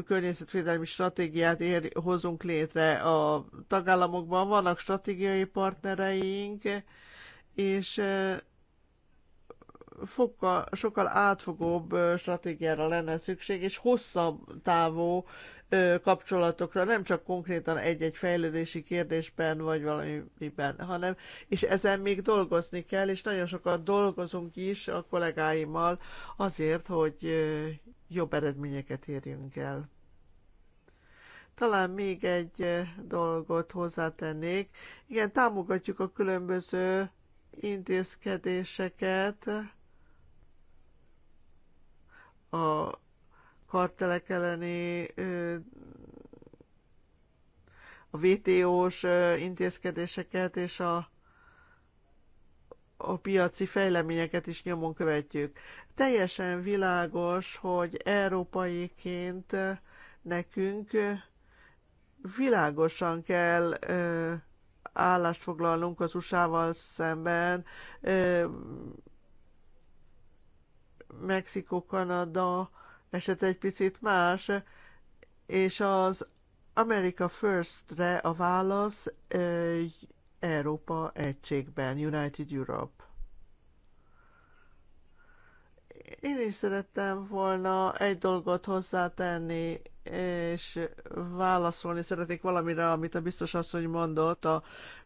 környezetvédelmi stratégiát ér, hozunk létre a tagállamokban. Vannak stratégiai partnereink, és fokkal, sokkal átfogóbb stratégiára lenne szükség, és hosszabb távú kapcsolatokra, nem csak konkrétan egy-egy fejlődési kérdésben vagy valamiben, hanem, és ezen még dolgozni kell, és nagyon sokat dolgozunk is a kollégáimmal azért, hogy jobb eredményeket érjünk el. Talán még egy dolgot hozzátennék. Igen, támogatjuk a különböző intézkedéseket, a kartelek elleni a VTO-s intézkedéseket és a, a piaci fejleményeket is nyomon követjük. Teljesen világos, hogy európaiként nekünk világosan kell ö, állást foglalnunk az USA-val szemben. Ö, Mexikó, Kanada, eset egy picit más, és az America First-re a válasz Európa egységben, United Europe. Én is szerettem volna egy dolgot hozzátenni és válaszolni szeretnék valamire, amit a biztos asszony mondott, a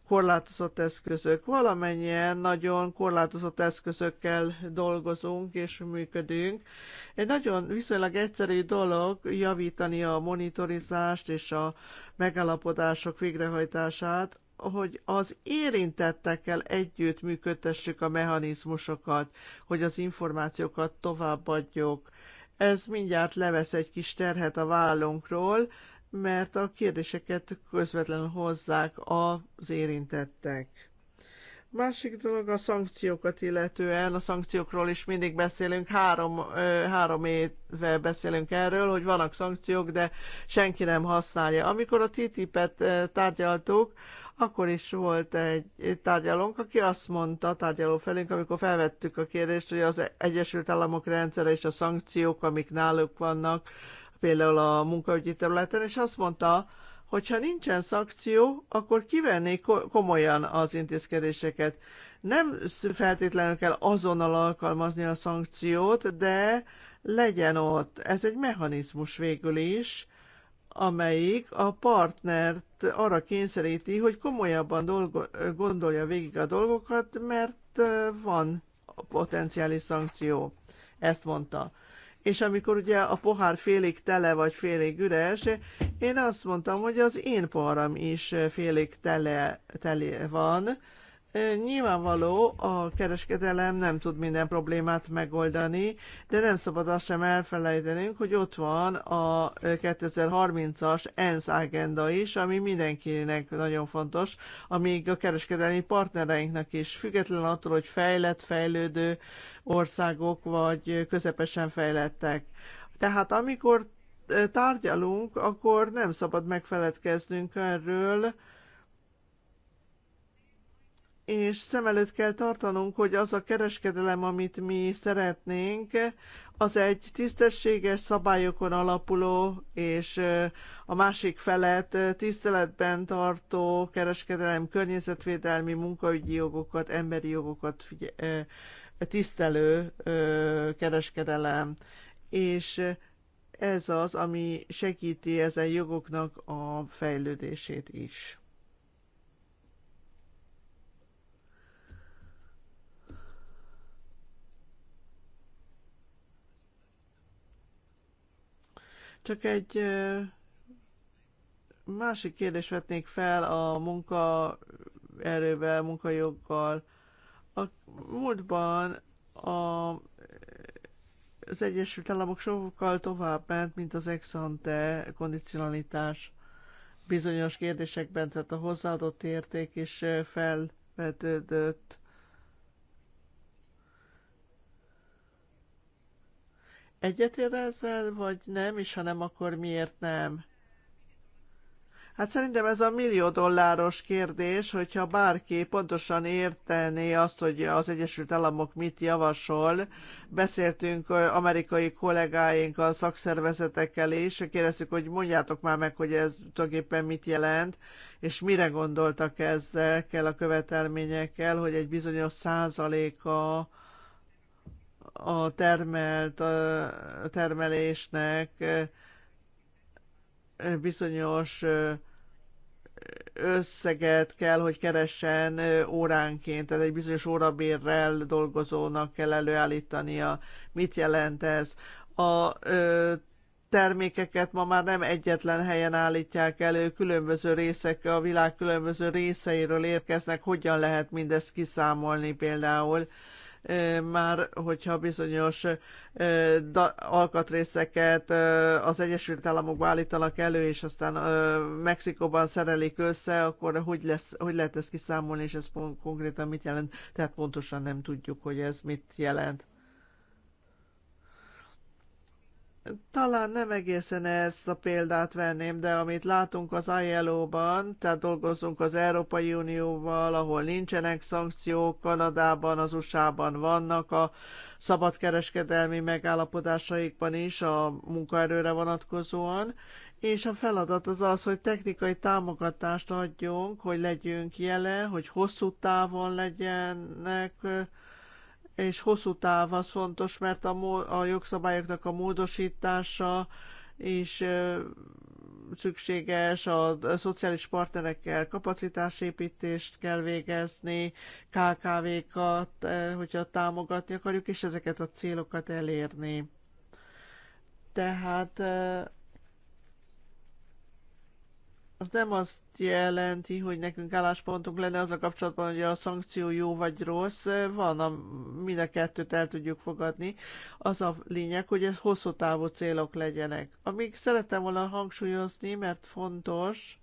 korlátozott eszközök. Valamennyien nagyon korlátozott eszközökkel dolgozunk és működünk. Egy nagyon viszonylag egyszerű dolog javítani a monitorizást és a megalapodások végrehajtását, hogy az érintettekkel együtt működtessük a mechanizmusokat, hogy az információkat továbbadjuk ez mindjárt levesz egy kis terhet a vállunkról, mert a kérdéseket közvetlenül hozzák az érintettek. Másik dolog a szankciókat illetően, a szankciókról is mindig beszélünk, három, három éve beszélünk erről, hogy vannak szankciók, de senki nem használja. Amikor a TTIP-et tárgyaltuk, akkor is volt egy tárgyalónk, aki azt mondta, tárgyaló felénk, amikor felvettük a kérdést, hogy az Egyesült Államok rendszere és a szankciók, amik náluk vannak, például a munkaügyi területen, és azt mondta, hogy ha nincsen szankció, akkor kivenné komolyan az intézkedéseket. Nem feltétlenül kell azonnal alkalmazni a szankciót, de legyen ott. Ez egy mechanizmus végül is, amelyik a partnert arra kényszeríti, hogy komolyabban dolgo, gondolja végig a dolgokat, mert van a potenciális szankció. Ezt mondta. És amikor ugye a pohár félig tele vagy félig üres, én azt mondtam, hogy az én poharam is félig tele, tele van, Nyilvánvaló, a kereskedelem nem tud minden problémát megoldani, de nem szabad azt sem elfelejtenünk, hogy ott van a 2030-as ENSZ agenda is, ami mindenkinek nagyon fontos, amíg a kereskedelmi partnereinknek is, független attól, hogy fejlett, fejlődő országok vagy közepesen fejlettek. Tehát amikor tárgyalunk, akkor nem szabad megfeledkeznünk erről, és szem előtt kell tartanunk, hogy az a kereskedelem, amit mi szeretnénk, az egy tisztességes szabályokon alapuló és a másik felet tiszteletben tartó kereskedelem környezetvédelmi munkaügyi jogokat, emberi jogokat figye- tisztelő kereskedelem. És ez az, ami segíti ezen jogoknak a fejlődését is. Csak egy másik kérdést vetnék fel a munkaerővel, munkajoggal. A múltban a, az Egyesült Államok sokkal tovább ment, mint az ex-ante kondicionalitás bizonyos kérdésekben, tehát a hozzáadott érték is felvetődött. Egyetér ezzel, vagy nem, és ha nem, akkor miért nem? Hát szerintem ez a millió dolláros kérdés, hogyha bárki pontosan értené azt, hogy az Egyesült Államok mit javasol. Beszéltünk amerikai kollégáinkkal, szakszervezetekkel is, kérdeztük, hogy mondjátok már meg, hogy ez tulajdonképpen mit jelent, és mire gondoltak ezzel a követelményekkel, hogy egy bizonyos százaléka a termelt a termelésnek bizonyos összeget kell, hogy keressen óránként, tehát egy bizonyos órabérrel dolgozónak kell előállítania. Mit jelent ez? A termékeket ma már nem egyetlen helyen állítják elő, különböző részek a világ különböző részeiről érkeznek, hogyan lehet mindezt kiszámolni például már hogyha bizonyos alkatrészeket az Egyesült Államokba állítanak elő, és aztán Mexikóban szerelik össze, akkor hogy, lesz, hogy lehet ezt kiszámolni, és ez pont, konkrétan mit jelent? Tehát pontosan nem tudjuk, hogy ez mit jelent. Talán nem egészen ezt a példát venném, de amit látunk az ILO-ban, tehát dolgozunk az Európai Unióval, ahol nincsenek szankciók, Kanadában, az USA-ban vannak a szabadkereskedelmi megállapodásaikban is a munkaerőre vonatkozóan, és a feladat az az, hogy technikai támogatást adjunk, hogy legyünk jele, hogy hosszú távon legyenek és hosszú táv az fontos, mert a, a jogszabályoknak a módosítása is szükséges, a szociális partnerekkel kapacitásépítést kell végezni, KKV-kat, hogyha támogatni akarjuk, és ezeket a célokat elérni. Tehát az nem azt jelenti, hogy nekünk álláspontunk lenne az a kapcsolatban, hogy a szankció jó vagy rossz, van, a, mind a kettőt el tudjuk fogadni. Az a lényeg, hogy ez hosszú távú célok legyenek. Amíg szerettem volna hangsúlyozni, mert fontos,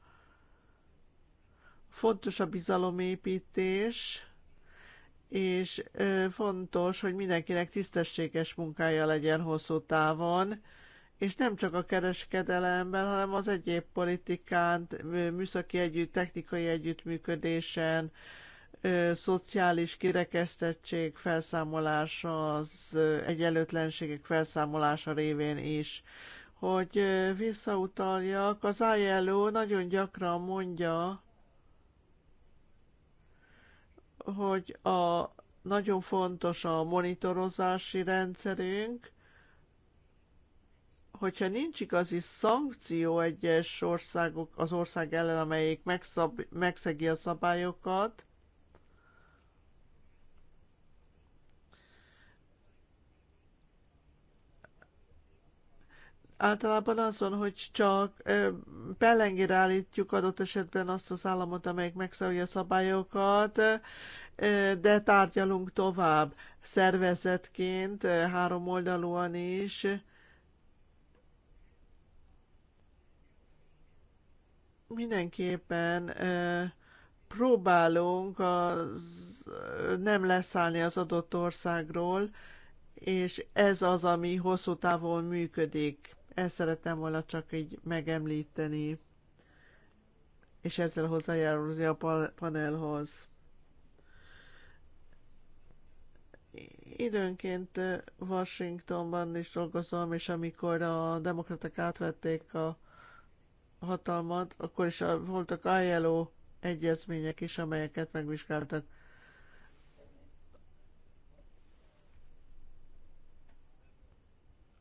fontos a bizalomépítés, és fontos, hogy mindenkinek tisztességes munkája legyen hosszú távon, és nem csak a kereskedelemben, hanem az egyéb politikán, műszaki együtt, technikai együttműködésen, szociális kirekesztettség felszámolása, az egyenlőtlenségek felszámolása révén is. Hogy visszautaljak, az ILO nagyon gyakran mondja, hogy a, nagyon fontos a monitorozási rendszerünk, hogyha nincs igazi szankció egyes országok, az ország ellen, amelyik megszab, megszegi a szabályokat, általában az van, hogy csak pellengére állítjuk adott esetben azt az államot, amelyik megszabja a szabályokat, de tárgyalunk tovább szervezetként, három oldalúan is, mindenképpen próbálunk az, nem leszállni az adott országról, és ez az, ami hosszú távon működik. Ezt szerettem volna csak így megemlíteni, és ezzel hozzájárulni a panelhoz. Időnként Washingtonban is dolgozom, és amikor a demokraták átvették a hatalmat, akkor is voltak ILO egyezmények is, amelyeket megvizsgáltak.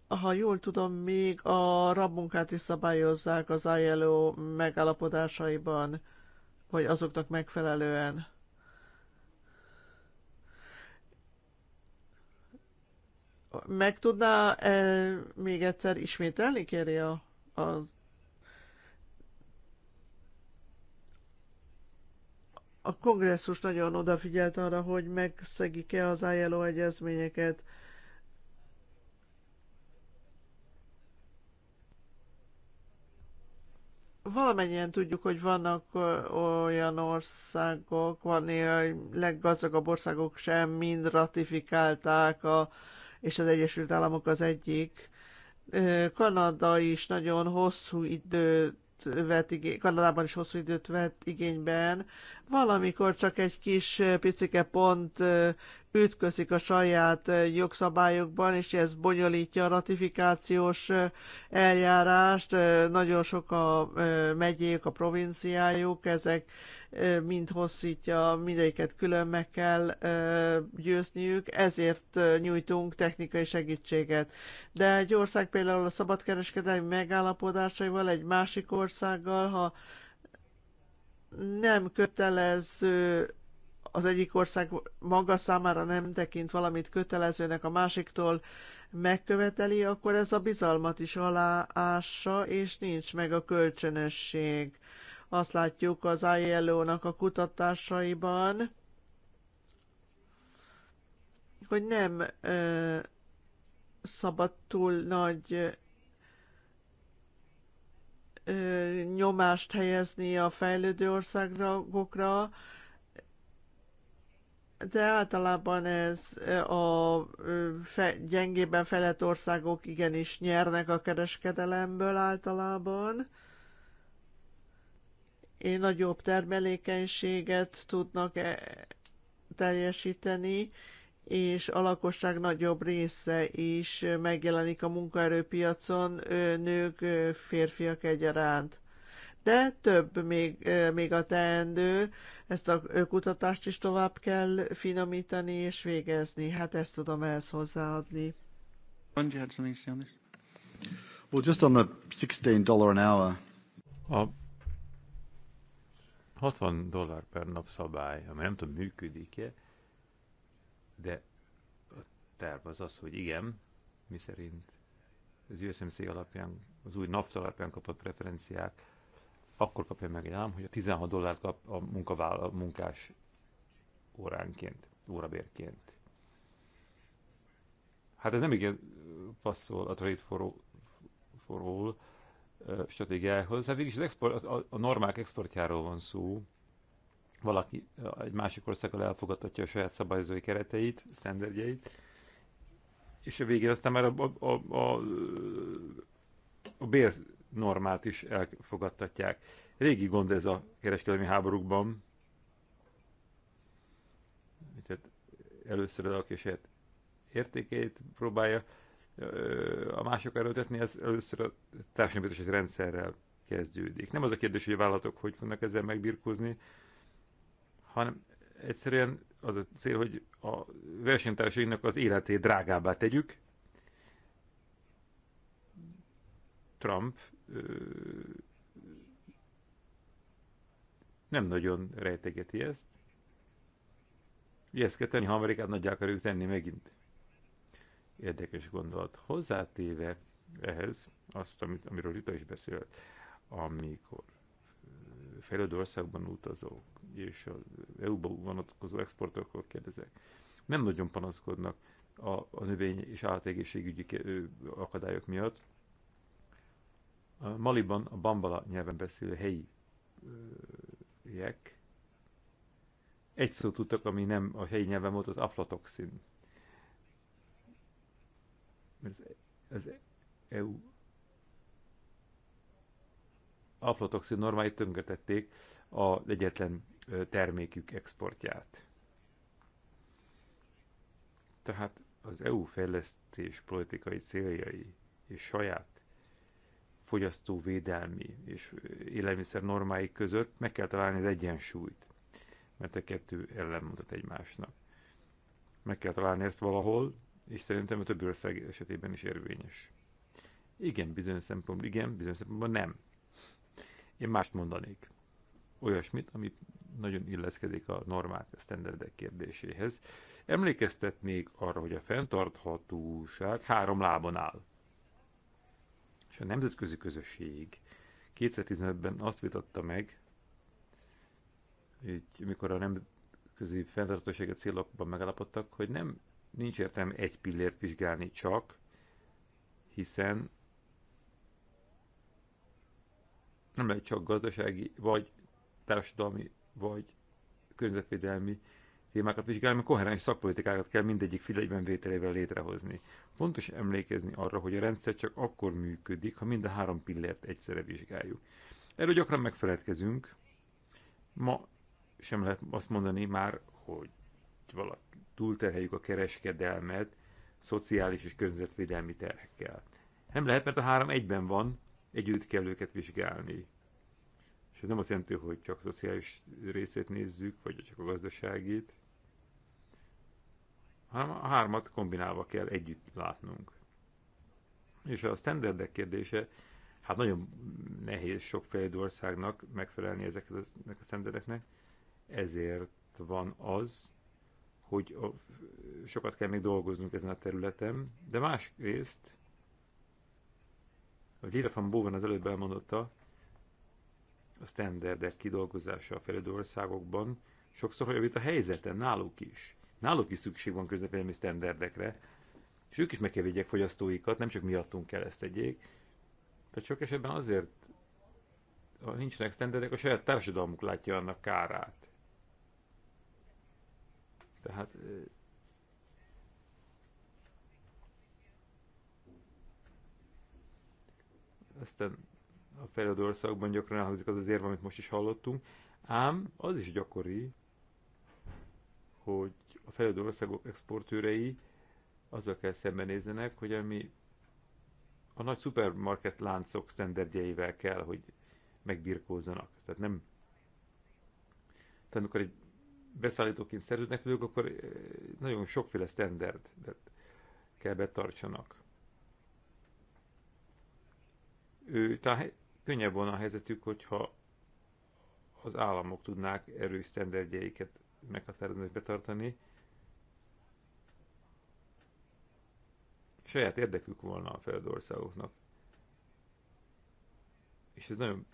Ha jól tudom, még a rabmunkát is szabályozzák az ILO megállapodásaiban, vagy azoknak megfelelően. Meg tudná -e még egyszer ismételni, kérje a, az a kongresszus nagyon odafigyelt arra, hogy megszegik-e az ILO egyezményeket. valamennyien tudjuk, hogy vannak olyan országok, van olyan leggazdagabb országok sem, mind ratifikálták, a, és az Egyesült Államok az egyik. Kanada is nagyon hosszú idő vett igény, Kanadában is hosszú időt vett igényben, valamikor csak egy kis picike pont ütközik a saját jogszabályokban, és ez bonyolítja a ratifikációs eljárást. Nagyon sok a megyék, a provinciájuk, ezek mind hosszítja, mindegyiket külön meg kell győzniük, ezért nyújtunk technikai segítséget. De egy ország például a szabadkereskedelmi megállapodásaival, egy másik országgal, ha nem kötelező az egyik ország maga számára nem tekint valamit kötelezőnek a másiktól megköveteli, akkor ez a bizalmat is aláássa, és nincs meg a kölcsönösség. Azt látjuk az ILO-nak a kutatásaiban, hogy nem ö, szabad túl nagy ö, nyomást helyezni a fejlődő országokra, de általában ez a fe, gyengében fejlett országok igenis nyernek a kereskedelemből általában, nagyobb termelékenységet tudnak e teljesíteni, és a lakosság nagyobb része is megjelenik a munkaerőpiacon, nők, férfiak egyaránt. De több még, még a teendő, ezt a kutatást is tovább kell finomítani és végezni. Hát ezt tudom ehhez hozzáadni. Well, just on the $16 an hour. A 60 dollár per nap szabály, ami nem tudom, működik-e, de a terv az az, hogy igen, mi szerint az USMC alapján, az új NAFTA alapján kapott preferenciák, akkor kapja meg egy állam, hogy a 16 dollárt kap a, munkavállal, a munkás óránként, órabérként. Hát ez nem igen passzol a Trade for, for All stratégiához. Hát végig is az export, a, a normák exportjáról van szó. Valaki egy másik országgal elfogadhatja a saját szabályozói kereteit, sztenderdjeit, és a végén aztán már a, a, a, a, a bérz normát is elfogadtatják. Régi gond ez a kereskedelmi háborúkban. Tehát először a saját értékeit próbálja a mások erőltetni, ez először a társadalmi rendszerrel kezdődik. Nem az a kérdés, hogy a vállalatok hogy fognak ezzel megbirkózni, hanem egyszerűen az a cél, hogy a versenytársainknak az életét drágábbá tegyük. Trump ö, nem nagyon rejtegeti ezt. Ilyeszkedteni, ha Amerikát nagyjá akarjuk tenni megint érdekes gondolat. Hozzátéve ehhez azt, amit, amiről Rita is beszélt, amikor fejlődő országban utazók és az EU-ba vonatkozó exportokról kérdezek, nem nagyon panaszkodnak a, a növény- és állategészségügyi akadályok miatt. A Maliban a bambala nyelven beszélő helyiek egy szót tudtak, ami nem a helyi nyelven volt, az aflatoxin mert az EU e aflatoxin normáit tönkretették a egyetlen termékük exportját. Tehát az EU fejlesztés politikai céljai és saját fogyasztóvédelmi és élelmiszer normái között meg kell találni az egyensúlyt, mert a kettő mutat egymásnak. Meg kell találni ezt valahol, és szerintem a többi ország esetében is érvényes. Igen, bizonyos szempontból igen, bizonyos szempontból nem. Én mást mondanék. Olyasmit, ami nagyon illeszkedik a normák, a standardek kérdéséhez. Emlékeztetnék arra, hogy a fenntarthatóság három lábon áll. És a nemzetközi közösség 2015-ben azt vitatta meg, hogy mikor a nemzetközi fenntartósági célokban megállapodtak, hogy nem nincs értelme egy pillért vizsgálni csak, hiszen nem lehet csak gazdasági, vagy társadalmi, vagy környezetvédelmi témákat vizsgálni, mert koherens szakpolitikákat kell mindegyik figyelmben vételével létrehozni. Fontos emlékezni arra, hogy a rendszer csak akkor működik, ha mind a három pillért egyszerre vizsgáljuk. Erről gyakran megfeledkezünk. Ma sem lehet azt mondani már, hogy valaki túlterheljük a kereskedelmet szociális és környezetvédelmi terhekkel. Nem lehet, mert a három egyben van, együtt kell őket vizsgálni. És ez nem azt jelenti, hogy csak a szociális részét nézzük, vagy csak a gazdaságét, hanem a hármat kombinálva kell együtt látnunk. És a standardek kérdése, hát nagyon nehéz sok országnak megfelelni ezeknek a standardeknek, ezért van az, hogy a, sokat kell még dolgoznunk ezen a területen, de másrészt, hogy Lira van Bowen az előbb elmondotta, a standardek kidolgozása a fejlődő országokban sokszor javít a helyzeten, náluk is. Náluk is szükség van közlekedelmi standardekre, és ők is meg kell fogyasztóikat, nem csak miattunk kell ezt tegyék. Tehát sok esetben azért, ha nincsenek standardek, a saját társadalmuk látja annak kárát. Tehát aztán a fejlődő országokban gyakran elhangzik az az érv, amit most is hallottunk, ám az is gyakori, hogy a fejlődő országok exportőrei azzal kell szembenézzenek, hogy ami a nagy szupermarket láncok sztenderdjeivel kell, hogy megbirkózzanak. Tehát nem... Tehát amikor egy beszállítóként szerződnek velük, akkor eh, nagyon sokféle standard kell betartsanak. Ő, tehát könnyebb volna a helyzetük, hogyha az államok tudnák erős sztenderdjeiket meghatározni és betartani. Saját érdekük volna a fejlődő országoknak. És ez nagyon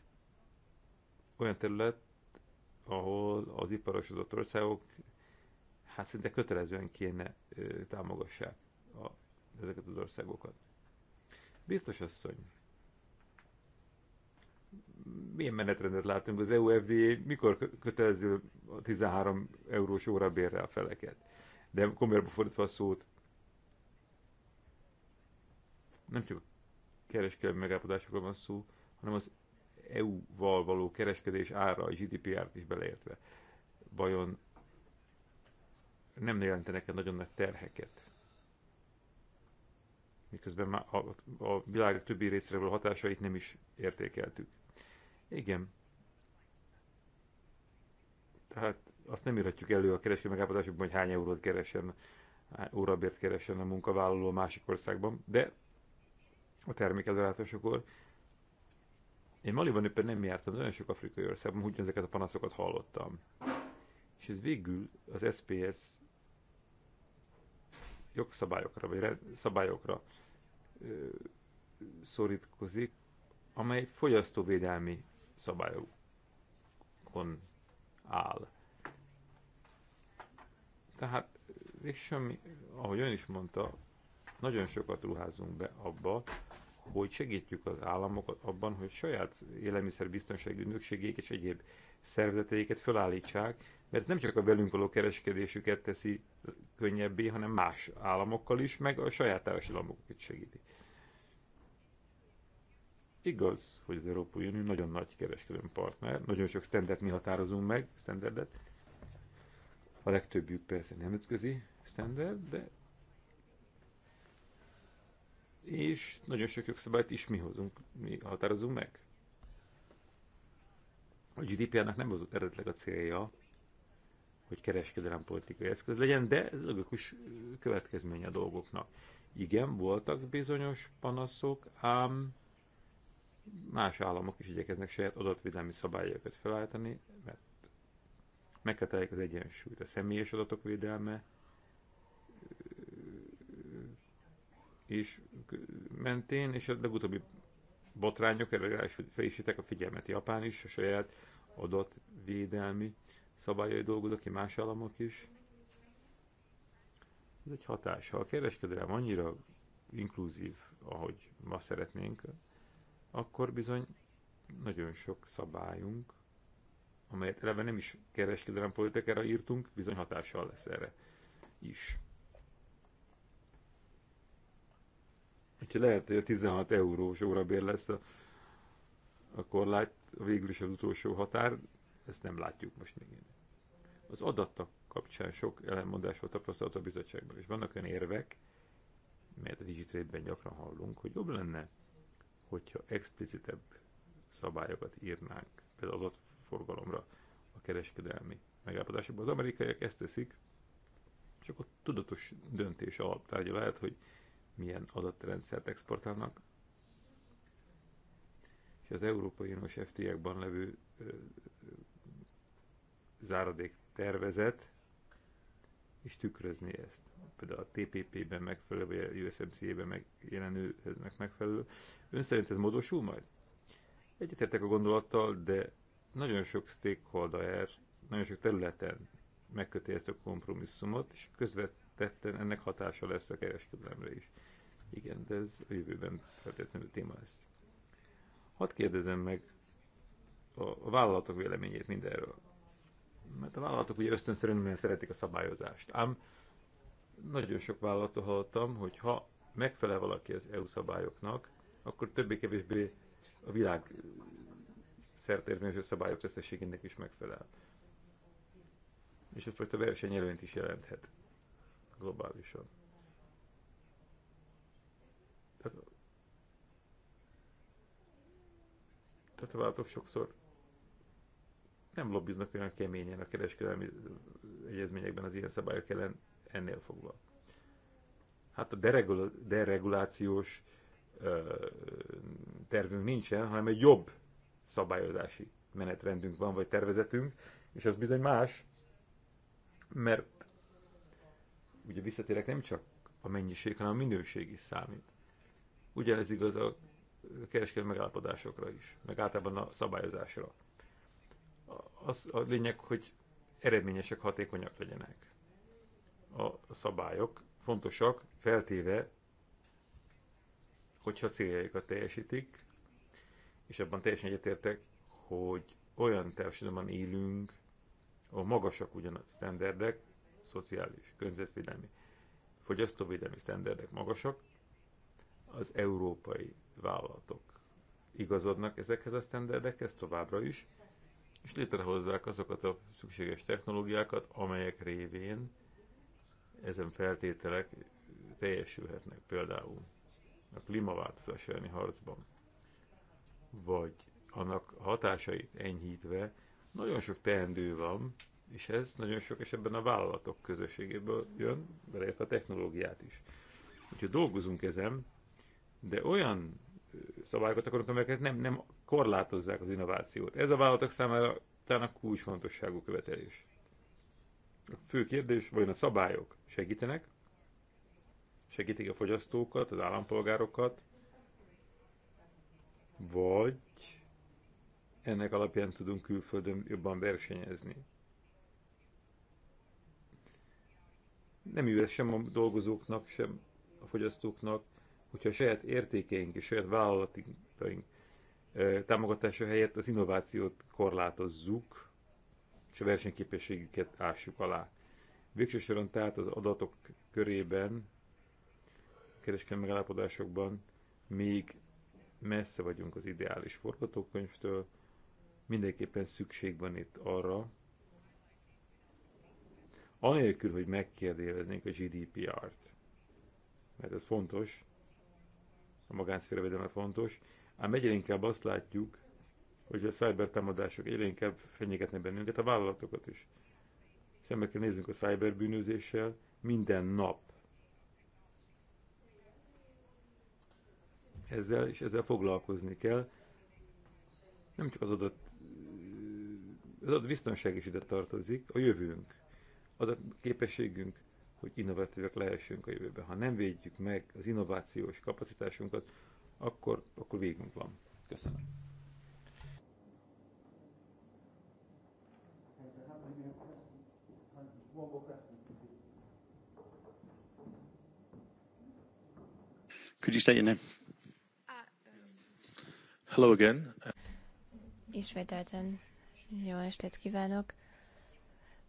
olyan terület, ahol az iparosodott országok hát szinte kötelezően kéne ö, támogassák a, ezeket az országokat. Biztos asszony, milyen menetrendet látunk az EU FDA, mikor kötelező a 13 eurós órabérre a feleket? De komolyabb fordítva a szót, nem csak a kereskedelmi megállapodásokról van szó, hanem az EU-val való kereskedés ára, a GDPR-t is beleértve, vajon nem jelentenek-e nagyon nagy terheket? Miközben már a, a világ többi részre való hatásait nem is értékeltük. Igen. Tehát azt nem írhatjuk elő a kereskedő megállapodásokban, hogy hány eurót keresen, órabért keresen a munkavállaló a másik országban, de a termékelőlátásokor én Maliban éppen nem jártam, de nagyon sok afrikai országban úgy ezeket a panaszokat hallottam. És ez végül az SPS jogszabályokra, vagy szabályokra ö, szorítkozik, amely fogyasztóvédelmi szabályokon áll. Tehát és semmi, ahogy ön is mondta, nagyon sokat ruházunk be abba, hogy segítjük az államokat abban, hogy saját élelmiszerbiztonsági ügynökségék és egyéb szervezeteiket felállítsák, mert nem csak a velünk való kereskedésüket teszi könnyebbé, hanem más államokkal is, meg a saját társadalmokat segíti. Igaz, hogy az Európai Unió nagyon nagy kereskedelmi partner, nagyon sok standard mi határozunk meg, standardet. A legtöbbjük persze nemzetközi standard, de és nagyon sok jogszabályt is mi hozunk, mi határozunk meg. A GDPR-nak nem az eredetleg a célja, hogy kereskedelem politikai eszköz legyen, de ez logikus következménye a dolgoknak. Igen, voltak bizonyos panaszok, ám más államok is igyekeznek saját adatvédelmi szabályokat felállítani, mert megkötelik az egyensúlyt. A személyes adatok védelme is mentén, és a legutóbbi botrányok erre felhívták a figyelmet. Japán is a saját adatvédelmi szabályai dolgozik ki, más államok is. Ez egy hatás. Ha a kereskedelem annyira inkluzív, ahogy ma szeretnénk, akkor bizony nagyon sok szabályunk, amelyet eleve nem is kereskedelem politikára írtunk, bizony hatással lesz erre is. Hogyha lehet, hogy a 16 eurós órabér lesz a, a korlát, végül is az utolsó határ, ezt nem látjuk most még. Az adattak kapcsán sok ellenmondás volt tapasztalat a bizottságban, és vannak olyan érvek, mert a digitrade gyakran hallunk, hogy jobb lenne, hogyha explicitebb szabályokat írnánk, például az adatforgalomra a kereskedelmi megállapodásokban. Az amerikaiak ezt teszik, csak a tudatos döntés alaptárgya lehet, hogy milyen adatrendszert exportálnak, és az Európai Uniós fta ekben levő záradék tervezet és tükrözni ezt. Például a TPP-ben megfelelő, vagy a USMCA-ben megjelenőnek megfelelő. Ön szerint ez módosul majd? Egyetértek a gondolattal, de nagyon sok stakeholder, nagyon sok területen megköti ezt a kompromisszumot, és közvet, tetten, ennek hatása lesz a kereskedelemre is. Igen, de ez a jövőben feltétlenül téma lesz. Hadd kérdezem meg a, a vállalatok véleményét mindenről. Mert a vállalatok ugye ösztönszerűen nagyon szeretik a szabályozást. Ám nagyon sok vállalatot hallottam, hogy ha megfelel valaki az EU szabályoknak, akkor többé-kevésbé a világ szertérvényes szabályok összességének is megfelel. És ez fajta versenyelőnyt is jelenthet globálisan. Tehát, tehát a vállalatok sokszor nem lobbiznak olyan keményen a kereskedelmi egyezményekben az ilyen szabályok ellen ennél fogva. Hát a deregul deregulációs ö, tervünk nincsen, hanem egy jobb szabályozási menetrendünk van, vagy tervezetünk, és az bizony más, mert ugye visszatérek nem csak a mennyiség, hanem a minőség is számít. Ugyanez igaz a kereskedelmi megállapodásokra is, meg általában a szabályozásra. Az a lényeg, hogy eredményesek, hatékonyak legyenek. A szabályok fontosak, feltéve, hogyha céljaikat teljesítik, és ebben teljesen egyetértek, hogy olyan társadalomban élünk, ahol magasak ugyan a standardek szociális, környezetvédelmi, fogyasztóvédelmi sztenderdek magasak, az európai vállalatok igazodnak ezekhez a sztenderdekhez továbbra is, és létrehozzák azokat a szükséges technológiákat, amelyek révén ezen feltételek teljesülhetnek például a klímaváltozás elleni harcban, vagy annak hatásait enyhítve, nagyon sok teendő van, és ez nagyon sok esetben a vállalatok közösségéből jön, beleért a technológiát is. Úgyhogy dolgozunk ezen, de olyan szabályokat akarunk, amelyeket nem, nem korlátozzák az innovációt. Ez a vállalatok számára talán a kulcsfontosságú követelés. A fő kérdés, vajon a szabályok segítenek? Segítik a fogyasztókat, az állampolgárokat? Vagy ennek alapján tudunk külföldön jobban versenyezni? nem üres sem a dolgozóknak, sem a fogyasztóknak, hogyha a saját értékeink és saját vállalataink támogatása helyett az innovációt korlátozzuk, és a versenyképességüket ássuk alá. Végsősoron tehát az adatok körében, kereskedelmi megállapodásokban még messze vagyunk az ideális forgatókönyvtől, mindenképpen szükség van itt arra, anélkül, hogy megkérdéveznénk a GDPR-t. Mert ez fontos, a magánszféra védelme fontos, ám egyre inkább azt látjuk, hogy a cyber támadások egyre inkább fenyegetnek bennünket, a vállalatokat is. Szembe kell néznünk a bűnözéssel minden nap. Ezzel és ezzel foglalkozni kell. Nem csak az adat, az adat biztonság is ide tartozik, a jövőnk az a képességünk, hogy innovatívak lehessünk a jövőben. Ha nem védjük meg az innovációs kapacitásunkat, akkor, akkor végünk van. Köszönöm. Could you state your name? Hello again. Ismételten jó estét kívánok.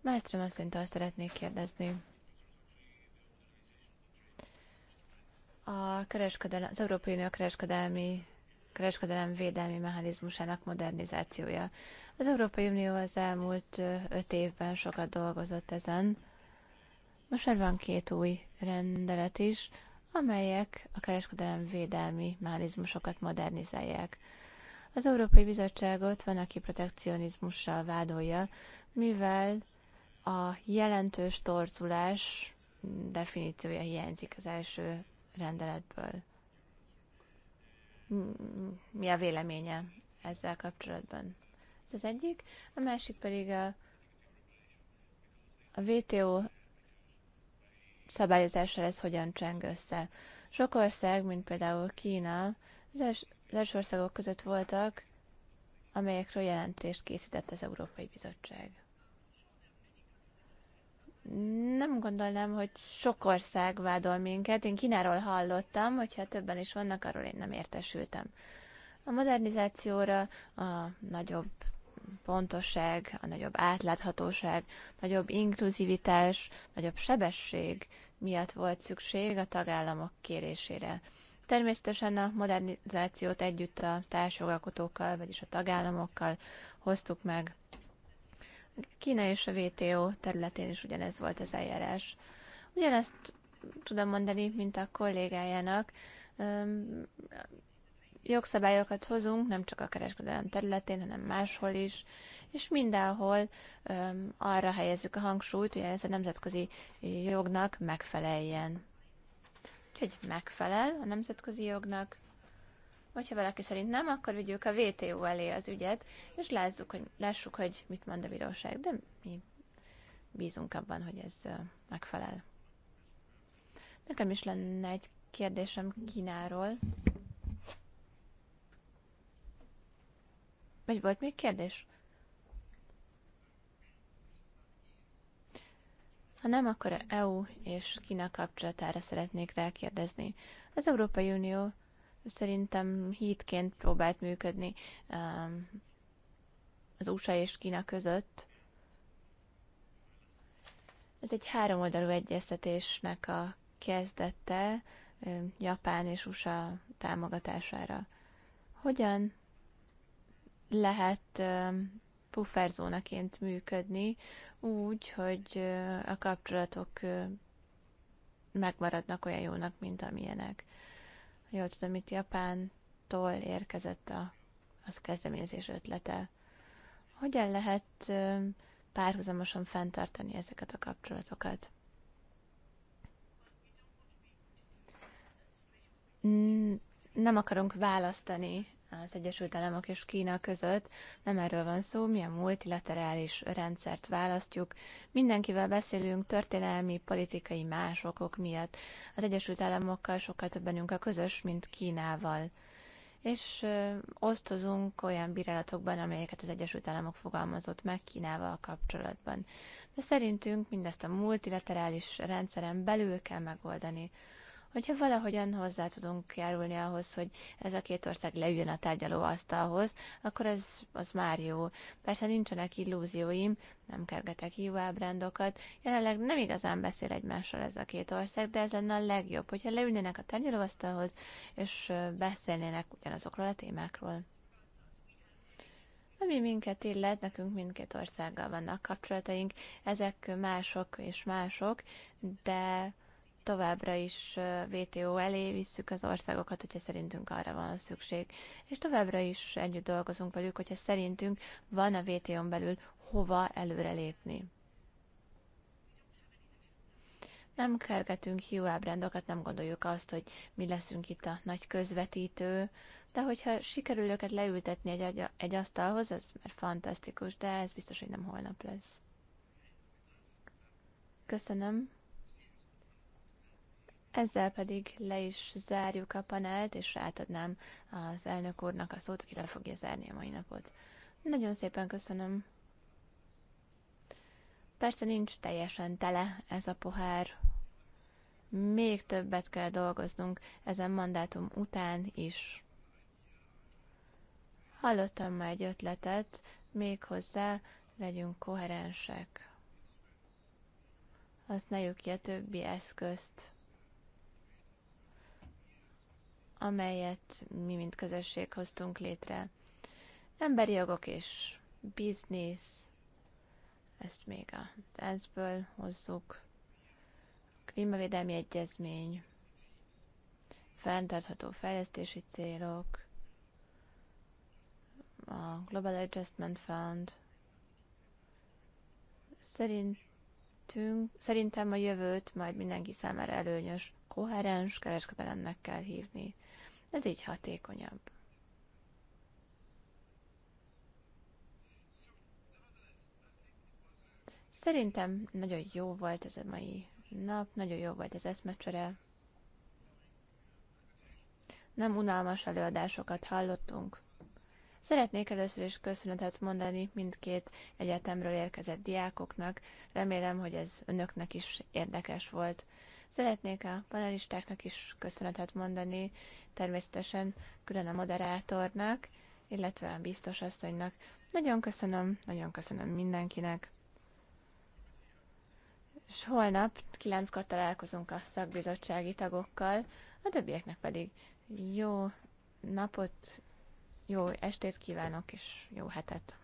Mástrom asszonytól szeretnék kérdezni. A kereskedelem, az Európai Unió kereskedelmi kereskedelem védelmi mechanizmusának modernizációja. Az Európai Unió az elmúlt öt évben sokat dolgozott ezen. Most már van két új rendelet is, amelyek a kereskedelem védelmi mechanizmusokat modernizálják. Az Európai Bizottságot van, aki protekcionizmussal vádolja, mivel a jelentős torzulás definíciója hiányzik az első rendeletből. Mi a véleménye ezzel kapcsolatban? Ez az egyik. A másik pedig a, a VTO szabályozásra ez hogyan cseng össze. Sok ország, mint például Kína, az, els, az első országok között voltak, amelyekről jelentést készített az Európai Bizottság nem gondolnám, hogy sok ország vádol minket. Én Kínáról hallottam, hogyha többen is vannak, arról én nem értesültem. A modernizációra a nagyobb pontoság, a nagyobb átláthatóság, nagyobb inkluzivitás, nagyobb sebesség miatt volt szükség a tagállamok kérésére. Természetesen a modernizációt együtt a társjogalkotókkal, vagyis a tagállamokkal hoztuk meg. Kína és a WTO területén is ugyanez volt az eljárás. Ugyanezt tudom mondani, mint a kollégájának. Jogszabályokat hozunk, nem csak a kereskedelem területén, hanem máshol is, és mindenhol arra helyezzük a hangsúlyt, hogy ez a nemzetközi jognak megfeleljen. Úgyhogy megfelel a nemzetközi jognak, ha valaki szerint nem, akkor vigyük a VTO elé az ügyet, és lássuk, hogy, lássuk, hogy mit mond a bíróság. De mi bízunk abban, hogy ez megfelel. Nekem is lenne egy kérdésem Kínáról. Vagy volt még kérdés? Ha nem, akkor EU és Kína kapcsolatára szeretnék rákérdezni. Az Európai Unió szerintem hídként próbált működni um, az USA és Kína között. Ez egy háromoldalú egyeztetésnek a kezdete um, Japán és USA támogatására. Hogyan lehet um, pufferzónaként működni úgy, hogy uh, a kapcsolatok uh, megmaradnak olyan jónak, mint amilyenek jól tudom, itt Japántól érkezett a, az kezdeményezés ötlete. Hogyan lehet párhuzamosan fenntartani ezeket a kapcsolatokat? Nem akarunk választani az Egyesült Államok és Kína között. Nem erről van szó, milyen multilaterális rendszert választjuk. Mindenkivel beszélünk történelmi, politikai másokok miatt. Az Egyesült Államokkal sokkal többenünk a közös, mint Kínával és osztozunk olyan bírálatokban, amelyeket az Egyesült Államok fogalmazott meg Kínával kapcsolatban. De szerintünk mindezt a multilaterális rendszeren belül kell megoldani. Hogyha valahogyan hozzá tudunk járulni ahhoz, hogy ez a két ország leüljön a asztalhoz, akkor ez az már jó. Persze nincsenek illúzióim, nem kergetek hiúábrándokat. Jelenleg nem igazán beszél egymással ez a két ország, de ez lenne a legjobb, hogyha leülnének a tárgyalóasztalhoz, és beszélnének ugyanazokról a témákról. Ami minket illet, nekünk mindkét országgal vannak kapcsolataink, ezek mások és mások, de továbbra is WTO elé visszük az országokat, hogyha szerintünk arra van szükség, és továbbra is együtt dolgozunk velük, hogyha szerintünk van a WTO-n belül hova előrelépni. Nem kergetünk ábrándokat, nem gondoljuk azt, hogy mi leszünk itt a nagy közvetítő, de hogyha sikerül őket leültetni egy, egy, egy asztalhoz, az már fantasztikus, de ez biztos, hogy nem holnap lesz. Köszönöm. Ezzel pedig le is zárjuk a panelt, és átadnám az elnök úrnak a szót, aki le fogja zárni a mai napot. Nagyon szépen köszönöm. Persze nincs teljesen tele ez a pohár. Még többet kell dolgoznunk ezen mandátum után is. Hallottam már egy ötletet, méghozzá legyünk koherensek. Használjuk ki a többi eszközt amelyet mi, mint közösség hoztunk létre. Emberi jogok és biznisz, ezt még az ENSZ-ből hozzuk, klímavédelmi egyezmény, fenntartható fejlesztési célok, a Global Adjustment Fund. Szerintünk, szerintem a jövőt majd mindenki számára előnyös, koherens kereskedelemnek kell hívni. Ez így hatékonyabb. Szerintem nagyon jó volt ez a mai nap, nagyon jó volt az eszmecsere. Nem unalmas előadásokat hallottunk. Szeretnék először is köszönetet mondani mindkét egyetemről érkezett diákoknak. Remélem, hogy ez önöknek is érdekes volt. Szeretnék a panelistáknak is köszönetet mondani, természetesen külön a moderátornak, illetve a biztos asszonynak. Nagyon köszönöm, nagyon köszönöm mindenkinek. És holnap kilenckor találkozunk a szakbizottsági tagokkal, a többieknek pedig jó napot, jó estét kívánok, és jó hetet!